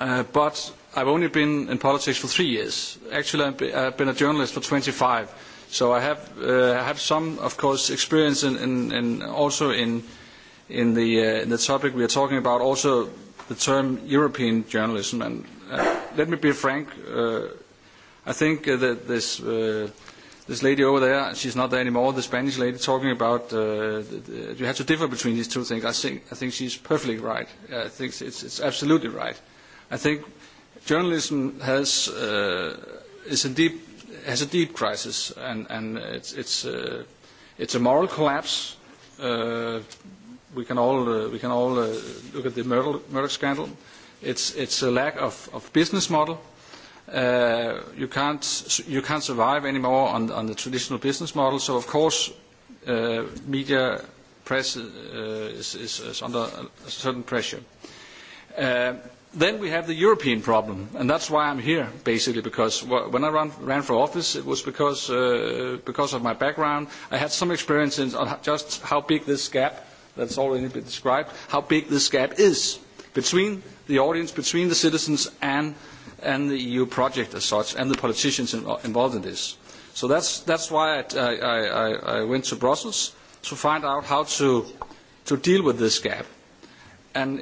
uh, but I've only been in politics for three years. Actually, I've been a journalist for 25. So I have, uh, I have some, of course, experience in, in, in also in, in, the, uh, in the topic we are talking about, also the term European journalism. And uh, let me be frank, uh, I think that this, uh, this lady over there, she's not there anymore, the Spanish lady, talking about uh, you have to differ between these two things. I think, I think she's perfectly right. I think it's, it's absolutely right. I think Journalism has is a deep has a deep crisis, and and it's it's uh, it's a moral collapse. Uh, we can all uh, we can all uh, look at the Murdoch scandal. It's it's a lack of, of business model. Uh, you can't you can't survive anymore on on the traditional business model. So of course, uh, media press uh, is, is is under a certain pressure. Uh, Then we have the European problem, and that's why I'm here, basically, because when I ran, for office, it was because, of my background. I had some experience in just how big this gap, that's already been described, how big this gap is between the audience, between the citizens and, the EU project as such, and the politicians involved in this. So that's, that's why I, I, I went to Brussels, to find out how to, to deal with this gap. And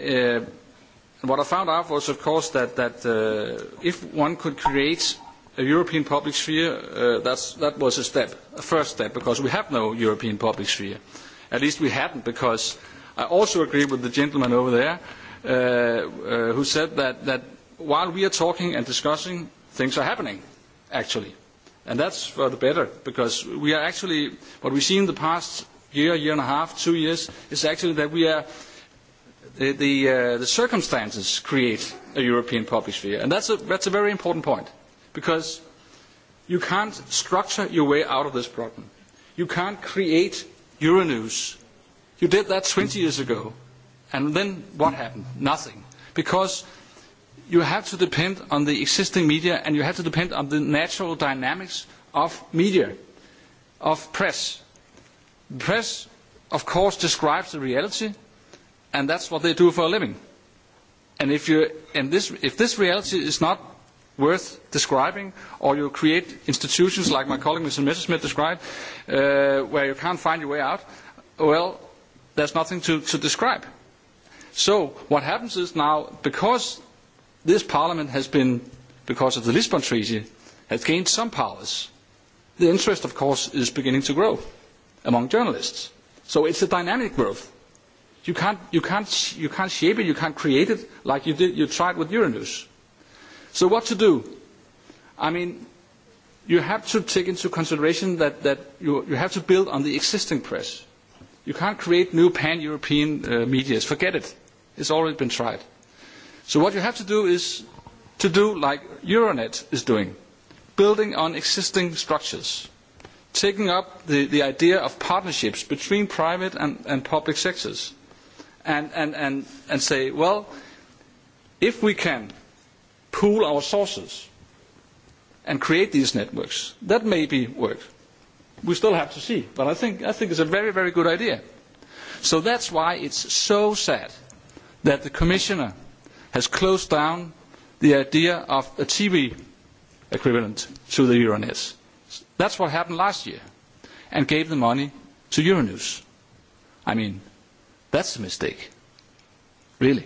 what I found out was, of course, that, that if one could create a European public sphere, that was a step, a first step, because we have no European public sphere. At least we hadn't, because I also agree with the gentleman over there who said that, that while we are talking and discussing, things are happening, actually. And that's for the better, because we are actually, what we see in the past year, year and a half, two years, is actually that we are the, circumstances create a European public sphere. And that's a, that's a very important point because you can't structure your way out of this problem. You can't create Euronews. You did that twenty years ago. And then what happened? Nothing. Because you have to depend on the existing media and you have to depend on the natural dynamics of media, of press. The press, of course, describes the reality and that's what they do for a living. And if, you, and this, if this reality is not worth describing, or you create institutions like my colleague Mr. Messerschmidt described, uh, where you can't find your way out, well, there's nothing to, to describe. So what happens is now, because this parliament has been, because of the Lisbon Treaty, has gained some powers, the interest, of course, is beginning to grow among journalists. So it's a dynamic growth You can't, you, can't, you can't shape it, you can't create it like you, did, you tried with Uranus. So what to do? I mean, you have to take into consideration that, that you, you have to build on the existing press. You can't create new pan-European uh, medias. Forget it. It's already been tried. So what you have to do is to do like Euronet is doing, building on existing structures, taking up the, the idea of partnerships between private and, and public sectors and, and, and, and say, well, if we can pool our sources and create these networks, that may be work. We still have to see, but I think, I think it's a very, very good idea. So that's why it's so sad that the Commissioner has closed down the idea of a TV equivalent to the Euronews. That's what happened last year and gave the money to Euronews. I mean, That's a mistake, really.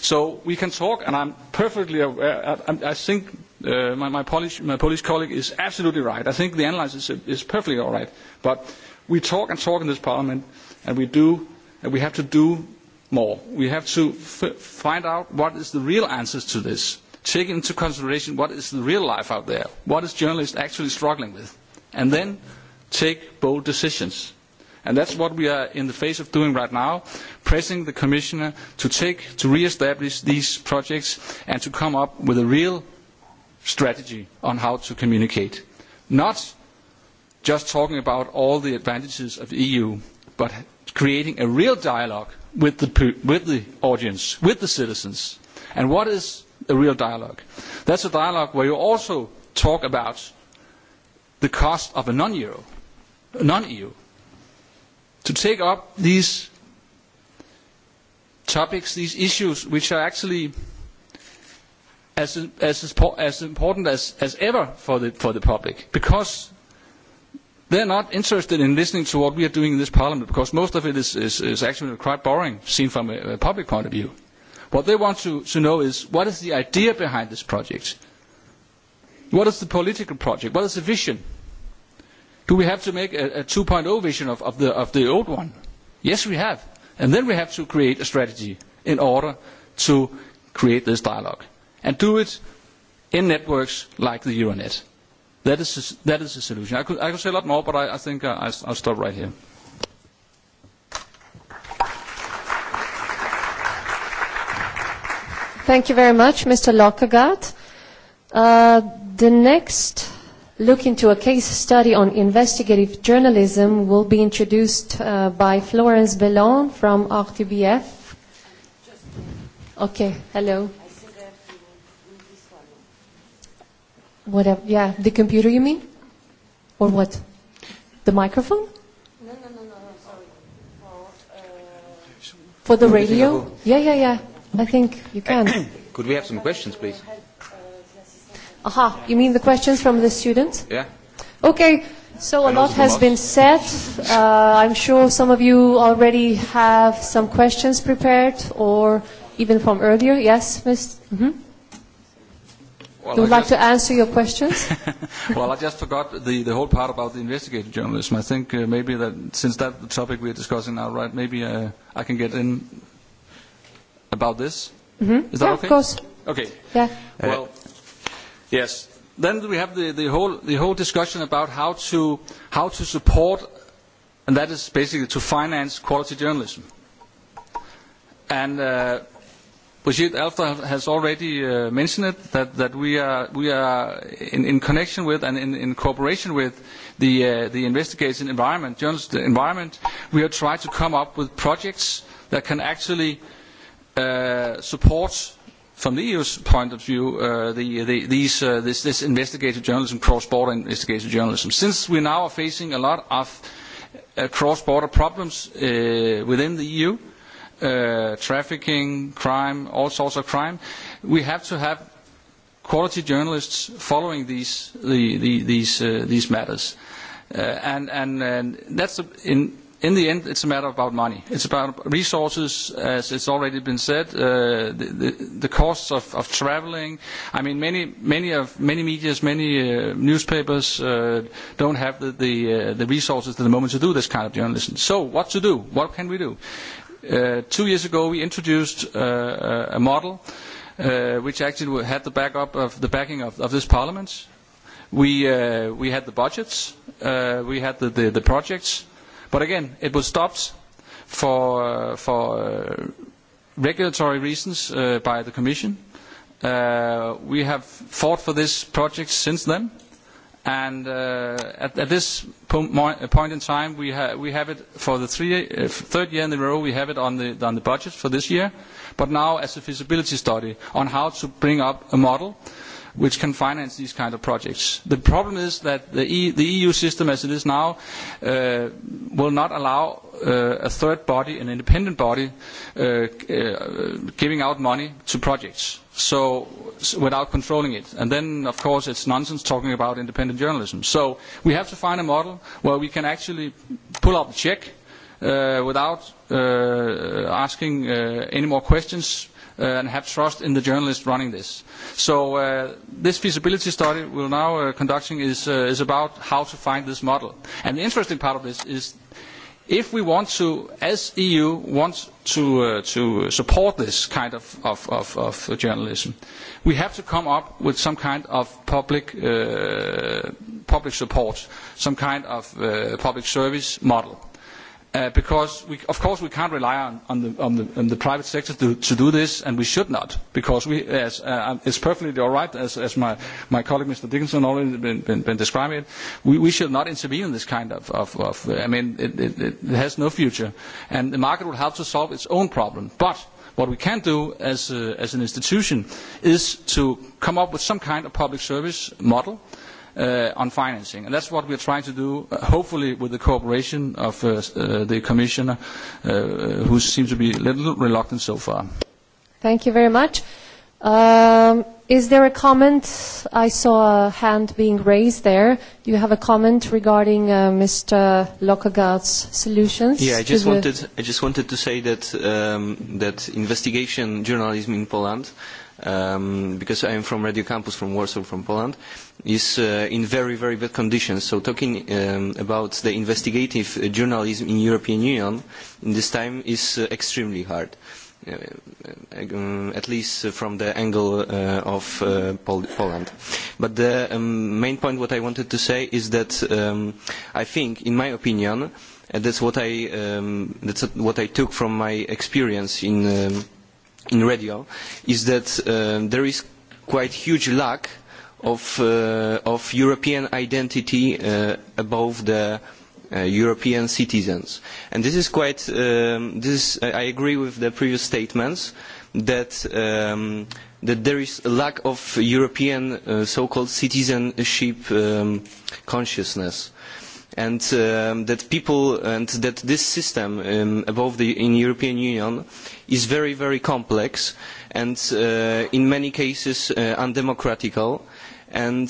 So we can talk, and I'm perfectly aware. I, I think uh, my, my, Polish, my Polish colleague is absolutely right. I think the analysis is, is perfectly all right. But we talk and talk in this parliament, and we do, and we have to do more. We have to f- find out what is the real answers to this. Take into consideration what is the real life out there. What is journalists actually struggling with, and then take bold decisions And that's what we are in the phase of doing right now, pressing the Commissioner to take, to re-establish these projects and to come up with a real strategy on how to communicate. Not just talking about all the advantages of the EU, but creating a real dialogue with the, with the audience, with the citizens. And what is a real dialogue? That's a dialogue where you also talk about the cost of a non-euro, non-EU to take up these topics, these issues, which are actually as, as, as important as, as ever for the, for the public, because they're not interested in listening to what we are doing in this parliament, because most of it is, is, is actually quite boring, seen from a, a public point of view. What they want to, to know is what is the idea behind this project? What is the political project? What is the vision? Do we have to make a, a 2.0 vision of, of, the, of the old one? Yes, we have. And then we have to create a strategy in order to create this dialogue and do it in networks like the Euronet. That is, that is the solution. I could, I could say a lot more, but I, I think I, I'll stop right here. Thank you very much, Mr. Lockergaard. Uh, the next look into a case study on investigative journalism will be introduced uh, by Florence Bellon from RTBF. Okay, hello. Whatever, yeah, the computer you mean? Or what? The microphone? No, no, no, no, no sorry. For, uh, For the radio? Yeah, yeah, yeah. I think you can. Could we have some questions, please? Aha, you mean the questions from the students? Yeah. Okay, so a lot has been said. Uh, I'm sure some of you already have some questions prepared or even from earlier. Yes, Ms. Mm-hmm. Well, Would like to answer your questions? well, I just forgot the, the whole part about the investigative journalism. I think uh, maybe that since that the topic we're discussing now, right? Maybe uh, I can get in about this. Mm-hmm. Is that yeah, okay? Of course. Okay. Yeah. Well, Yes. Then we have the, the, whole, the whole discussion about how to, how to support, and that is basically to finance quality journalism. And Brigitte Alfter has already mentioned it, that, we are, we are in, in connection with and in, in cooperation with the, uh, the investigation environment, journalist environment, we are trying to come up with projects that can actually uh, support from the EU's point of view, uh, the, the, these, uh, this, this investigative journalism, cross-border investigative journalism. Since we now are facing a lot of uh, cross-border problems uh, within the EU, uh, trafficking, crime, all sorts of crime, we have to have quality journalists following these, the, the, these, uh, these matters. Uh, and and, and that's a in in the end, it's a matter about money. It's about resources, as it's already been said. Uh, the, the, the costs of, of traveling. I mean, many, many of many media's, many uh, newspapers uh, don't have the the, uh, the resources at the moment to do this kind of journalism. So, what to do? What can we do? Uh, two years ago, we introduced uh, a model uh, which actually had the backup of the backing of, of this parliament. We uh, we had the budgets, uh, we had the, the, the projects But again, it was stopped for regulatory reasons by the Commission. We have fought for this project since then, and at this point in time, we have it for the third year in a row, we have it on the budget for this year, but now as a feasibility study on how to bring up a model which can finance these kind of projects. The problem is that the, EU system as it is now will not allow a third body, an independent body, giving out money to projects. So without controlling it, and then of course it's nonsense talking about independent journalism. So we have to find a model where we can actually pull out the check without asking any more questions and have trust in the journalists running this. So this feasibility study we're now conducting is uh is about how to find this model. And the interesting part of this is if we want to, as EU, want to to support this kind of journalism, we have to come up with some kind of public support, some kind of public service model because of course we cannot rely on the private sector to do this, and we should not, because it is perfectly all right, as my colleague, Mr. Dickinson, already been describing it. We should not intervene in this kind of. I mean, it has no future, and the market will help to solve its own problem. But what we can do as an institution is to come up with some kind of public service model on financing. And that's what we're trying to do, hopefully with the cooperation of the Commissioner, who seems to be a little reluctant so far. Thank you very much. is there a comment? I saw a hand being raised there. Do you have a comment regarding Mr. Lockergaard's solutions? Yeah, I just wanted I just wanted to say that um, that investigation journalism in Poland um, because I am from Radio Campus, from Warsaw, from Poland, is uh, in very, very bad conditions. So talking um, about the investigative journalism in European Union in this time is uh, extremely hard, uh, at least from the angle uh, of uh, Pol Poland. But the um, main point what I wanted to say is that um, I think, in my opinion, and that's what I um, that's what I took from my experience in. Um, in radio is that there is quite huge lack of, European identity above the European citizens. And this is quite, this, I agree with the previous statements that, there is a lack of European so-called citizenship consciousness and that people and that this system above the in European Union is very very complex and in many cases undemocratical and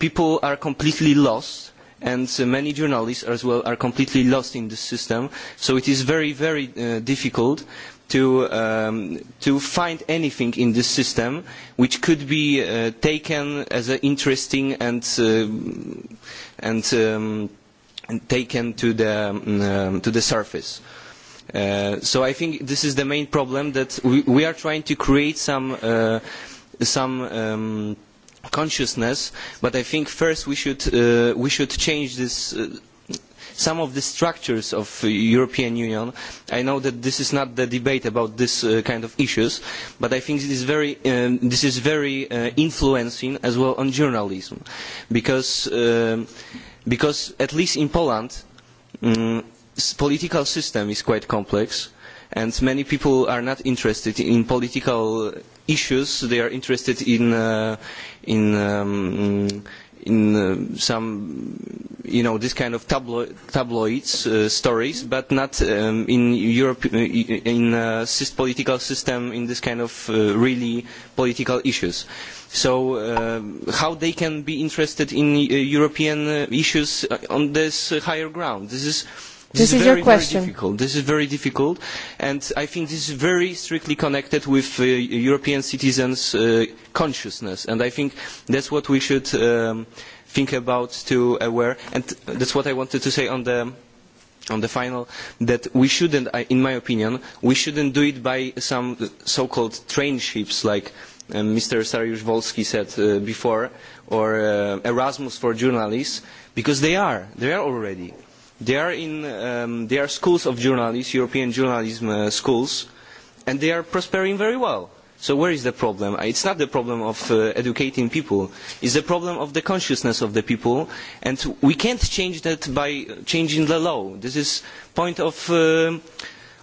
people are completely lost and many journalists as well are completely lost in this system so it is very very difficult to find anything in this system which could be taken as interesting and and taken to the, to the surface. so I think this is the main problem that we, we are trying to create some, uh, some um, consciousness, but I think first we should, uh, we should change this uh, some of the structures of the European Union. I know that this is not the debate about this kind of issues, but I think this is very, this is very influencing as well on journalism, because, at least in Poland, the political system is quite complex and many people are not interested in political issues. They are interested in, in some you know this kind of tabloids uh, stories but not in Europe in uh, political system in this kind of really political issues so how they can be interested in European issues on this higher ground this is This, is, your question. difficult. This is very difficult, and I think this is very strictly connected with European citizens' consciousness, and I think that's what we should think about to aware, and that's what I wanted to say on the on the final that we shouldn't, in my opinion, we shouldn't do it by some so-called train ships like Mr. Sariusz Wolski said before, or Erasmus for journalists, because they are, they are already There are, in, um, there are schools of journalists, European journalism uh, schools, and they are prospering very well. So where is the problem? It's not the problem of uh, educating people. It's the problem of the consciousness of the people, and we can't change that by changing the law. This is point of. Uh,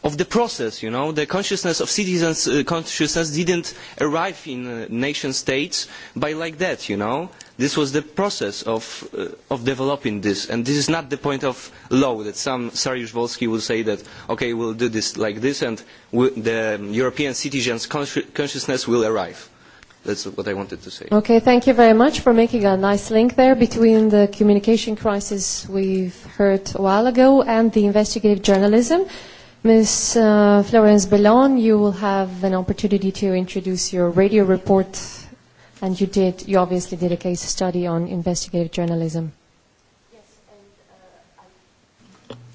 of the process, you know, the consciousness of citizens' uh, consciousness didn't arrive in uh, nation states by like that, you know. This was the process of, uh, of developing this, and this is not the point of law that some Sariusz Wolski will say that, okay, we'll do this like this, and w the European citizens' consci consciousness will arrive. That's what I wanted to say. Okay, thank you very much for making a nice link there between the communication crisis we've heard a while ago and the investigative journalism. Ms. Uh, Florence Bellon, you will have an opportunity to introduce your radio report, and you did. You obviously did a case study on investigative journalism.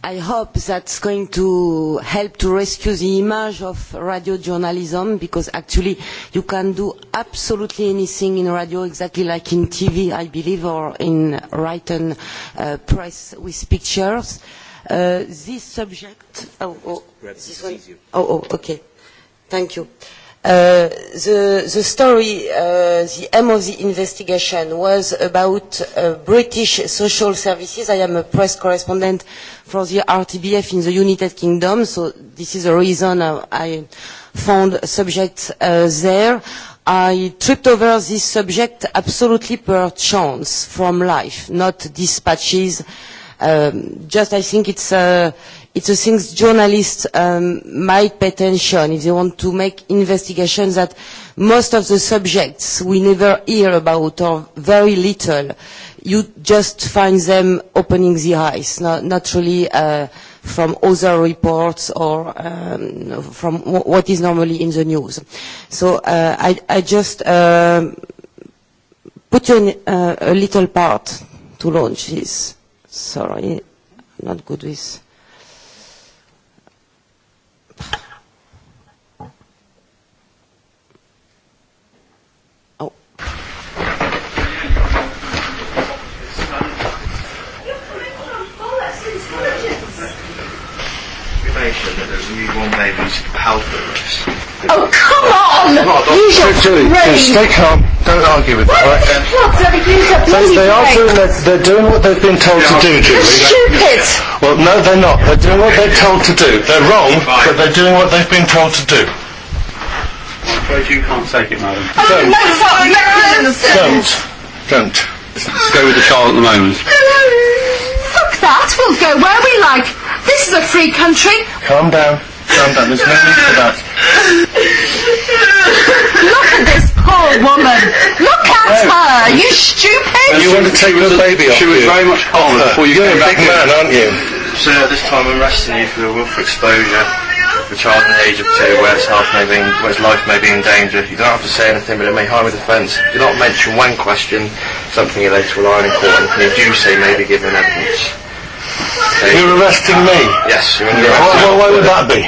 I hope that's going to help to rescue the image of radio journalism because actually you can do absolutely anything in radio exactly like in TV I believe or in written press with pictures. Uh, Uh, this subject. Oh, oh, this one. Oh, oh, okay. Thank you. Uh, the, the story, uh, the aim of the investigation was about uh, British social services. I am a press correspondent for the RTBF in the United Kingdom, so this is the reason I, I found a subject uh, there. I tripped over this subject absolutely per chance from life, not dispatches, uh, Um, just I think it's a, it's a thing journalists um, might pay attention if they want to make investigations that most of the subjects we never hear about or very little, you just find them opening the eyes, not, not really uh, from other reports or um, from w what is normally in the news. So uh, I, I just uh, put you in uh, a little part to launch this. Sorry, I'm not good with. Oh. That there's babies' Oh, come on! You should Julie, just stay calm. Don't argue with them. What The this They, are doing they're doing what they've been told to do, Julie. They're stupid! Well, no, they're not. They're doing what they're told to do. They're wrong, but they're doing what they've been told to do. I'm afraid you can't take it, madam. Oh, don't. No, don't. Don't. Go with the child at the moment. Fuck that. We'll go where we like. This is a free country. Calm down. Santa, there's no need for that. Look at this poor woman. Look at no. her. You stupid. You want to take the baby off She was you. very much calmer before you You're came a back big man, aren't you? Sir at this time I'm arresting you for willful exposure of a child in the age of two where his, health may be in, where his life may be in danger. You don't have to say anything but it may harm the offence. Do not mention one question, something you later rely on in court and if you do say may be given evidence. See? You're arresting me. Yes, you're under arrest. Why, why would that be?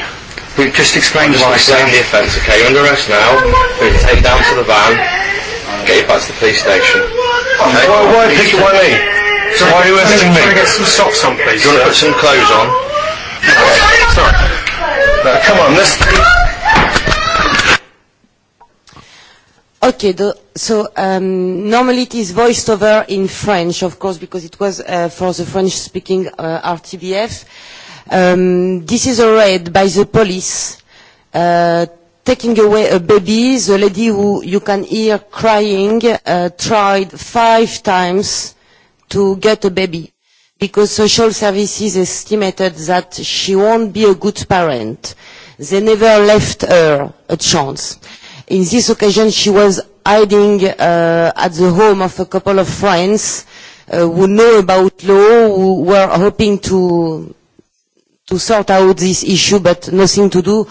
We just explained just why. Just explain the offence, okay? You're under arrest now. We're going to take you down to the van, get you back to the police station. Okay? Why, why pick why me? So why are you arresting me? Can I get some socks on, please? Do you want to put some clothes on? Okay. Sorry. No, come on, let's... Okay, the, so um, normally it is voiced over in French, of course, because it was uh, for the French-speaking uh, RTBF. Um, this is a raid by the police, uh, taking away a baby. The lady who you can hear crying uh, tried five times to get a baby because social services estimated that she won't be a good parent. They never left her a chance In this occasion, she was hiding uh, at the home of a couple of friends uh, who know about law, who were hoping to to sort out this issue, but nothing to do.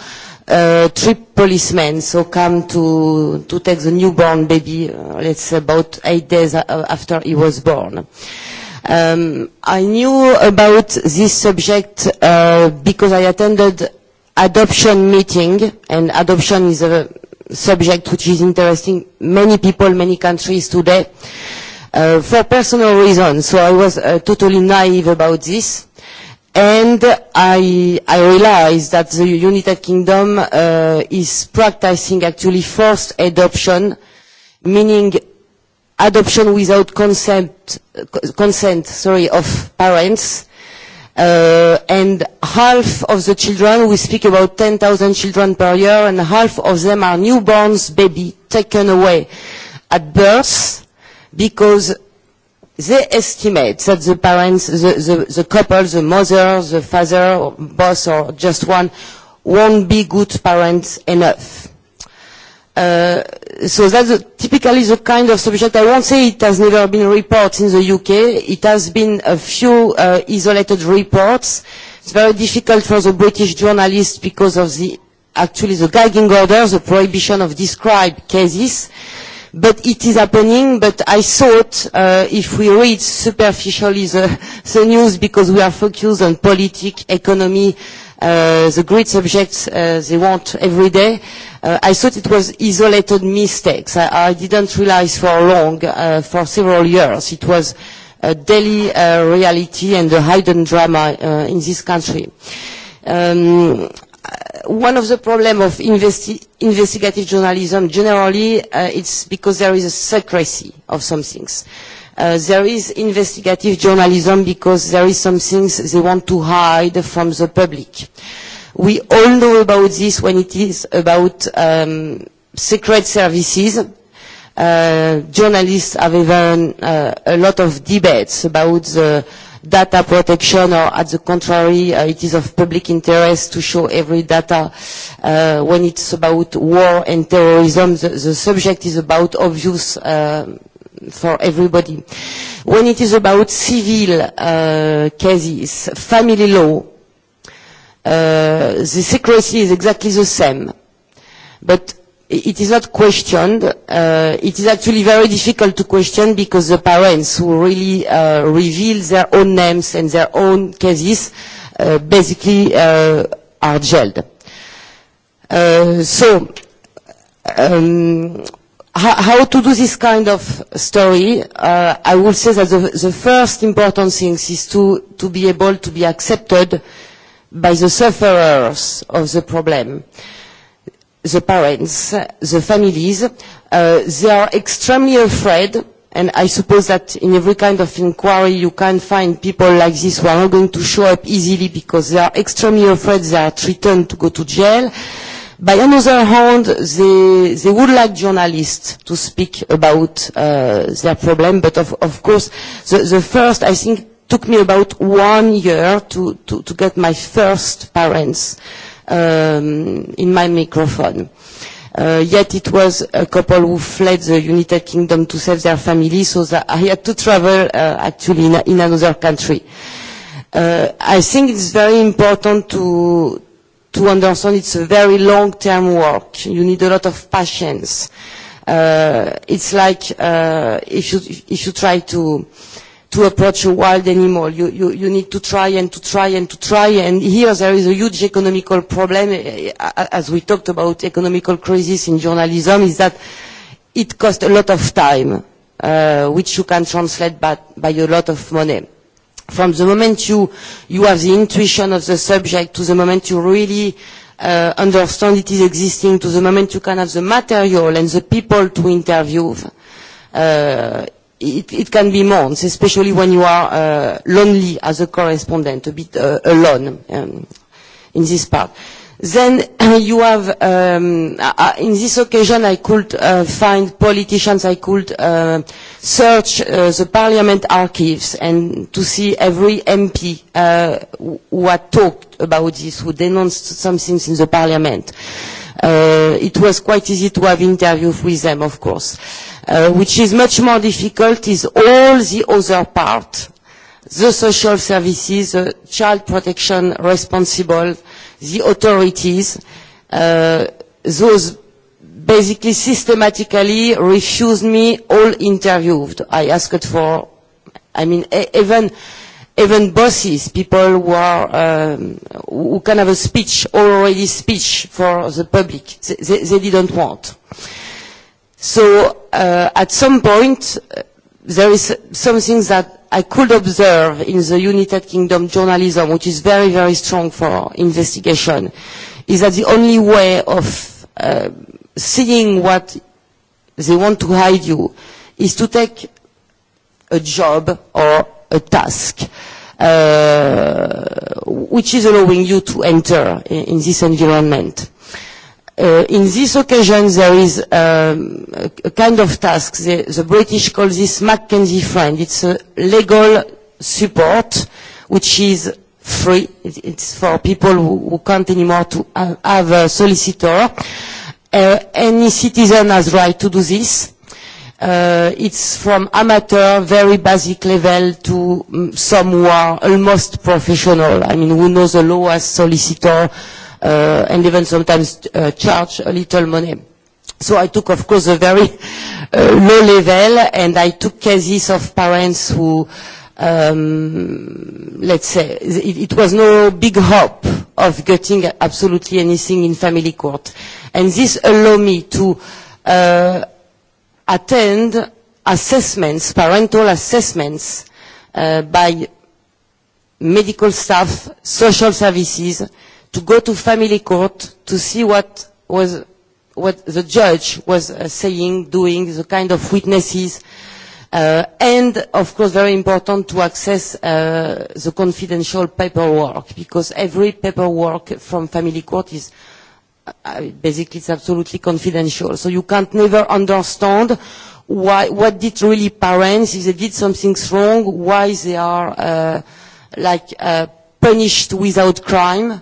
Uh, three policemen so come to to take the newborn baby. Uh, it's about eight days after he was born. Um, I knew about this subject uh, because I attended adoption meeting, and adoption is a subject which is interesting many people, many countries today uh, for personal reasons. So I was uh, totally naive about this. And I, I realized that the United Kingdom uh, is practicing actually forced adoption, meaning adoption without consent, consent sorry, of parents uh, and half of the children, we speak about 10,000 children per year, and half of them are newborns, baby, taken away at birth because they estimate that the parents, the, the, the couple, the mother, the father, both or just one, won't be good parents enough so that's a, typically the kind of subject. I won't say it has never been reported in the UK. It has been a few uh, isolated reports. It's very difficult for the British journalists because of the actually the gagging order, the prohibition of described cases. But it is happening, but I thought uh, if we read superficially the, the news because we are focused on politics, economy, the great subjects uh, they want every day. Uh, I thought it was isolated mistakes. I, I didn't realize for long, uh, for several years, it was a daily uh, reality and a hidden drama uh, in this country. Um, one of the problems of investi investigative journalism generally uh, it's because there is a secrecy of some things. Uh, there is investigative journalism because there is some things they want to hide from the public. We all know about this when it is about um, secret services. Uh, journalists have even uh, a lot of debates about the data protection or at the contrary uh, it is of public interest to show every data uh, when it's about war and terrorism the, the subject is about obvious uh, for everybody. When it is about civil uh, cases, family law, uh, the secrecy is exactly the same. But it is not questioned. Uh, it is actually very difficult to question because the parents who really uh, reveal their own names and their own cases uh, basically uh, are jailed. Uh, so, um, how, how to do this kind of story, uh, I would say that the, the first important thing is to, to be able to be accepted by the sufferers of the problem, the parents, the families. Uh, they are extremely afraid, and I suppose that in every kind of inquiry you can find people like this who are not going to show up easily because they are extremely afraid they are threatened to go to jail. Uh, By another hand, they, they would like journalists to speak about uh, their problem, but of, of course, the, the first, I think, took me about one year to, to, to get my first parents um, in my microphone. Uh, yet it was a couple who fled the United Kingdom to save their family, so that I had to travel uh, actually in, a, in another country. Uh, I think it's very important to, to understand it's a very long-term work. You need a lot of patience. Uh, it's like uh, if you if you try to to approach a wild animal, you, you you need to try and to try and to try. And here there is a huge economical problem, as we talked about economical crisis in journalism, is that it costs a lot of time, uh, which you can translate by, by a lot of money from the moment you, you have the intuition of the subject to the moment you really uh, understand it is existing to the moment you can have the material and the people to interview, uh, it, it can be months, especially when you are uh, lonely as a correspondent, a bit uh, alone um, in this part. Uh, Then you have, um, in this occasion, I could uh, find politicians. I could uh, search uh, the parliament archives and to see every MP uh, who had talked about this, who denounced some things in the parliament. Uh, it was quite easy to have interviews with them, of course. Uh, which is much more difficult is all the other part, the social services, the child protection responsible the authorities, uh, those basically systematically refused me all interviewed. I asked for, I mean, even even bosses, people who are um, who can have a speech already speech for the public, they, they, they didn't want. So uh, at some point, uh, there is something that I could observe in the United Kingdom journalism, which is very, very strong for investigation, is that the only way of uh, seeing what they want to hide you is to take a job or a task uh, which is allowing you to enter in, in this environment. Uh, Uh, in this occasion, there is um, a kind of task. The, the British call this Mackenzie Friend. It's a legal support, which is free. It, it's for people who, who can't anymore to have, have a solicitor. Uh, any citizen has right to do this. Uh, it's from amateur, very basic level to um, some who are almost professional. I mean, who knows the lowest solicitor, uh, and even sometimes uh, charge a little money. So I took, of course, a very uh, low level, and I took cases of parents who, um, let's say, it, it was no big hope of getting absolutely anything in family court. And this allowed me to uh, attend assessments, parental assessments, uh, by medical staff, social services, to go to family court to see what was what the judge was uh, saying, doing, the kind of witnesses, uh, and of course very important to access uh, the confidential paperwork because every paperwork from family court is uh, basically it's absolutely confidential. So you can't never understand why, what did really parents, if they did something wrong, why they are uh, like uh, punished without crime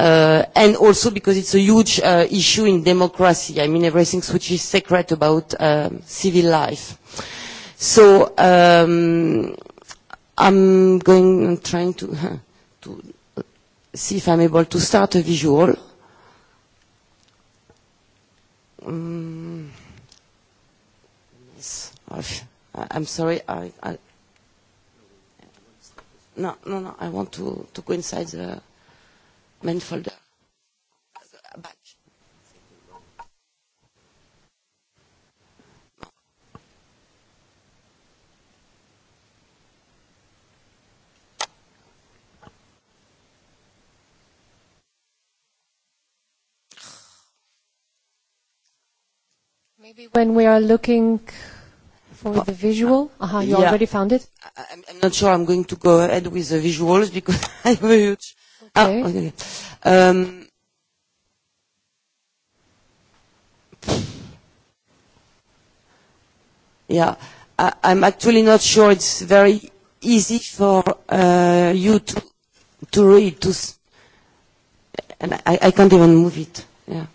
uh, and also because it's a huge uh, issue in democracy. I mean, everything which is sacred about um, civil life. So um, I'm going, I'm trying to, uh, to see if I'm able to start a visual. Um, yes, I'm sorry. I, I, no, no, no. I want to to go inside the main folder. Back. Maybe when we are looking for the visual. Uh-huh, you yeah. already found it? I, I'm not sure I'm going to go ahead with the visuals because I have a huge Ah, okay. Um, yeah, I, I'm actually not sure it's very easy for uh, you to to read to, s and I, I can't even move it. Yeah,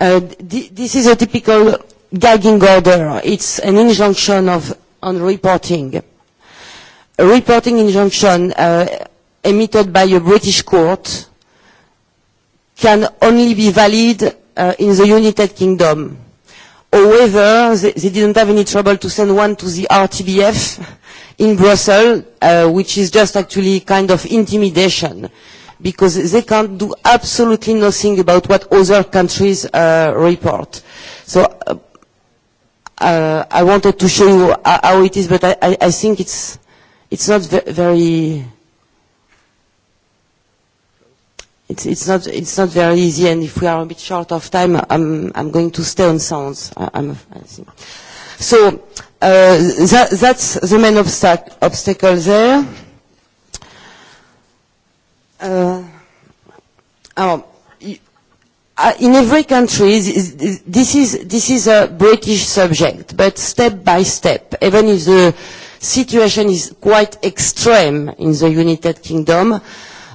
uh, th- this is a typical gagging order. It's an injunction of on reporting. A reporting injunction. Uh, emitted by a British court can only be valid uh, in the United Kingdom. However, they, they didn't have any trouble to send one to the RTBF in Brussels, uh, which is just actually kind of intimidation, because they can't do absolutely nothing about what other countries uh, report. So uh, uh, I wanted to show you how it is, but I, I, I think it's, it's not very it's it's not it's not very easy and if we are a bit short of time i'm i'm going to stay on sounds i'm I think. so uh, that that's the main obstac obstacle there uh, oh, in every country this is this is a british subject but step by step even if the situation is quite extreme in the united kingdom uh,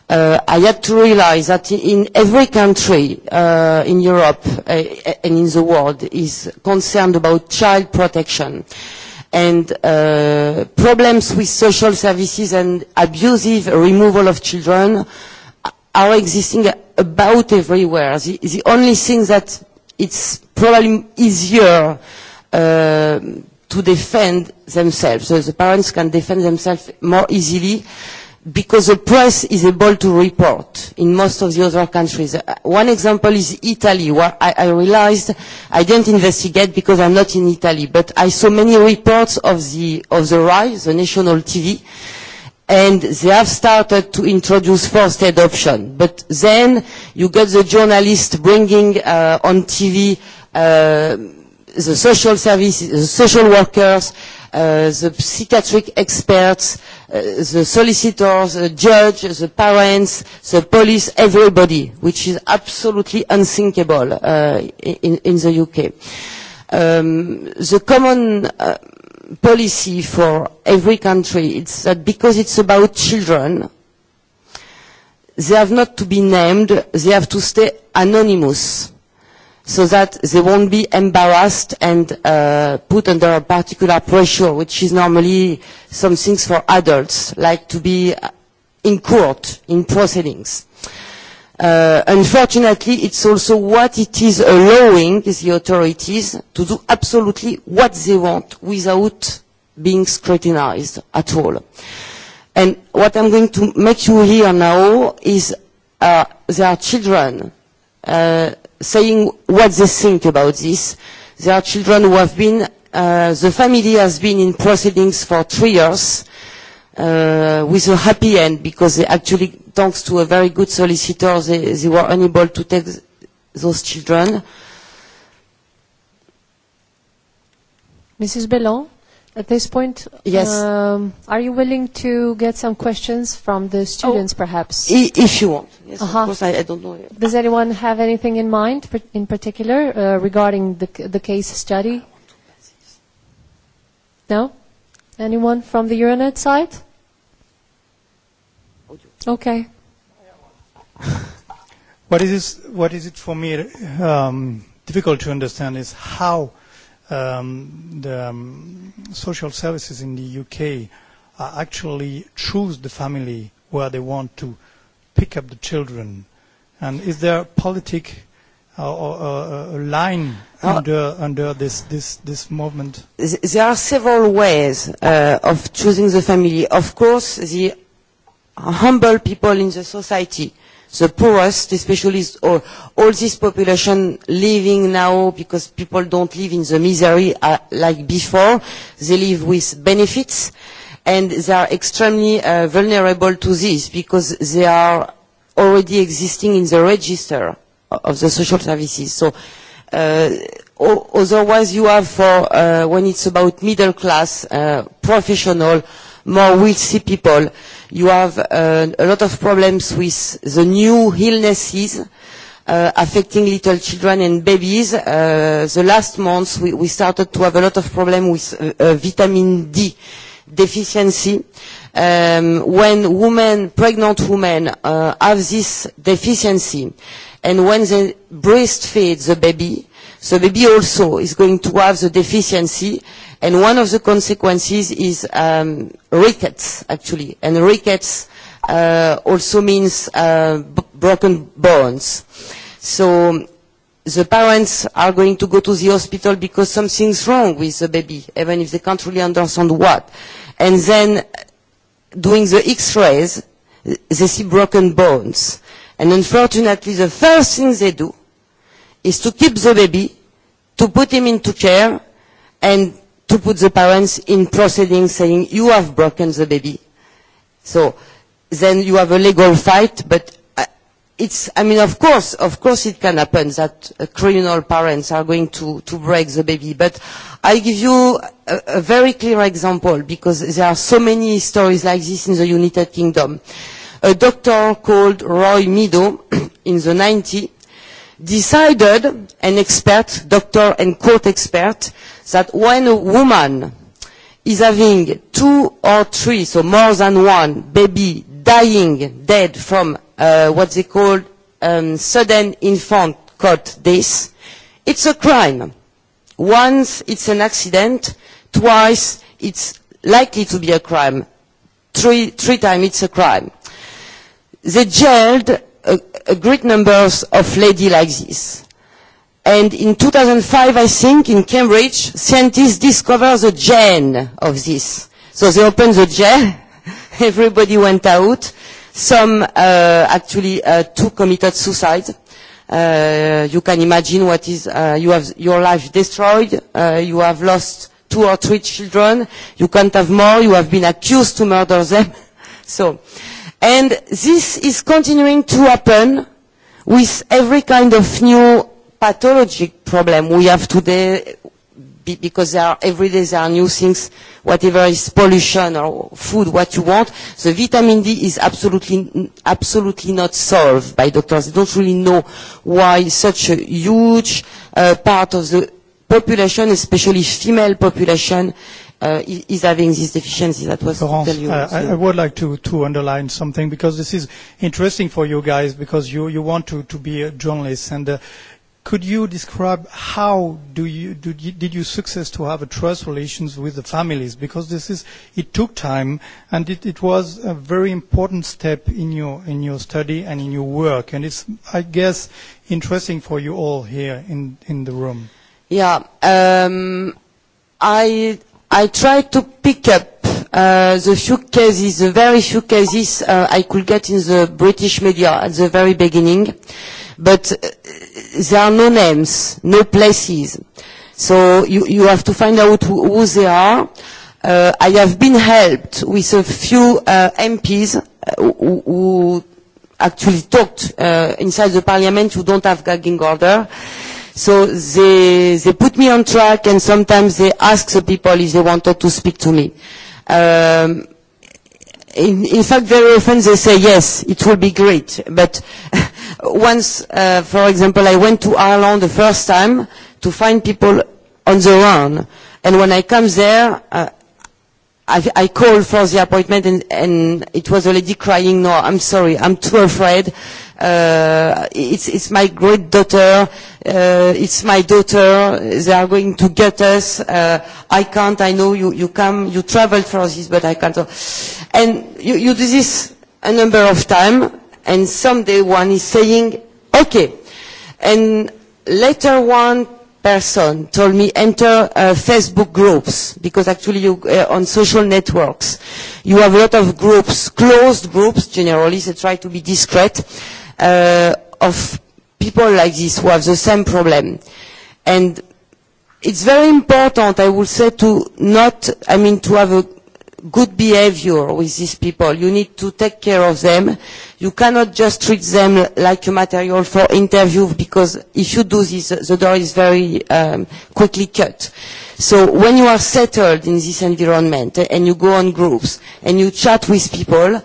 uh, I had to realize that in every country uh, in Europe uh, and in the world is concerned about child protection and uh, problems with social services and abusive removal of children are existing about everywhere. The, the only thing that it's probably easier uh, to defend themselves, so the parents can defend themselves more easily uh, because the press is able to report in most of the other countries. One example is Italy, where I, I realized I didn't investigate because I'm not in Italy, but I saw many reports of the, of the RAI, the national TV, and they have started to introduce forced adoption. But then you get the journalist bringing uh, on TV uh, the social services, the social workers, the psychiatric experts, uh, the solicitors, the judge, the parents, the police, everybody, which is absolutely unthinkable uh, in, in the UK. Um, the common uh, policy for every country is that because it's about children, they have not to be named, they have to stay anonymous so that they won't be embarrassed and uh, put under a particular pressure, which is normally some things for adults, like to be in court, in proceedings. Uh, unfortunately, it's also what it is allowing the authorities to do absolutely what they want without being scrutinized at all. And what I'm going to make you hear now is uh, there are children uh, saying what they think about this. There are children who have been, uh, the family has been in proceedings for three years uh, with a happy end because they actually, thanks to a very good solicitor, they, they were unable to take those children. Mrs. Bellon? at this point? Yes. Um, are you willing to get some questions from the students, oh, perhaps? I, if you want. Yes, uh-huh. of course. I, I don't know. Does anyone have anything in mind, in particular, uh, regarding the the case study? No. Anyone from the Euronet side? Okay. What is this, what is it for me um, difficult to understand is how um, the um, social services in the UK actually choose the family where they want to pick up the children? And is there a politic uh, or uh, a line under under this this this movement? There are several ways uh, of choosing the family. Of course, the humble people in the society the poorest, especially all, all this population living now because people don't live in the misery uh, like before. They live with benefits and they are extremely uh, vulnerable to this because they are already existing in the register of the social services. So uh, otherwise you have for, uh, when it's about middle class, uh, professional, more wealthy people, you have uh, a lot of problems with the new illnesses uh, affecting little children and babies. Uh, the last months we, we started to have a lot of problems with uh, uh, vitamin D deficiency. Um, when women, pregnant women uh, have this deficiency and when they breastfeed the baby, So the bee also is going to have the deficiency, and one of the consequences is um, rickets, actually. And rickets uh, also means uh, b- broken bones. So the parents are going to go to the hospital because something's wrong with the baby, even if they can't really understand what. And then doing the x-rays, they see broken bones. And unfortunately, the first thing they do is to keep the baby, to put him into care, and to put the parents in proceedings saying, you have broken the baby. So then you have a legal fight, but it's, I mean, of course, of course it can happen that criminal parents are going to, to break the baby. But I give you a, a very clear example because there are so many stories like this in the United Kingdom. A doctor called Roy Meadow in the 90s decided, an expert, doctor and court expert, that when a woman is having two or three, so more than one, baby dying dead from uh, what they call um, sudden infant cot death, it's a crime. Once it's an accident, twice it's likely to be a crime, three, three times it's a crime. They jailed a, a great numbers of ladies like this. And in 2005, I think, in Cambridge, scientists discovered the gen of this. So they opened the gen, everybody went out. Some uh, actually uh, two committed suicide. Uh, you can imagine what is, uh, you have your life destroyed, uh, you have lost two or three children, you can't have more, you have been accused to murder them. so, uh, And this is continuing to happen with every kind of new pathologic problem we have today because there are, every day there are new things, whatever is pollution or food, what you want. The vitamin D is absolutely, absolutely not solved by doctors. They don't really know why such a huge uh, part of the population, especially female population, is having this deficiency. That was Laurence, tell you. I, I would like to, to underline something because this is interesting for you guys because you, you want to, to be a journalist and uh, could you describe how do you, do you did you success to have a trust relations with the families because this is it took time and it, it was a very important step in your in your study and in your work and it's I guess interesting for you all here in in the room yeah um, I I tried to pick up uh, the few cases, the very few cases uh, I could get in the British media at the very beginning, but uh, there are no names, no places. So you, you have to find out who, who they are. Uh, I have been helped with a few uh, MPs who, who actually talked uh, inside the parliament who don't have gagging order. Uh, So they, they put me on track and sometimes they ask the people if they wanted to speak to me. Um, in, in fact, very often they say, yes, it will be great. But once, uh, for example, I went to Ireland the first time to find people on the run. And when I come there, uh, I, I called for the appointment and, and it was a lady crying, no, I'm sorry, I'm too afraid. Uh, it's, it's my great daughter, uh, it's my daughter, they are going to get us, uh, I can't, I know you, you come, you traveled for this, but I can't. And you, you do this a number of times and someday one is saying, okay. And later one person told me enter uh, Facebook groups because actually you, uh, on social networks you have a lot of groups, closed groups generally, they try to be discreet, uh, of people like this who have the same problem. And it's very important, I would say, to not, I mean, to have a good behavior with these people. You need to take care of them. You cannot just treat them like a material for interview because if you do this, the door is very um, quickly cut. So when you are settled in this environment and you go on groups and you chat with people,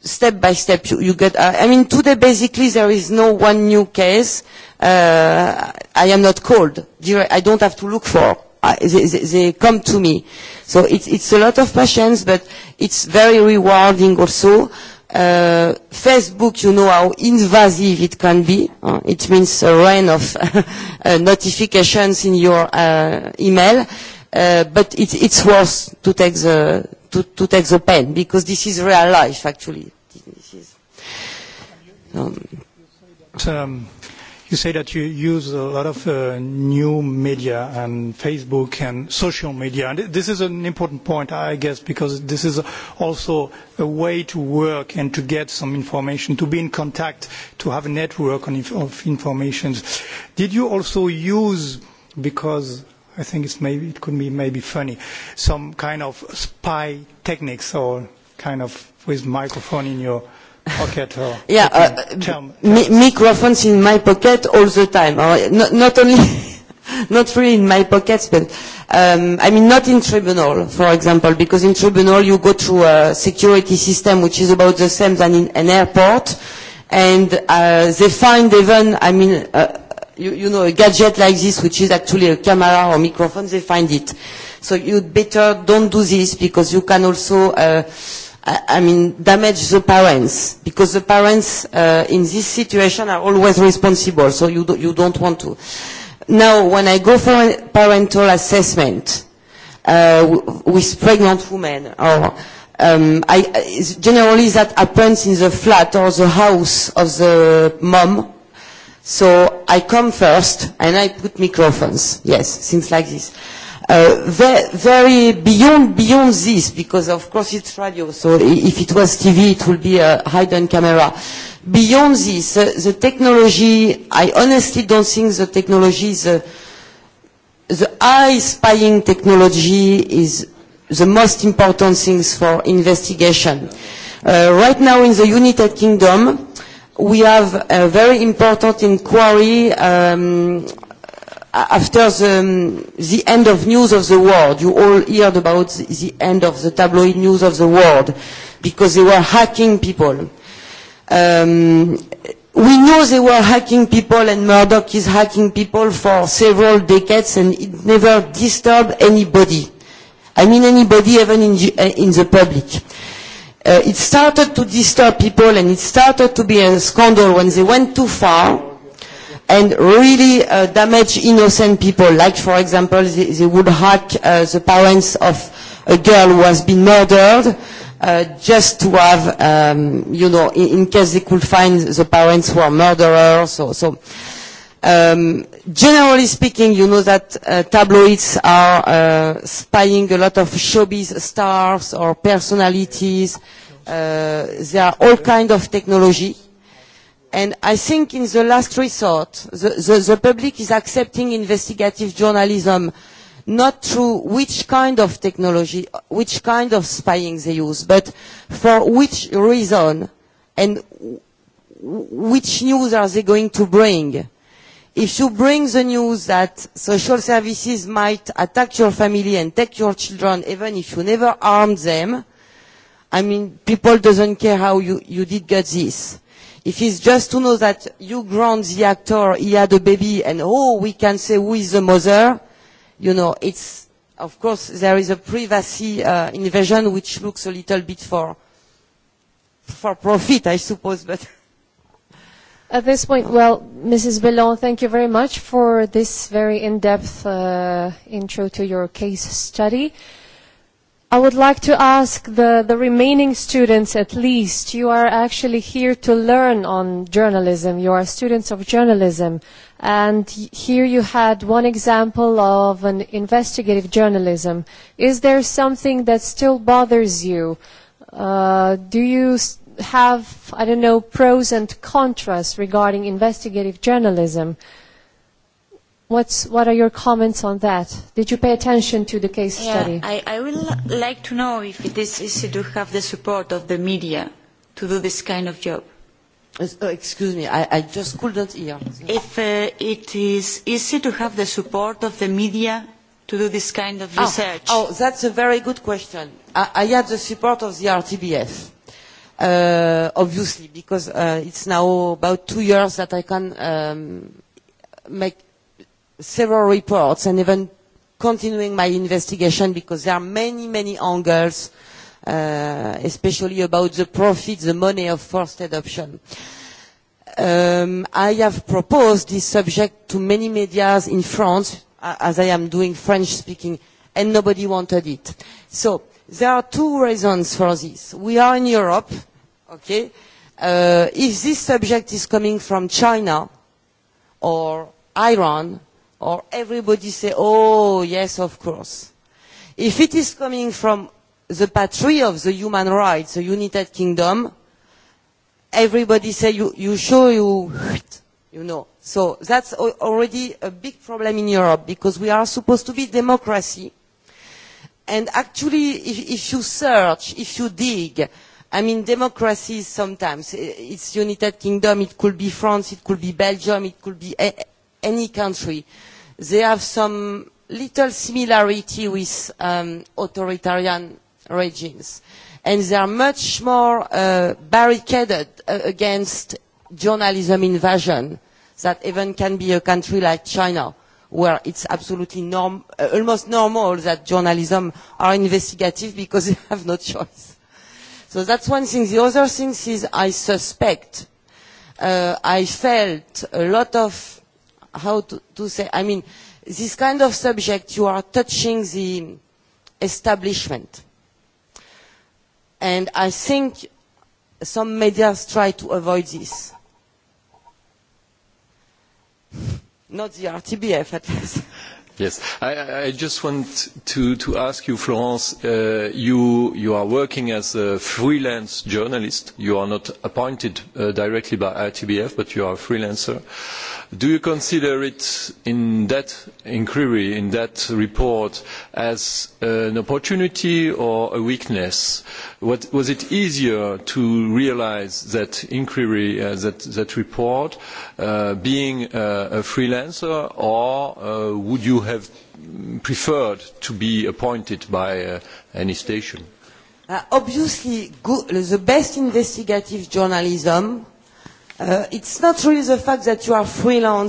step by step you, you get, uh, I mean today basically there is no one new case. Uh, I am not called. I don't have to look for I, they, they come to me. So it's, it's a lot of passions, but it's very rewarding also. Uh, Facebook, you know how invasive it can be. Uh, it means a rain of uh, notifications in your uh, email. Uh, but it, it's worth to take the to, to take the pen because this is real life actually. This is, um, um, You say that you use a lot of uh, new media and Facebook and social media. And this is an important point, I guess, because this is also a way to work and to get some information, to be in contact, to have a network of information. Did you also use, because I think it's maybe, it could be maybe funny, some kind of spy techniques or kind of with microphone in your Okay, tell. Yeah, uh, term. mi- microphones in my pocket all the time. Uh, not, not only, not really in my pockets, but um, I mean not in tribunal, for example, because in tribunal you go through a security system which is about the same than in an airport, and uh, they find even, I mean. Uh, you, you know, a gadget like this, which is actually a camera or microphone, they find it. So you'd better don't do this because you can also uh, I mean, damage the parents because the parents uh, in this situation are always responsible. So you do, you don't want to. Now, when I go for a parental assessment uh, with pregnant women, or um, I, generally that happens in the flat or the house of the mom. So I come first and I put microphones. Yes, things like this. Uh, Uh very beyond beyond this because of course it's radio so if it was tv it would be a hidden camera beyond this uh, the technology i honestly don't think the technology is the eye spying technology is the most important things for investigation uh, right now in the united kingdom we have a very important inquiry um, after the, the end of news of the world, you all heard about the end of the tabloid news of the world because they were hacking people. Um, we know they were hacking people and Murdoch is hacking people for several decades and it never disturbed anybody. I mean anybody even in the, in the public. Uh, it started to disturb people and it started to be a scandal when they went too far and really uh, damage innocent people. Like, for example, they, they would hack uh, the parents of a girl who has been murdered uh, just to have, um, you know, in, in case they could find the parents who are murderers. So, so um, generally speaking, you know that uh, tabloids are uh, spying a lot of showbiz stars or personalities. Uh, there are all kinds of technology And I think in the last resort, the, the, the public is accepting investigative journalism not through which kind of technology, which kind of spying they use, but for which reason and which news are they going to bring. If you bring the news that social services might attack your family and take your children, even if you never harmed them, I mean, people doesn't care how you, you did get this If it's just to know that you ground the actor, he had a baby, and oh, we can say who is the mother, you know, it's, of course, there is a privacy uh, invasion which looks a little bit for, for profit, I suppose, but. At this point, well, Mrs. Bellon, thank you very much for this very in-depth uh, intro to your case study. I would like to ask the, the remaining students at least, you are actually here to learn on journalism. You are students of journalism. And here you had one example of an investigative journalism. Is there something that still bothers you? Uh, do you have, I don't know, pros and contras regarding investigative journalism? Uh, What's, what are your comments on that? Did you pay attention to the case study? I, I would like to know if it is easy to have the support of the media to do this kind of job. Excuse me, I, I just couldn't hear. If uh, it is easy to have the support of the media to do this kind of research? Oh, oh that's a very good question. I, I had the support of the RTBF, uh, obviously, because uh, it's now about two years that I can um, make several reports and even continuing my investigation because there are many, many angles, uh, especially about the profit, the money of forced adoption. Um, I have proposed this subject to many medias in France, as I am doing French speaking, and nobody wanted it. So there are two reasons for this. We are in Europe, okay? Uh, if this subject is coming from China or Iran, or everybody say, oh, yes, of course. If it is coming from the patrie of the human rights, the United Kingdom, everybody say, you, you show you, you know. So that's already a big problem in Europe because we are supposed to be democracy. And actually, if, if you search, if you dig, I mean, democracy is sometimes, it's United Kingdom, it could be France, it could be Belgium, it could be any country They have some little similarity with um, authoritarian regimes. And they are much more uh, barricaded uh, against journalism invasion that even can be a country like China where it's absolutely norm, uh, almost normal that journalism are investigative because they have no choice. So that's one thing. The other thing is I suspect, uh, I felt a lot of how to, to say, I mean, this kind of subject, you are touching the establishment. And I think some media try to avoid this. Not the RTBF, at least. Yes. I I just want to to ask you, Florence, uh you you are working as a freelance journalist. You are not appointed uh directly by RTBF, but you are a freelancer do you consider it in that inquiry, in that report, as an opportunity or a weakness? was it easier to realise that inquiry, that, report, being a freelancer, or would you have preferred to be appointed by any station? obviously, the best investigative journalism Uh, it's not really the fact that you are freelance